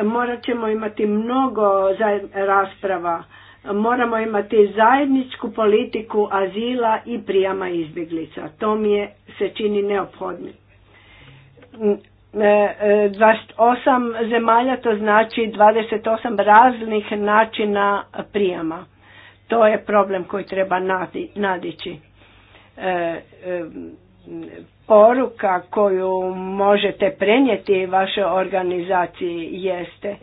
Morat ćemo imati mnogo rasprava. Moramo imati zajedničku politiku azila i prijama izbjeglica. To mi je, se čini neophodno. 28 e, e, zemalja, to znači 28 raznih načina prijama. To je problem koji treba nadići. E, poruka koju možete prenijeti vašoj organizaciji jeste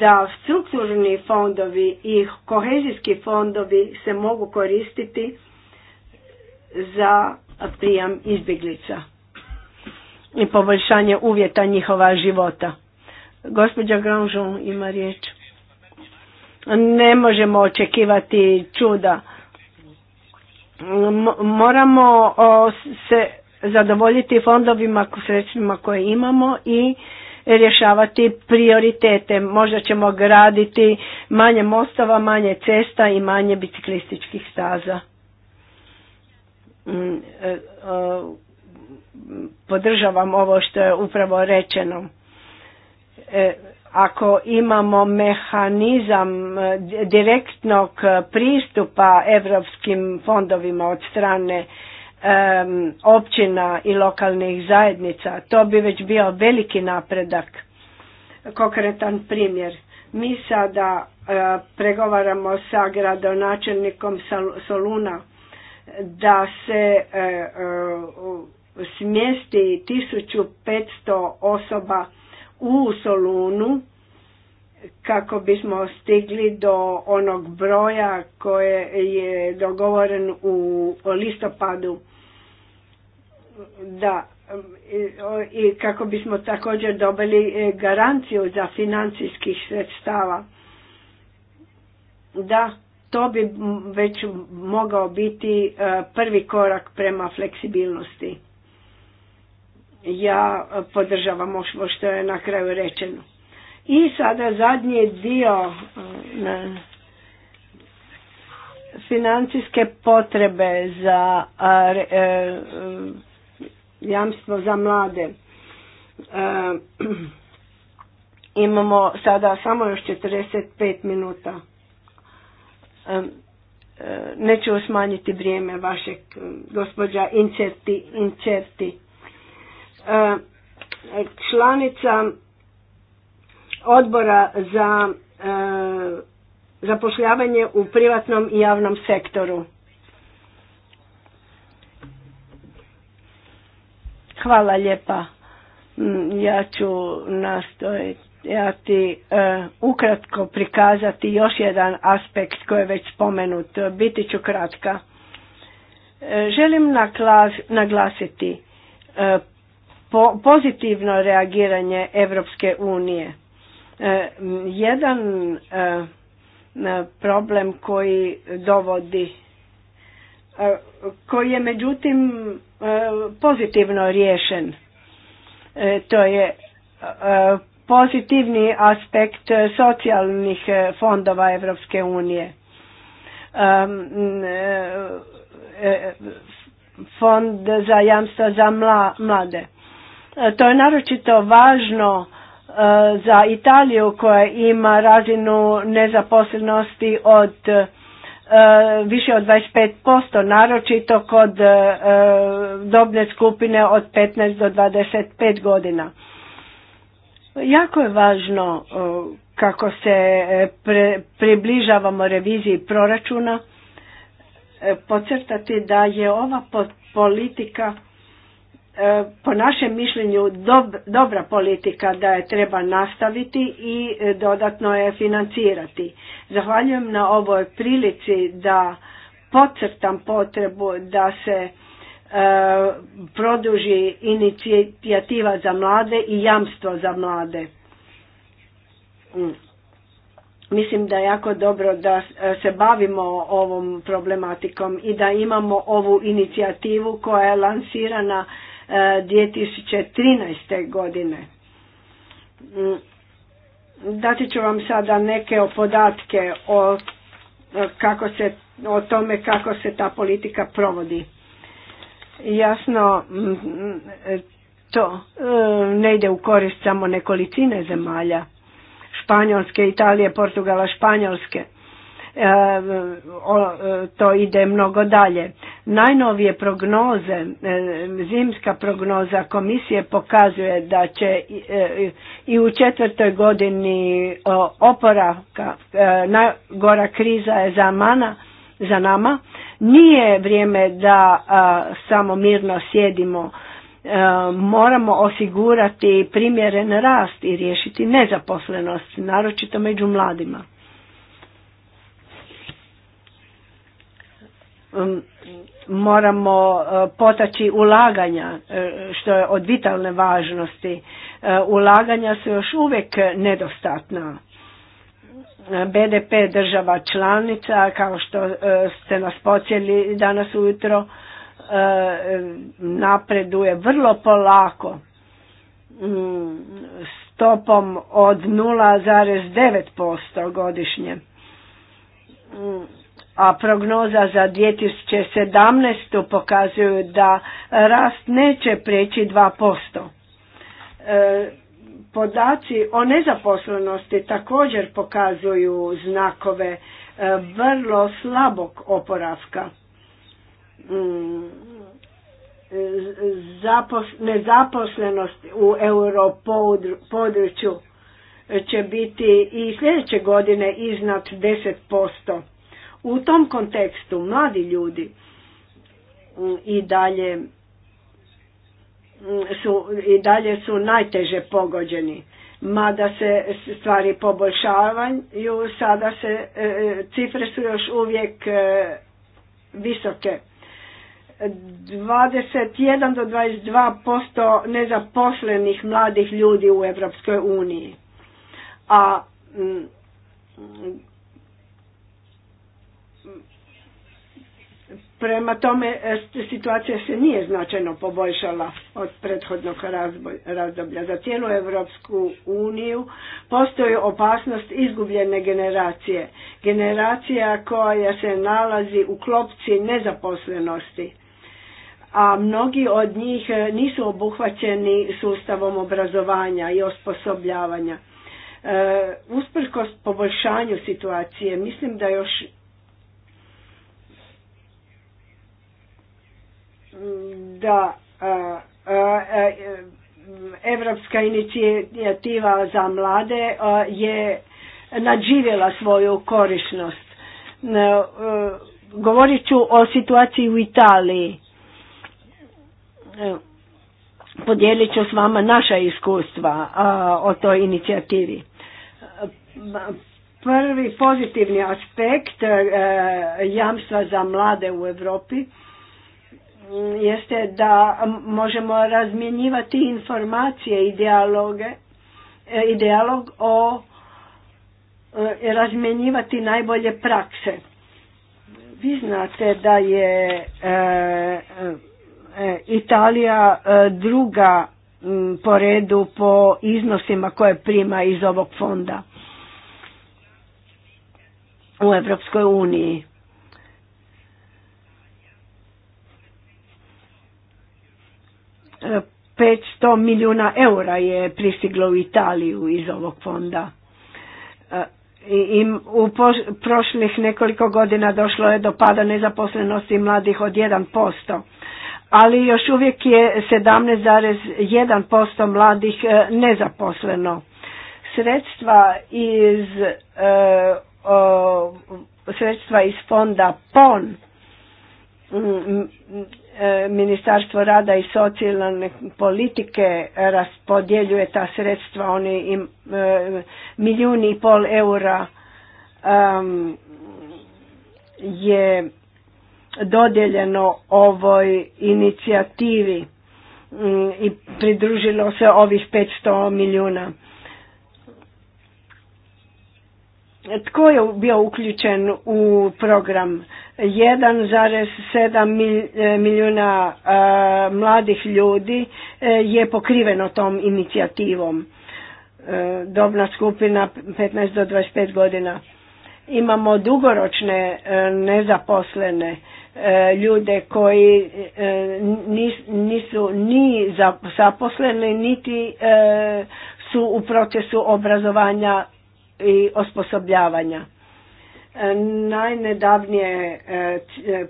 da strukturni fondovi i kohezijski fondovi se mogu koristiti za prijam izbjeglica i poboljšanje uvjeta njihova života. Gospođa Granžon ima riječ. Ne možemo očekivati čuda. Moramo se zadovoljiti fondovima, sredstvima koje imamo i rješavati prioritete. Možda ćemo graditi manje mostova, manje cesta i manje biciklističkih staza. Mm, e, podržavam ovo što je upravo rečeno. E, ako imamo mehanizam e, direktnog pristupa europskim fondovima od strane općina i lokalnih zajednica, to bi već bio veliki napredak. Konkretan primjer. Mi sada e, pregovaramo sa gradonačelnikom Soluna da se smjesti 1500 osoba u Solunu kako bismo stigli do onog broja koje je dogovoren u listopadu da i kako bismo također dobili e, garanciju za financijskih sredstava da to bi već mogao biti e, prvi korak prema fleksibilnosti ja podržavam ovo što je na kraju rečeno. I sada zadnji dio e, financijske potrebe za e, jamstvo za mlade. E, imamo sada samo još 45 minuta. Neću smanjiti vrijeme vašeg gospođa Incerti. Incerti. E, članica odbora za e, zapošljavanje u privatnom i javnom sektoru. Hvala lijepa. Mm, ja ću nastojati e, ukratko prikazati još jedan aspekt koji je već spomenut. Biti ću kratka. želim naglasiti pozitivno reagiranje Europske unije. E, jedan e, problem koji dovodi e, koji je međutim pozitivno riješen. To je pozitivni aspekt socijalnih fondova Europske unije. Fond za jamstva za mlade. E, to je naročito važno e, za Italiju koja ima razinu nezaposlenosti od e, više od 25%, naročito kod dobne skupine od 15 do 25 godina. Jako je važno kako se približavamo reviziji proračuna podcrtati da je ova politika E, po našem mišljenju dobra politika da je treba nastaviti i e, dodatno je financirati. Zahvaljujem na ovoj prilici da podcrtam potrebu da se e, produži inicijativa za mlade i jamstvo za mlade. Mm. Mislim da je jako dobro da se bavimo ovom problematikom i da imamo ovu inicijativu koja je lansirana 2013. godine. Mm, dati ću vam sada neke podatke o, kako se, o tome kako se ta politika provodi. Jasno, mm, to e, ne ide u korist samo nekolicine zemalja. Španjolske, Italije, Portugala, Španjolske. E, e, to ide mnogo dalje. Najnovije prognoze, e, zimska prognoza komisije pokazuje da će i u četvrtoj godini oporavka, najgora kriza je za, mana, za nama, nije vrijeme da samo mirno sjedimo, moramo osigurati primjeren rast i riješiti nezaposlenost, naročito među mladima. moramo e, potaći ulaganja e, što je od vitalne važnosti. E, ulaganja su još uvijek nedostatna. BDP država članica, kao što ste nas pocijeli danas ujutro, napreduje vrlo polako stopom od 0,9% godišnje a prognoza za 2017. pokazuju da rast neće preći 2%. E, podaci o nezaposlenosti također pokazuju znakove e, vrlo slabog oporavka. Mm, nezaposlenost u europodručju će biti i sljedeće godine iznad 10%. U tom kontekstu mladi ljudi mm, i dalje mm, su, i dalje su najteže pogođeni. Mada se stvari poboljšavaju, sada se e, e, cifre su još uvijek e, visoke. 21 do 22% nezaposlenih mladih ljudi u Europskoj uniji. A mm, Prema tome, e, situacija se nije značajno poboljšala od prethodnog razdoblja. Za cijelu Europsku uniju postoji opasnost izgubljene generacije. Generacija koja se nalazi u klopci nezaposlenosti. A mnogi od njih e, nisu obuhvaćeni sustavom obrazovanja i osposobljavanja. E, usprkos poboljšanju situacije, mislim da još da e, e, e, Evropska inicijativa za mlade je nadživjela svoju korišnost. Govorit ću o situaciji u Italiji. Podijelit ću s vama naša iskustva o toj inicijativi. Prvi pozitivni aspekt jamstva za mlade u Europi Mm, jeste da možemo razmjenjivati informacije i dijaloge e, i dijalog o e, razmjenjivati najbolje prakse. Vi znate da je e, Italija druga po redu po iznosima koje prima iz ovog fonda u Europskoj uniji. 500 milijuna eura je pristiglo u Italiju iz ovog fonda. E, I u prošlih nekoliko godina došlo je do pada nezaposlenosti mladih od 1%, ali još uvijek je 17,1% mladih e, nezaposleno. Sredstva iz e, sredstva iz fonda PON E, Ministarstvo rada i socijalne politike raspodjeljuje ta sredstva, oni im e, milijuni i pol eura je dodjeljeno ovoj inicijativi mm, i pridružilo se ovih 500 milijuna. Tko je bio uključen u program? 1,7 e, milijuna e, mladih ljudi e, je pokriveno tom inicijativom. Dobna skupina 15 do 25 godina. Imamo dugoročne nezaposlene ljude koji nisu ni zaposleni niti su u procesu obrazovanja i osposobljavanja. E, najnedavnije e, e,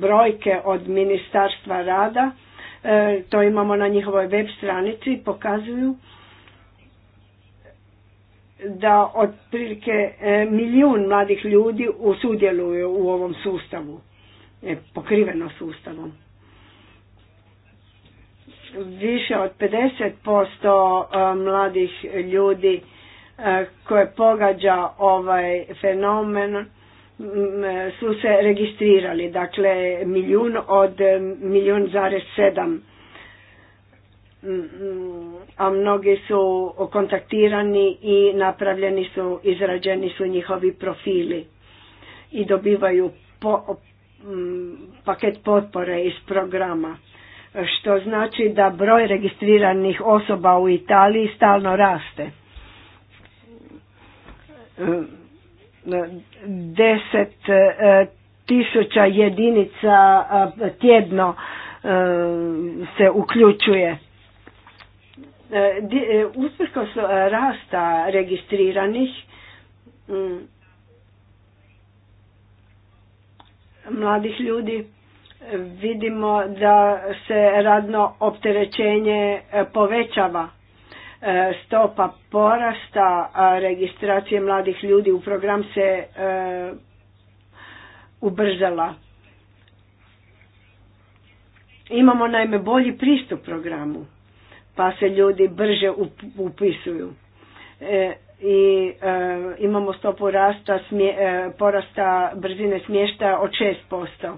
brojke od Ministarstva rada, to imamo na njihovoj web stranici, pokazuju da otprilike milijun mladih ljudi usudjeluju u ovom sustavu, pokriveno sustavom. Više od 50% mladih ljudi koje pogađa ovaj fenomen su se registrirali, dakle milijun od milijun zare sedam a mnogi su kontaktirani i napravljeni su, izrađeni su njihovi profili i dobivaju paket potpore iz programa. Što znači da broj registriranih osoba u Italiji stalno raste deset e, tisuća jedinica e, tjedno e, se uključuje. Usprkos rasta registriranih mladih ljudi vidimo da se radno opterećenje povećava E, stopa porasta registracije mladih ljudi u program se e, ubrzala. Imamo naime bolji pristup programu, pa se ljudi brže upisuju. E, I imamo stopu rasta, porasta brzine smještaja od 6%.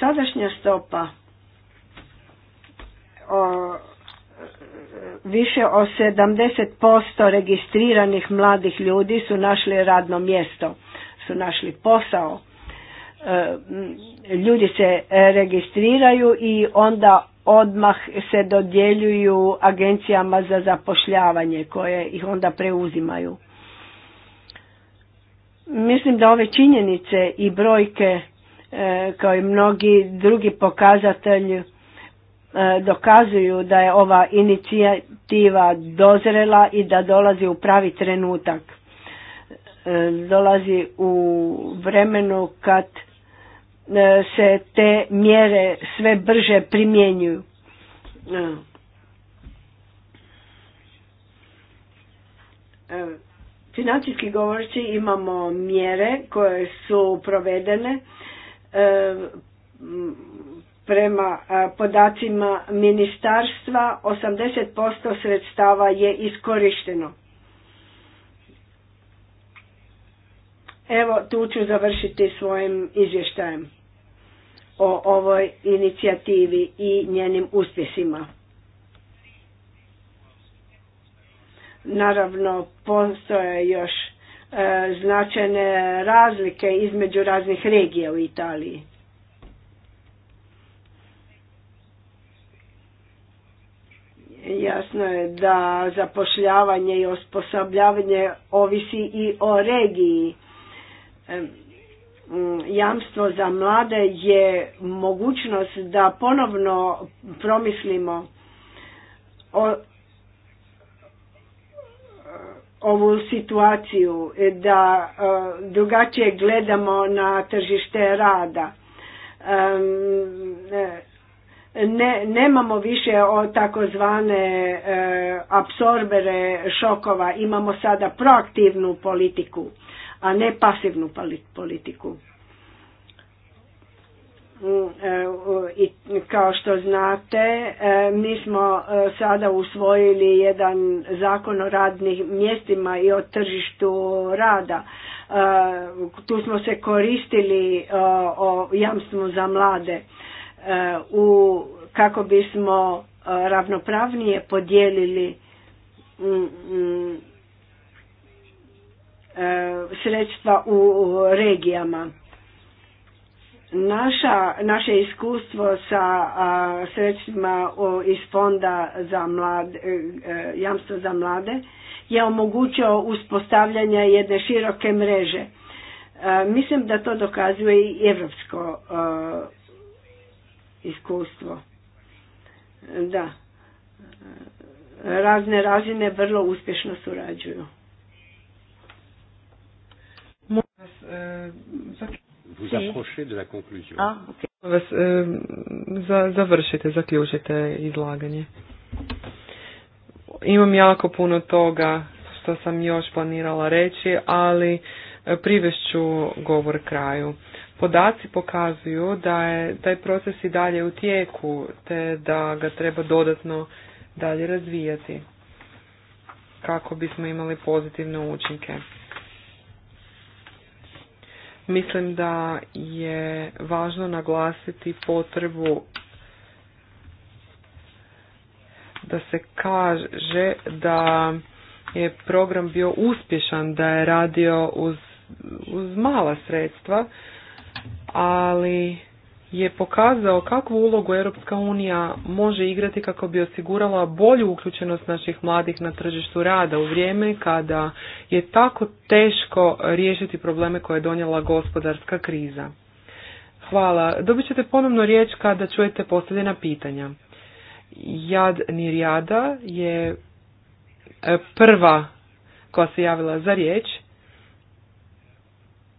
Sadašnja stopa o, više od 70% registriranih mladih ljudi su našli radno mjesto, su našli posao. E, ljudi se registriraju i onda odmah se dodjeljuju agencijama za zapošljavanje koje ih onda preuzimaju. Mislim da ove činjenice i brojke e, kao i mnogi drugi pokazatelji E, dokazuju da je ova inicijativa dozrela i da dolazi u pravi trenutak. E, dolazi u vremenu kad e, se te mjere sve brže primjenjuju. Financijski govorci imamo mjere koje su provedene Prema e, podacima ministarstva 80% sredstava je iskorišteno. Evo tu ću završiti svojim izvještajem o ovoj inicijativi i njenim uspjesima. Naravno, postoje još e, značajne razlike između raznih regija u Italiji. Jasno je da zapošljavanje i osposobljavanje ovisi i o regiji. Jamstvo za mlade je mogućnost da ponovno promislimo o ovu situaciju, da e, drugačije gledamo na tržište rada. E, ne, nemamo više o takozvane e, apsorbere šokova, imamo sada proaktivnu politiku, a ne pasivnu politiku. Mm, e, I kao što znate, e, mi smo sada usvojili jedan zakon o radnih mjestima i o tržištu rada. Tu smo se koristili o jamstvu za mlade u, kako bismo e, ravnopravnije podijelili mm, mm, e, sredstva u regijama. Naša, naše iskustvo sa sredstvima iz fonda za mlade, e, jamstvo za mlade je omogućio uspostavljanje jedne široke mreže. Mislim da to dokazuje i Europsko iskustvo. Da, razne razine vrlo uspješno surađuju. Ah, završite, zaključite izlaganje. Imam jako puno toga što sam još planirala reći, ali e, privešću govor kraju. Podaci pokazuju da je taj proces i dalje u tijeku, te da ga treba dodatno dalje razvijati kako bismo imali pozitivne učinke. Mislim da je važno naglasiti potrebu da se kaže da je program bio uspješan, da je radio uz, uz mala sredstva ali je pokazao kakvu ulogu Europska unija može igrati kako bi osigurala bolju uključenost naših mladih na tržištu rada u vrijeme kada je tako teško riješiti probleme koje je donijela gospodarska kriza. Hvala. Dobit ćete ponovno riječ kada čujete postavljena pitanja. Jad Nirjada je e, prva koja se javila za riječ.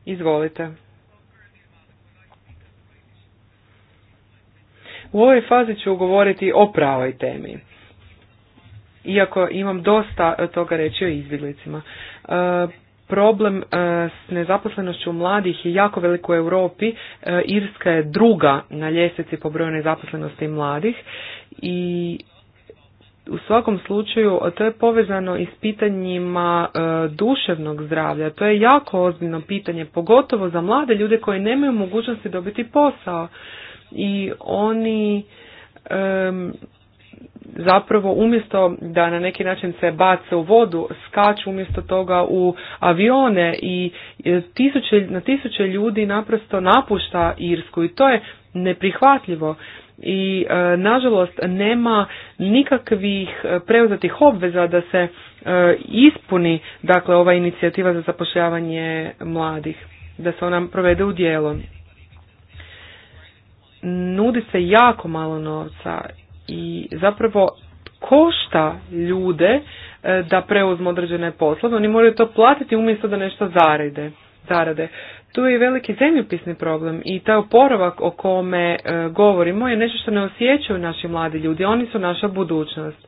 Izvolite. U ovoj fazi ću govoriti o pravoj temi. Iako imam dosta toga reći o izbjeglicima. E, problem e, s nezaposlenošću mladih je jako velik u Europi. E, Irska je druga na ljestvici po broju nezaposlenosti mladih i u svakom slučaju to je povezano i s pitanjima duševnog zdravlja. To je jako ozbiljno pitanje, pogotovo za mlade ljude koji nemaju mogućnosti dobiti posao i oni zapravo umjesto da na neki način se bace u vodu, skaču umjesto toga u avione i e, tisuće, na tisuće ljudi naprosto napušta Irsku i to je neprihvatljivo i e, nažalost nema nikakvih e, preuzetih obveza da se ispuni dakle ova inicijativa za zapošljavanje mladih da se ona provede u djelo nudi se jako malo novca i zapravo košta ljude e, da preuzmu određene poslove, oni moraju to platiti umjesto da nešto zarade. zarade. Tu je veliki zemljopisni problem i taj oporavak o kome e, govorimo je nešto što ne osjećaju naši mladi ljudi, oni su naša budućnost.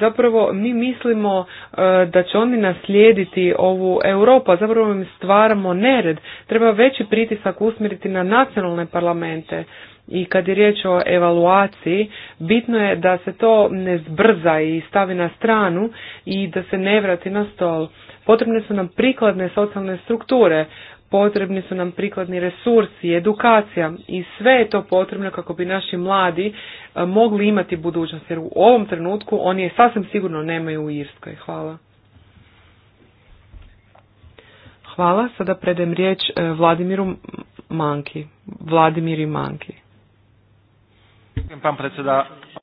zapravo mi mislimo eh, da će oni naslijediti ovu Europu, a zapravo im stvaramo nered. Treba veći pritisak usmjeriti na nacionalne parlamente i kad je riječ o evaluaciji, bitno je da se to ne zbrza i stavi na stranu i da se ne vrati na stol. Potrebne su nam prikladne socijalne strukture potrebni su nam prikladni resursi, edukacija i sve je to potrebno kako bi naši mladi e, mogli imati budućnost jer u ovom trenutku oni je sasvim sigurno nemaju u Irskoj. Hvala. Hvala. Sada predajem riječ e, Vladimiru Manki. vladimiru Manki. Pan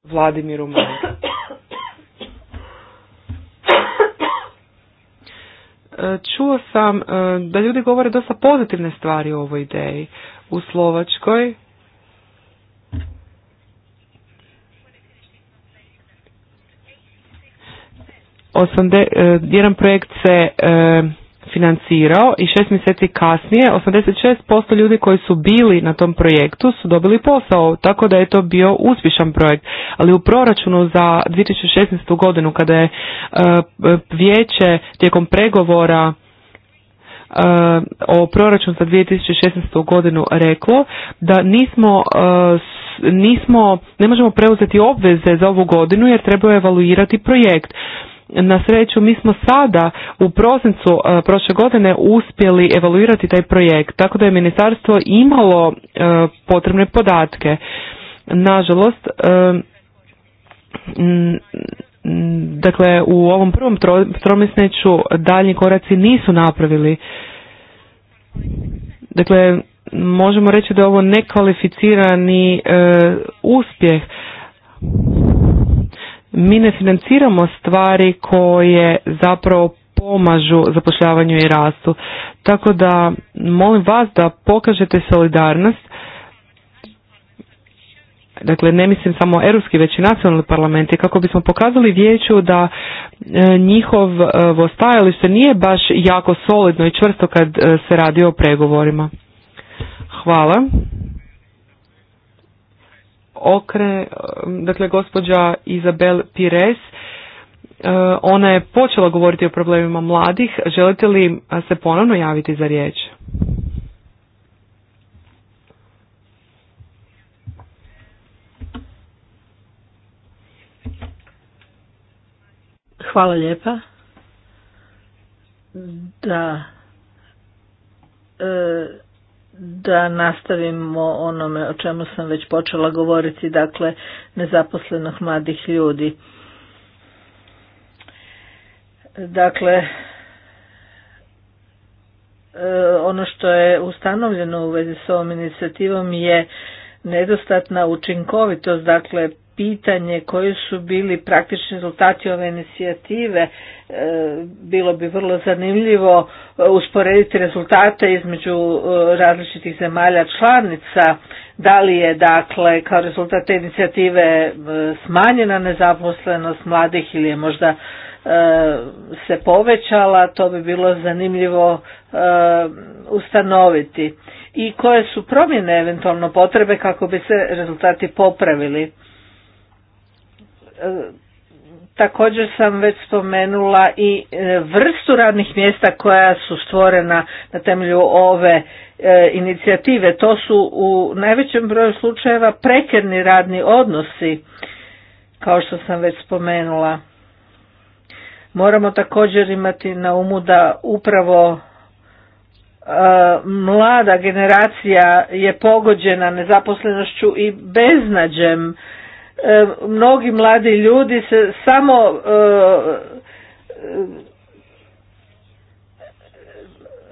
Vladimiru Manki. čuo sam e, da ljudi govore dosta pozitivne stvari o ovoj ideji. U Slovačkoj e, jedan projekt se e, financirao i šest mjeseci kasnije 86% ljudi koji su bili na tom projektu su dobili posao, tako da je to bio uspješan projekt. Ali u proračunu za 2016. godinu kada je eh, vijeće tijekom pregovora eh, o proračunu za 2016. godinu reklo da nismo eh, nismo ne možemo preuzeti obveze za ovu godinu jer treba evaluirati projekt. Na sreću mi smo sada u prosincu e, prošle godine uspjeli evaluirati taj projekt, tako da je ministarstvo imalo e, potrebne podatke. Nažalost, e, dakle u ovom prvom tromjesečju daljnji koraci nisu napravili. Dakle, možemo reći da je ovo nekvalificirani uspjeh mi ne financiramo stvari koje zapravo pomažu zapošljavanju i rastu. Tako da molim vas da pokažete solidarnost. Dakle, ne mislim samo europski, već i nacionalni parlamenti, kako bismo pokazali vijeću da e, njihovo e, stajalište nije baš jako solidno i čvrsto kad e, se radi o pregovorima. Hvala okre, um, dakle gospođa Izabel Pires, uh, ona je počela govoriti o problemima mladih. Želite li uh, se ponovno javiti za riječ? Hvala lijepa. Da. E, da nastavimo onome o čemu sam već počela govoriti, dakle nezaposlenih mladih ljudi. Dakle, e, ono što je ustanovljeno u vezi s ovom inicijativom je nedostatna učinkovitost, dakle pitanje koji su bili praktični rezultati ove inicijative. E, bilo bi vrlo zanimljivo e, usporediti rezultate između e, različitih zemalja članica. Da li je dakle kao rezultat te inicijative smanjena nezaposlenost mladih ili je možda se povećala, to bi bilo zanimljivo ustanoviti. I koje su promjene eventualno potrebe kako bi se rezultati popravili. E, također sam već spomenula i e, vrstu radnih mjesta koja su stvorena na temelju ove e, inicijative. To su u najvećem broju slučajeva prekerni radni odnosi, kao što sam već spomenula. Moramo također imati na umu da upravo mlada generacija je pogođena nezaposlenošću i beznađem E, mnogi mladi ljudi se samo e,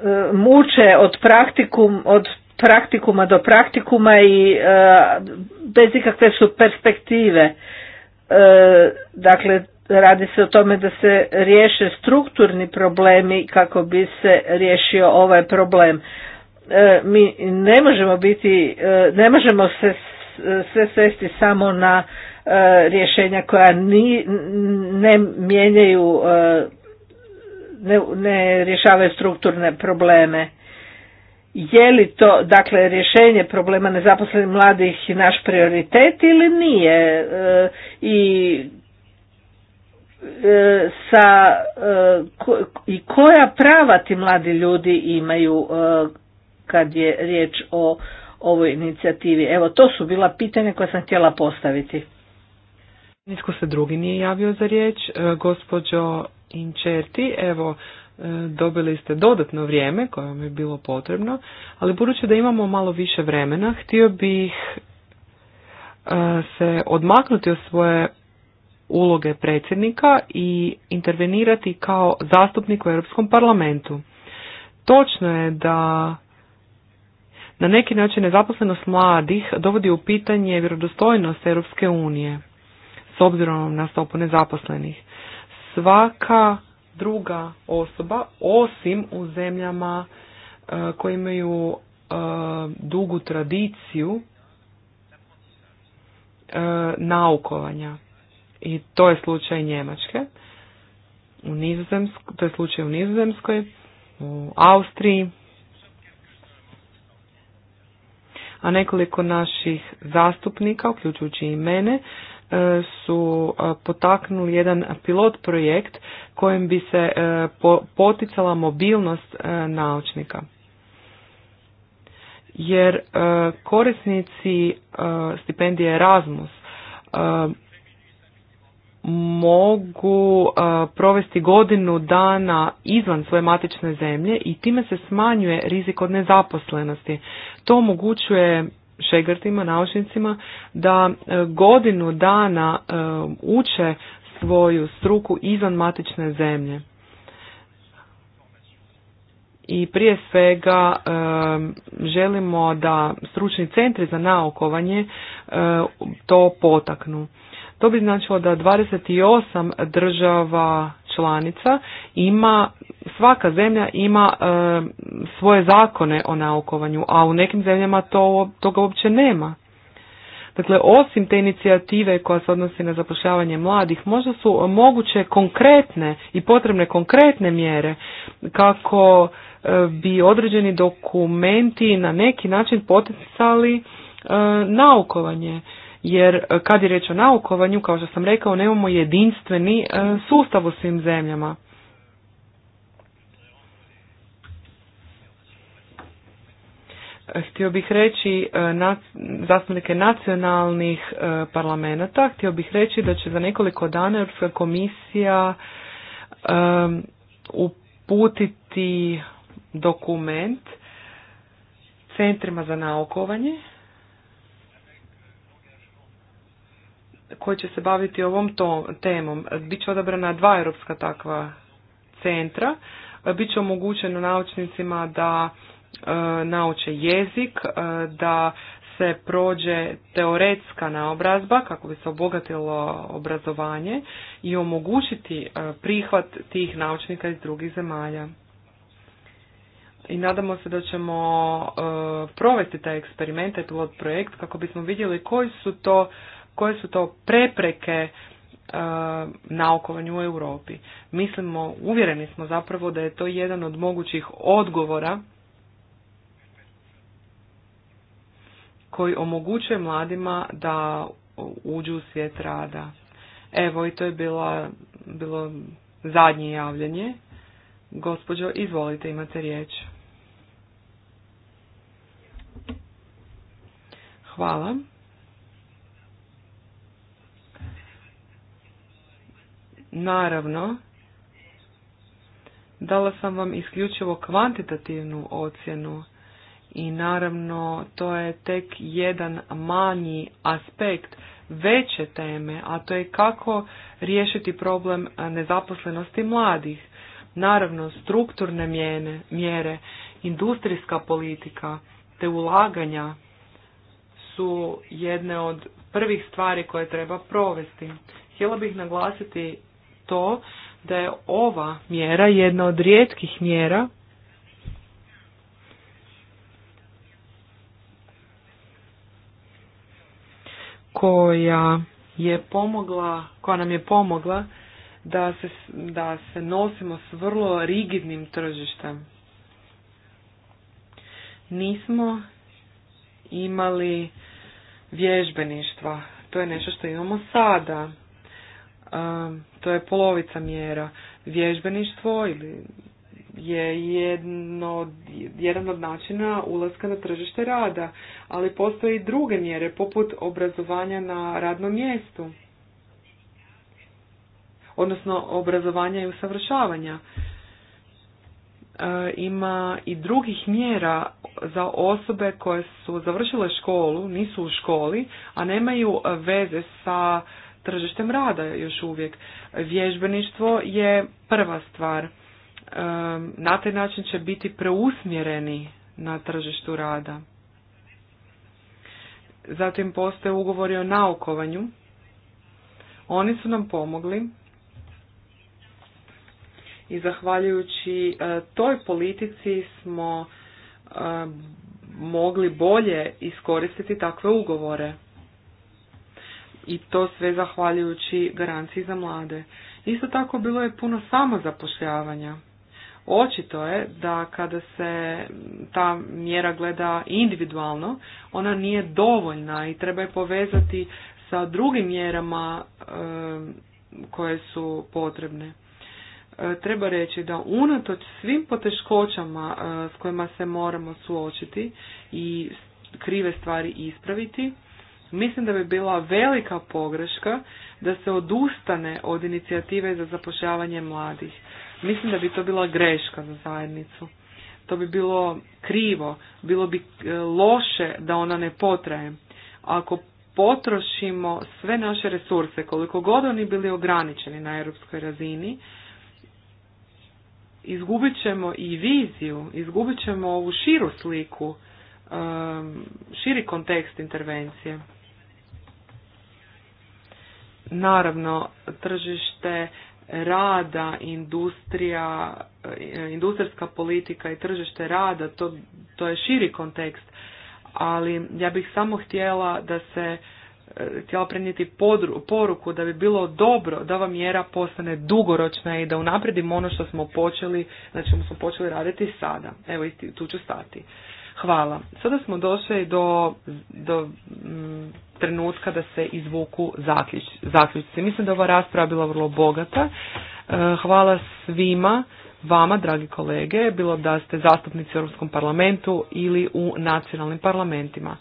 e, muče od, praktikum, od praktikuma do praktikuma i bez ikakve su perspektive. Dakle, radi se o tome da se riješe strukturni problemi kako bi se riješio ovaj problem. Mi ne možemo biti, ne možemo se sve svesti samo na e, rješenja koja ni, ne mijenjaju, e, ne, ne rješavaju strukturne probleme. Je li to, dakle, rješenje problema nezaposlenih mladih naš prioritet ili nije? E, I sa i koja prava ti mladi ljudi imaju kad je riječ o ovoj inicijativi. Evo, to su bila pitanja koja sam htjela postaviti. Nisko se drugi nije javio za riječ. E, gospođo Inčerti, evo, e, dobili ste dodatno vrijeme koje vam je bilo potrebno, ali budući da imamo malo više vremena, htio bih e, se odmaknuti od svoje uloge predsjednika i intervenirati kao zastupnik u Europskom parlamentu. Točno je da na neki način nezaposlenost mladih dovodi u pitanje vjerodostojnost Europske unije s obzirom na stopu nezaposlenih. Svaka druga osoba, osim u zemljama e, koje imaju e, dugu tradiciju e, naukovanja. I to je slučaj Njemačke, u to je slučaj u Nizozemskoj, u Austriji, a nekoliko naših zastupnika, uključujući i mene, e, su e, potaknuli jedan pilot projekt kojim bi se e, poticala mobilnost naučnika. Jer korisnici stipendije Erasmus mogu provesti godinu dana izvan svoje matične zemlje i time se smanjuje rizik od nezaposlenosti. To omogućuje šegrtima, naučnicima da e, godinu dana e, uče svoju struku izvan matične zemlje. I prije svega e, želimo da stručni centri za naukovanje to potaknu. To bi značilo da 28 država članica ima, svaka zemlja ima e, svoje zakone o naukovanju, a u nekim zemljama to, toga uopće nema. Dakle, osim te inicijative koja se odnosi na zapošljavanje mladih, možda su moguće konkretne i potrebne konkretne mjere kako e, bi određeni dokumenti na neki način poticali e, naukovanje jer e, kad je riječ o naukovanju, kao što sam rekao, nemamo jedinstveni e, sustav u svim zemljama. E, htio bih reći zastupnike nacionalnih parlamenta, htio bih reći da će za nekoliko dana Europska komisija uputiti dokument centrima za naukovanje koji će se baviti ovom tom, temom. Biće odabrana dva europska takva centra. Biće omogućeno naučnicima da e, nauče jezik, e, da se prođe teoretska naobrazba kako bi se obogatilo obrazovanje i omogućiti e, prihvat tih naučnika iz drugih zemalja. I nadamo se da ćemo provesti taj eksperiment, taj projekt kako bismo vidjeli koji su to koje su to prepreke e, naukovanju u Europi. Mislimo, uvjereni smo zapravo da je to jedan od mogućih odgovora koji omogućuje mladima da uđu u svijet rada. Evo i to je bila, bilo zadnje javljanje. Gospođo, izvolite, imate riječ. Hvala. Naravno, dala sam vam isključivo kvantitativnu ocjenu i naravno to je tek jedan manji aspekt veće teme, a to je kako riješiti problem nezaposlenosti mladih. Naravno, strukturne mjene, mjere, industrijska politika te ulaganja su jedne od prvih stvari koje treba provesti. Htjela bih naglasiti to da je ova mjera jedna od rijetkih mjera koja je pomogla, koja nam je pomogla da se, da se nosimo s vrlo rigidnim tržištem. Nismo imali vježbeništva. To je nešto što imamo sada. Um, to je polovica mjera. Vježbeništvo ili je jedno, jedan od načina ulaska na tržište rada, ali postoje i druge mjere poput obrazovanja na radnom mjestu, odnosno obrazovanja i usavršavanja. E, ima i drugih mjera za osobe koje su završile školu, nisu u školi, a nemaju veze sa tržištem rada još uvijek. Vježbeništvo je prva stvar. E, na taj način će biti preusmjereni na tržištu rada. Zatim postoje ugovori o naukovanju. Oni su nam pomogli i zahvaljujući e, toj politici smo e, mogli bolje iskoristiti takve ugovore i to sve zahvaljujući garanciji za mlade. Isto tako bilo je puno samozapošljavanja. Očito je da kada se ta mjera gleda individualno, ona nije dovoljna i treba je povezati sa drugim mjerama koje su potrebne. E, treba reći da unatoč svim poteškoćama e, s kojima se moramo suočiti i krive stvari ispraviti, Mislim da bi bila velika pogreška da se odustane od inicijative za zapošljavanje mladih. Mislim da bi to bila greška za zajednicu. To bi bilo krivo, bilo bi e, loše da ona ne potraje. Ako potrošimo sve naše resurse, koliko god oni bili ograničeni na europskoj razini, izgubit ćemo i viziju, izgubit ćemo ovu širu sliku, e, širi kontekst intervencije. Naravno, tržište rada, industrija, e, industrijska politika i tržište rada, to, to je širi kontekst, ali ja bih samo htjela da se e, htjela prenijeti poruku da bi bilo dobro da ova mjera postane dugoročna i da unaprijedimo ono što smo počeli, znači smo počeli raditi sada. Evo, tu ću stati. Hvala. Sada smo došli do, do mm, trenutka da se izvuku zaključ, zaključci. Mislim da ova rasprava bila vrlo bogata. E, hvala svima vama, dragi kolege, bilo da ste zastupnici u Europskom parlamentu ili u nacionalnim parlamentima.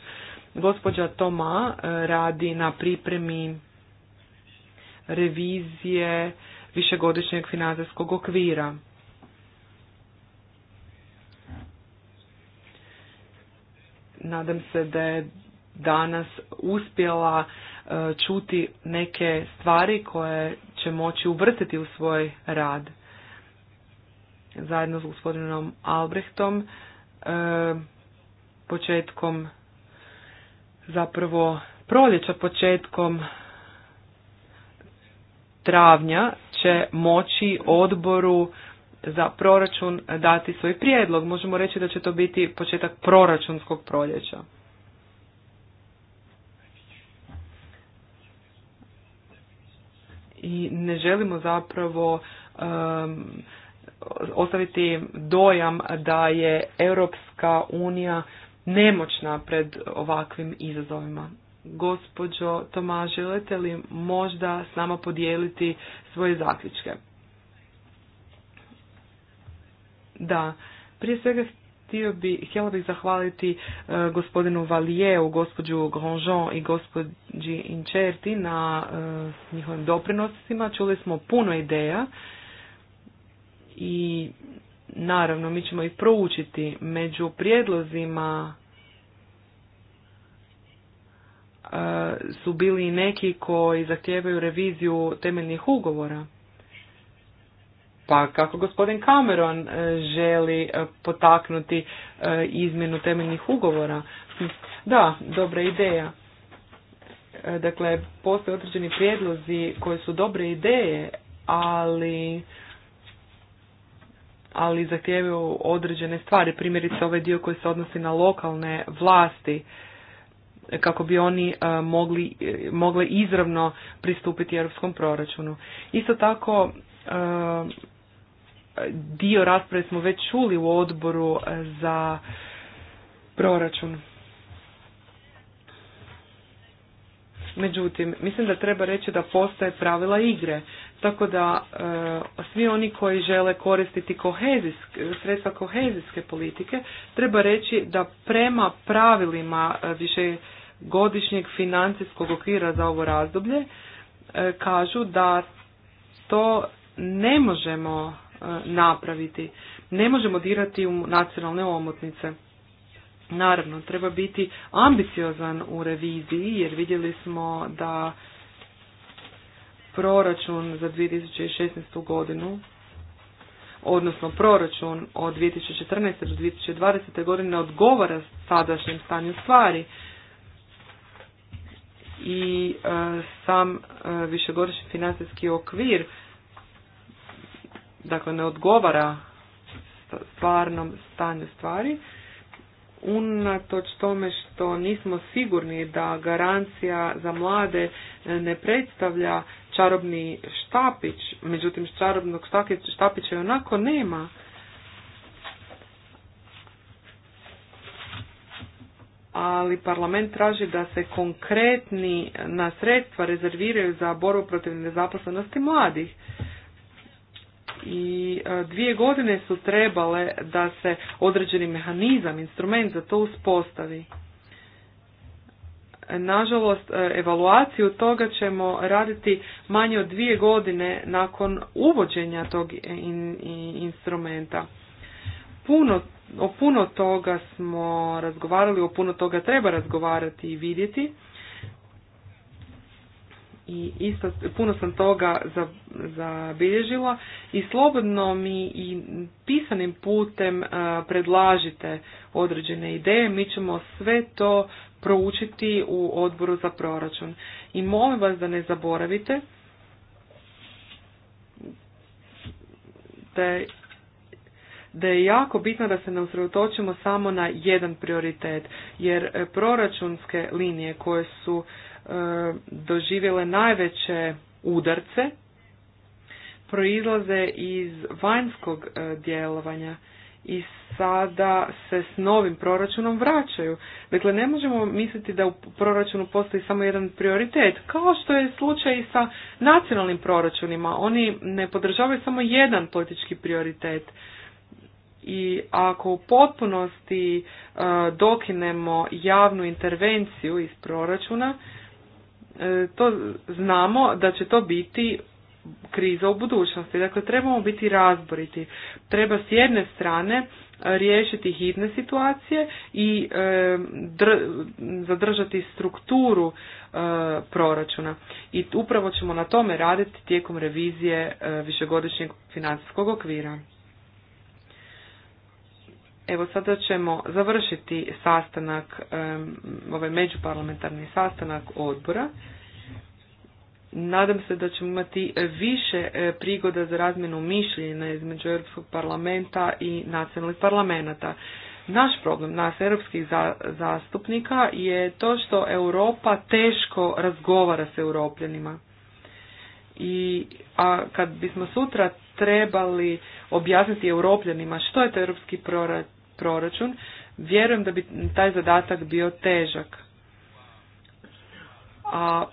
Gospođa Toma e, radi na pripremi revizije višegodišnjeg financijskog okvira. nadam se da je danas uspjela e, čuti neke stvari koje će moći uvrtiti u svoj rad. Zajedno s gospodinom Albrechtom e, početkom zapravo proljeća početkom travnja će moći odboru za proračun dati svoj prijedlog. Možemo reći da će to biti početak proračunskog proljeća. I ne želimo zapravo um, ostaviti dojam da je Europska unija nemoćna pred ovakvim izazovima. Gospođo Tomaž, želite li možda s nama podijeliti svoje zaključke? Da, prije svega htio bi, htjela bih zahvaliti e, gospodinu Valijeu, gospođu Grandjean i gospođi Incerti na e, njihovim doprinosima. Čuli smo puno ideja i naravno mi ćemo ih proučiti među prijedlozima e, su bili i neki koji zahtijevaju reviziju temeljnih ugovora pa kako gospodin Cameron e, želi e, potaknuti e, izmjenu temeljnih ugovora? Hm, da, dobra ideja. Dakle, postoje određeni prijedlozi koje su dobre ideje, ali ali zahtijevaju određene stvari, primjerice ovaj dio koji se odnosi na lokalne vlasti kako bi oni mogli, mogli izravno pristupiti europskom proračunu. Isto tako dio rasprave smo već čuli u odboru e, za proračun. Međutim, mislim da treba reći da postoje pravila igre, tako da e, svi oni koji žele koristiti kohezijske, sredstva kohezijske politike, treba reći da prema pravilima e, višegodišnjeg financijskog okvira za ovo razdoblje kažu da to ne možemo E, napraviti. Ne možemo dirati u nacionalne omotnice. Naravno, treba biti ambiciozan u reviziji jer vidjeli smo da proračun za 2016. godinu odnosno proračun od 2014. do 2020. godine odgovara sadašnjem stanju stvari i e, sam e, višegodišnji financijski okvir dakle ne odgovara stvarnom stanju stvari, unatoč tome što nismo sigurni da garancija za mlade e, ne predstavlja čarobni štapić, međutim čarobnog štapića i onako nema. ali parlament traži da se konkretni na sredstva rezerviraju za borbu protiv nezaposlenosti mladih i e, dvije godine su trebale da se određeni mehanizam, instrument za to uspostavi. Nažalost, e, evaluaciju toga ćemo raditi manje od dvije godine nakon uvođenja tog in, instrumenta. Puno, o puno toga smo razgovarali, o puno toga treba razgovarati i vidjeti i isto, puno sam toga zabilježila i slobodno mi i pisanim putem predlažite određene ideje, mi ćemo sve to proučiti u odboru za proračun. I molim vas da ne zaboravite da je da je jako bitno da se ne usredotočimo samo na jedan prioritet, jer e, proračunske linije koje su doživjele najveće udarce proizlaze iz vanjskog e, djelovanja i sada se s novim proračunom vraćaju. Dakle, ne možemo misliti da u proračunu postoji samo jedan prioritet, kao što je slučaj i sa nacionalnim proračunima. Oni ne podržavaju samo jedan politički prioritet. I ako u potpunosti e, dokinemo javnu intervenciju iz proračuna, E, to znamo da će to biti kriza u budućnosti. Dakle, trebamo biti razboriti. Treba s jedne strane riješiti hitne situacije i e, zadržati strukturu e, proračuna. I upravo ćemo na tome raditi tijekom revizije višegodišnjeg financijskog okvira. Evo sada ćemo završiti sastanak, ovaj međuparlamentarni sastanak odbora. Nadam se da ćemo imati više e, prigoda za razmjenu mišljenja između Europskog parlamenta i nacionalnih parlamenta. Naš problem, nas europskih zastupnika, je to što Europa teško razgovara s europljanima. I, a kad bismo sutra trebali objasniti europljanima što je to europski proračun, vjerujem da bi taj zadatak bio težak. A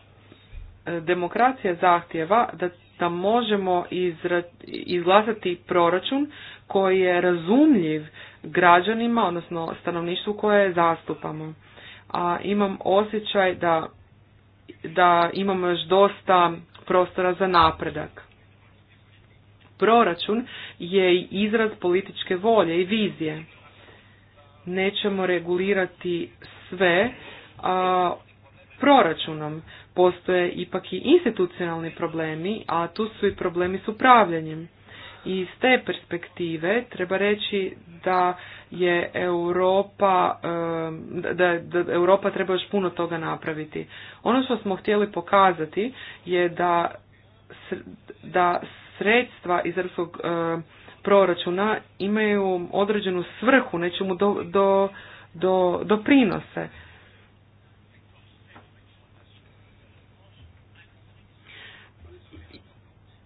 e, demokracija zahtjeva da, da možemo izra, izglasati proračun koji je razumljiv građanima, odnosno stanovništvu koje zastupamo. A imam osjećaj da, da imamo još dosta prostora za napredak. Proračun je izraz političke volje i vizije nećemo regulirati sve a, proračunom. Postoje ipak i institucionalni problemi, a tu su i problemi s upravljanjem. I iz te perspektive treba reći da je Europa, da, da Europa treba još puno toga napraviti. Ono što smo htjeli pokazati je da, da sredstva iz europskog proračuna imaju određenu svrhu, nečemu do, do, do, doprinose.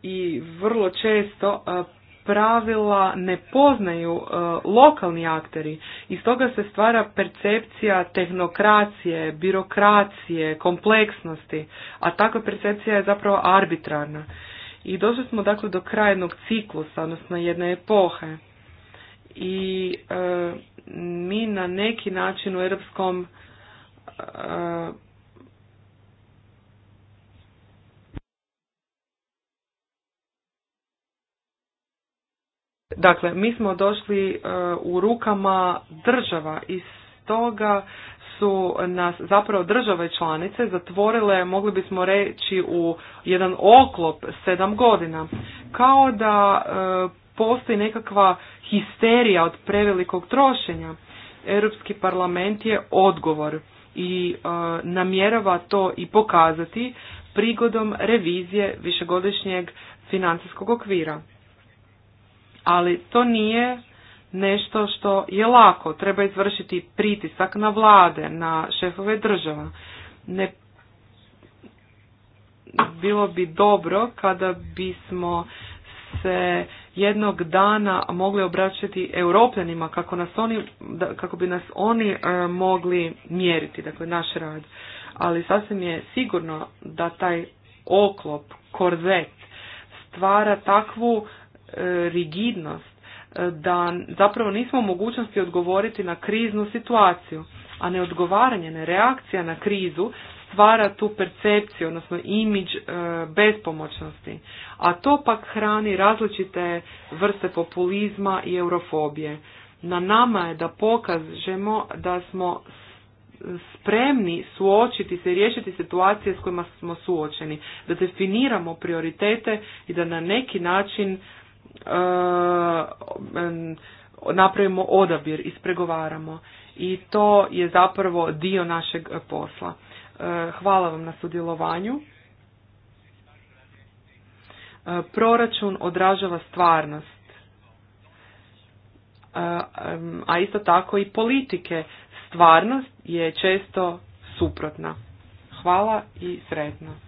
I vrlo često pravila ne poznaju lokalni akteri i stoga se stvara percepcija tehnokracije, birokracije, kompleksnosti, a takva percepcija je zapravo arbitrarna. I došli smo dakle do kraja ciklusa, odnosno jedne epohe. I e, mi na neki način u europskom e, Dakle, mi smo došli e, u rukama država i stoga su nas zapravo države članice zatvorile, mogli bismo reći, u jedan oklop sedam godina. Kao da e, postoji nekakva histerija od prevelikog trošenja. Europski parlament je odgovor i e, namjerava to i pokazati prigodom revizije višegodišnjeg financijskog okvira. Ali to nije nešto što je lako. Treba izvršiti pritisak na vlade, na šefove država. Ne bilo bi dobro kada bismo se jednog dana mogli obraćati europljanima kako, nas oni, kako bi nas oni e, mogli mjeriti, dakle naš rad. Ali sasvim je sigurno da taj oklop, korzet stvara takvu e, rigidnost da zapravo nismo u mogućnosti odgovoriti na kriznu situaciju, a neodgovaranje, ne reakcija na krizu stvara tu percepciju, odnosno imidž e, bespomoćnosti. A to pak hrani različite vrste populizma i eurofobije. Na nama je da pokažemo da smo spremni suočiti se i riješiti situacije s kojima smo suočeni, da definiramo prioritete i da na neki način E, napravimo odabir, ispregovaramo i to je zapravo dio našeg posla. E, hvala vam na sudjelovanju. E, proračun odražava stvarnost, a isto tako i politike. Stvarnost je često suprotna. Hvala i sretno.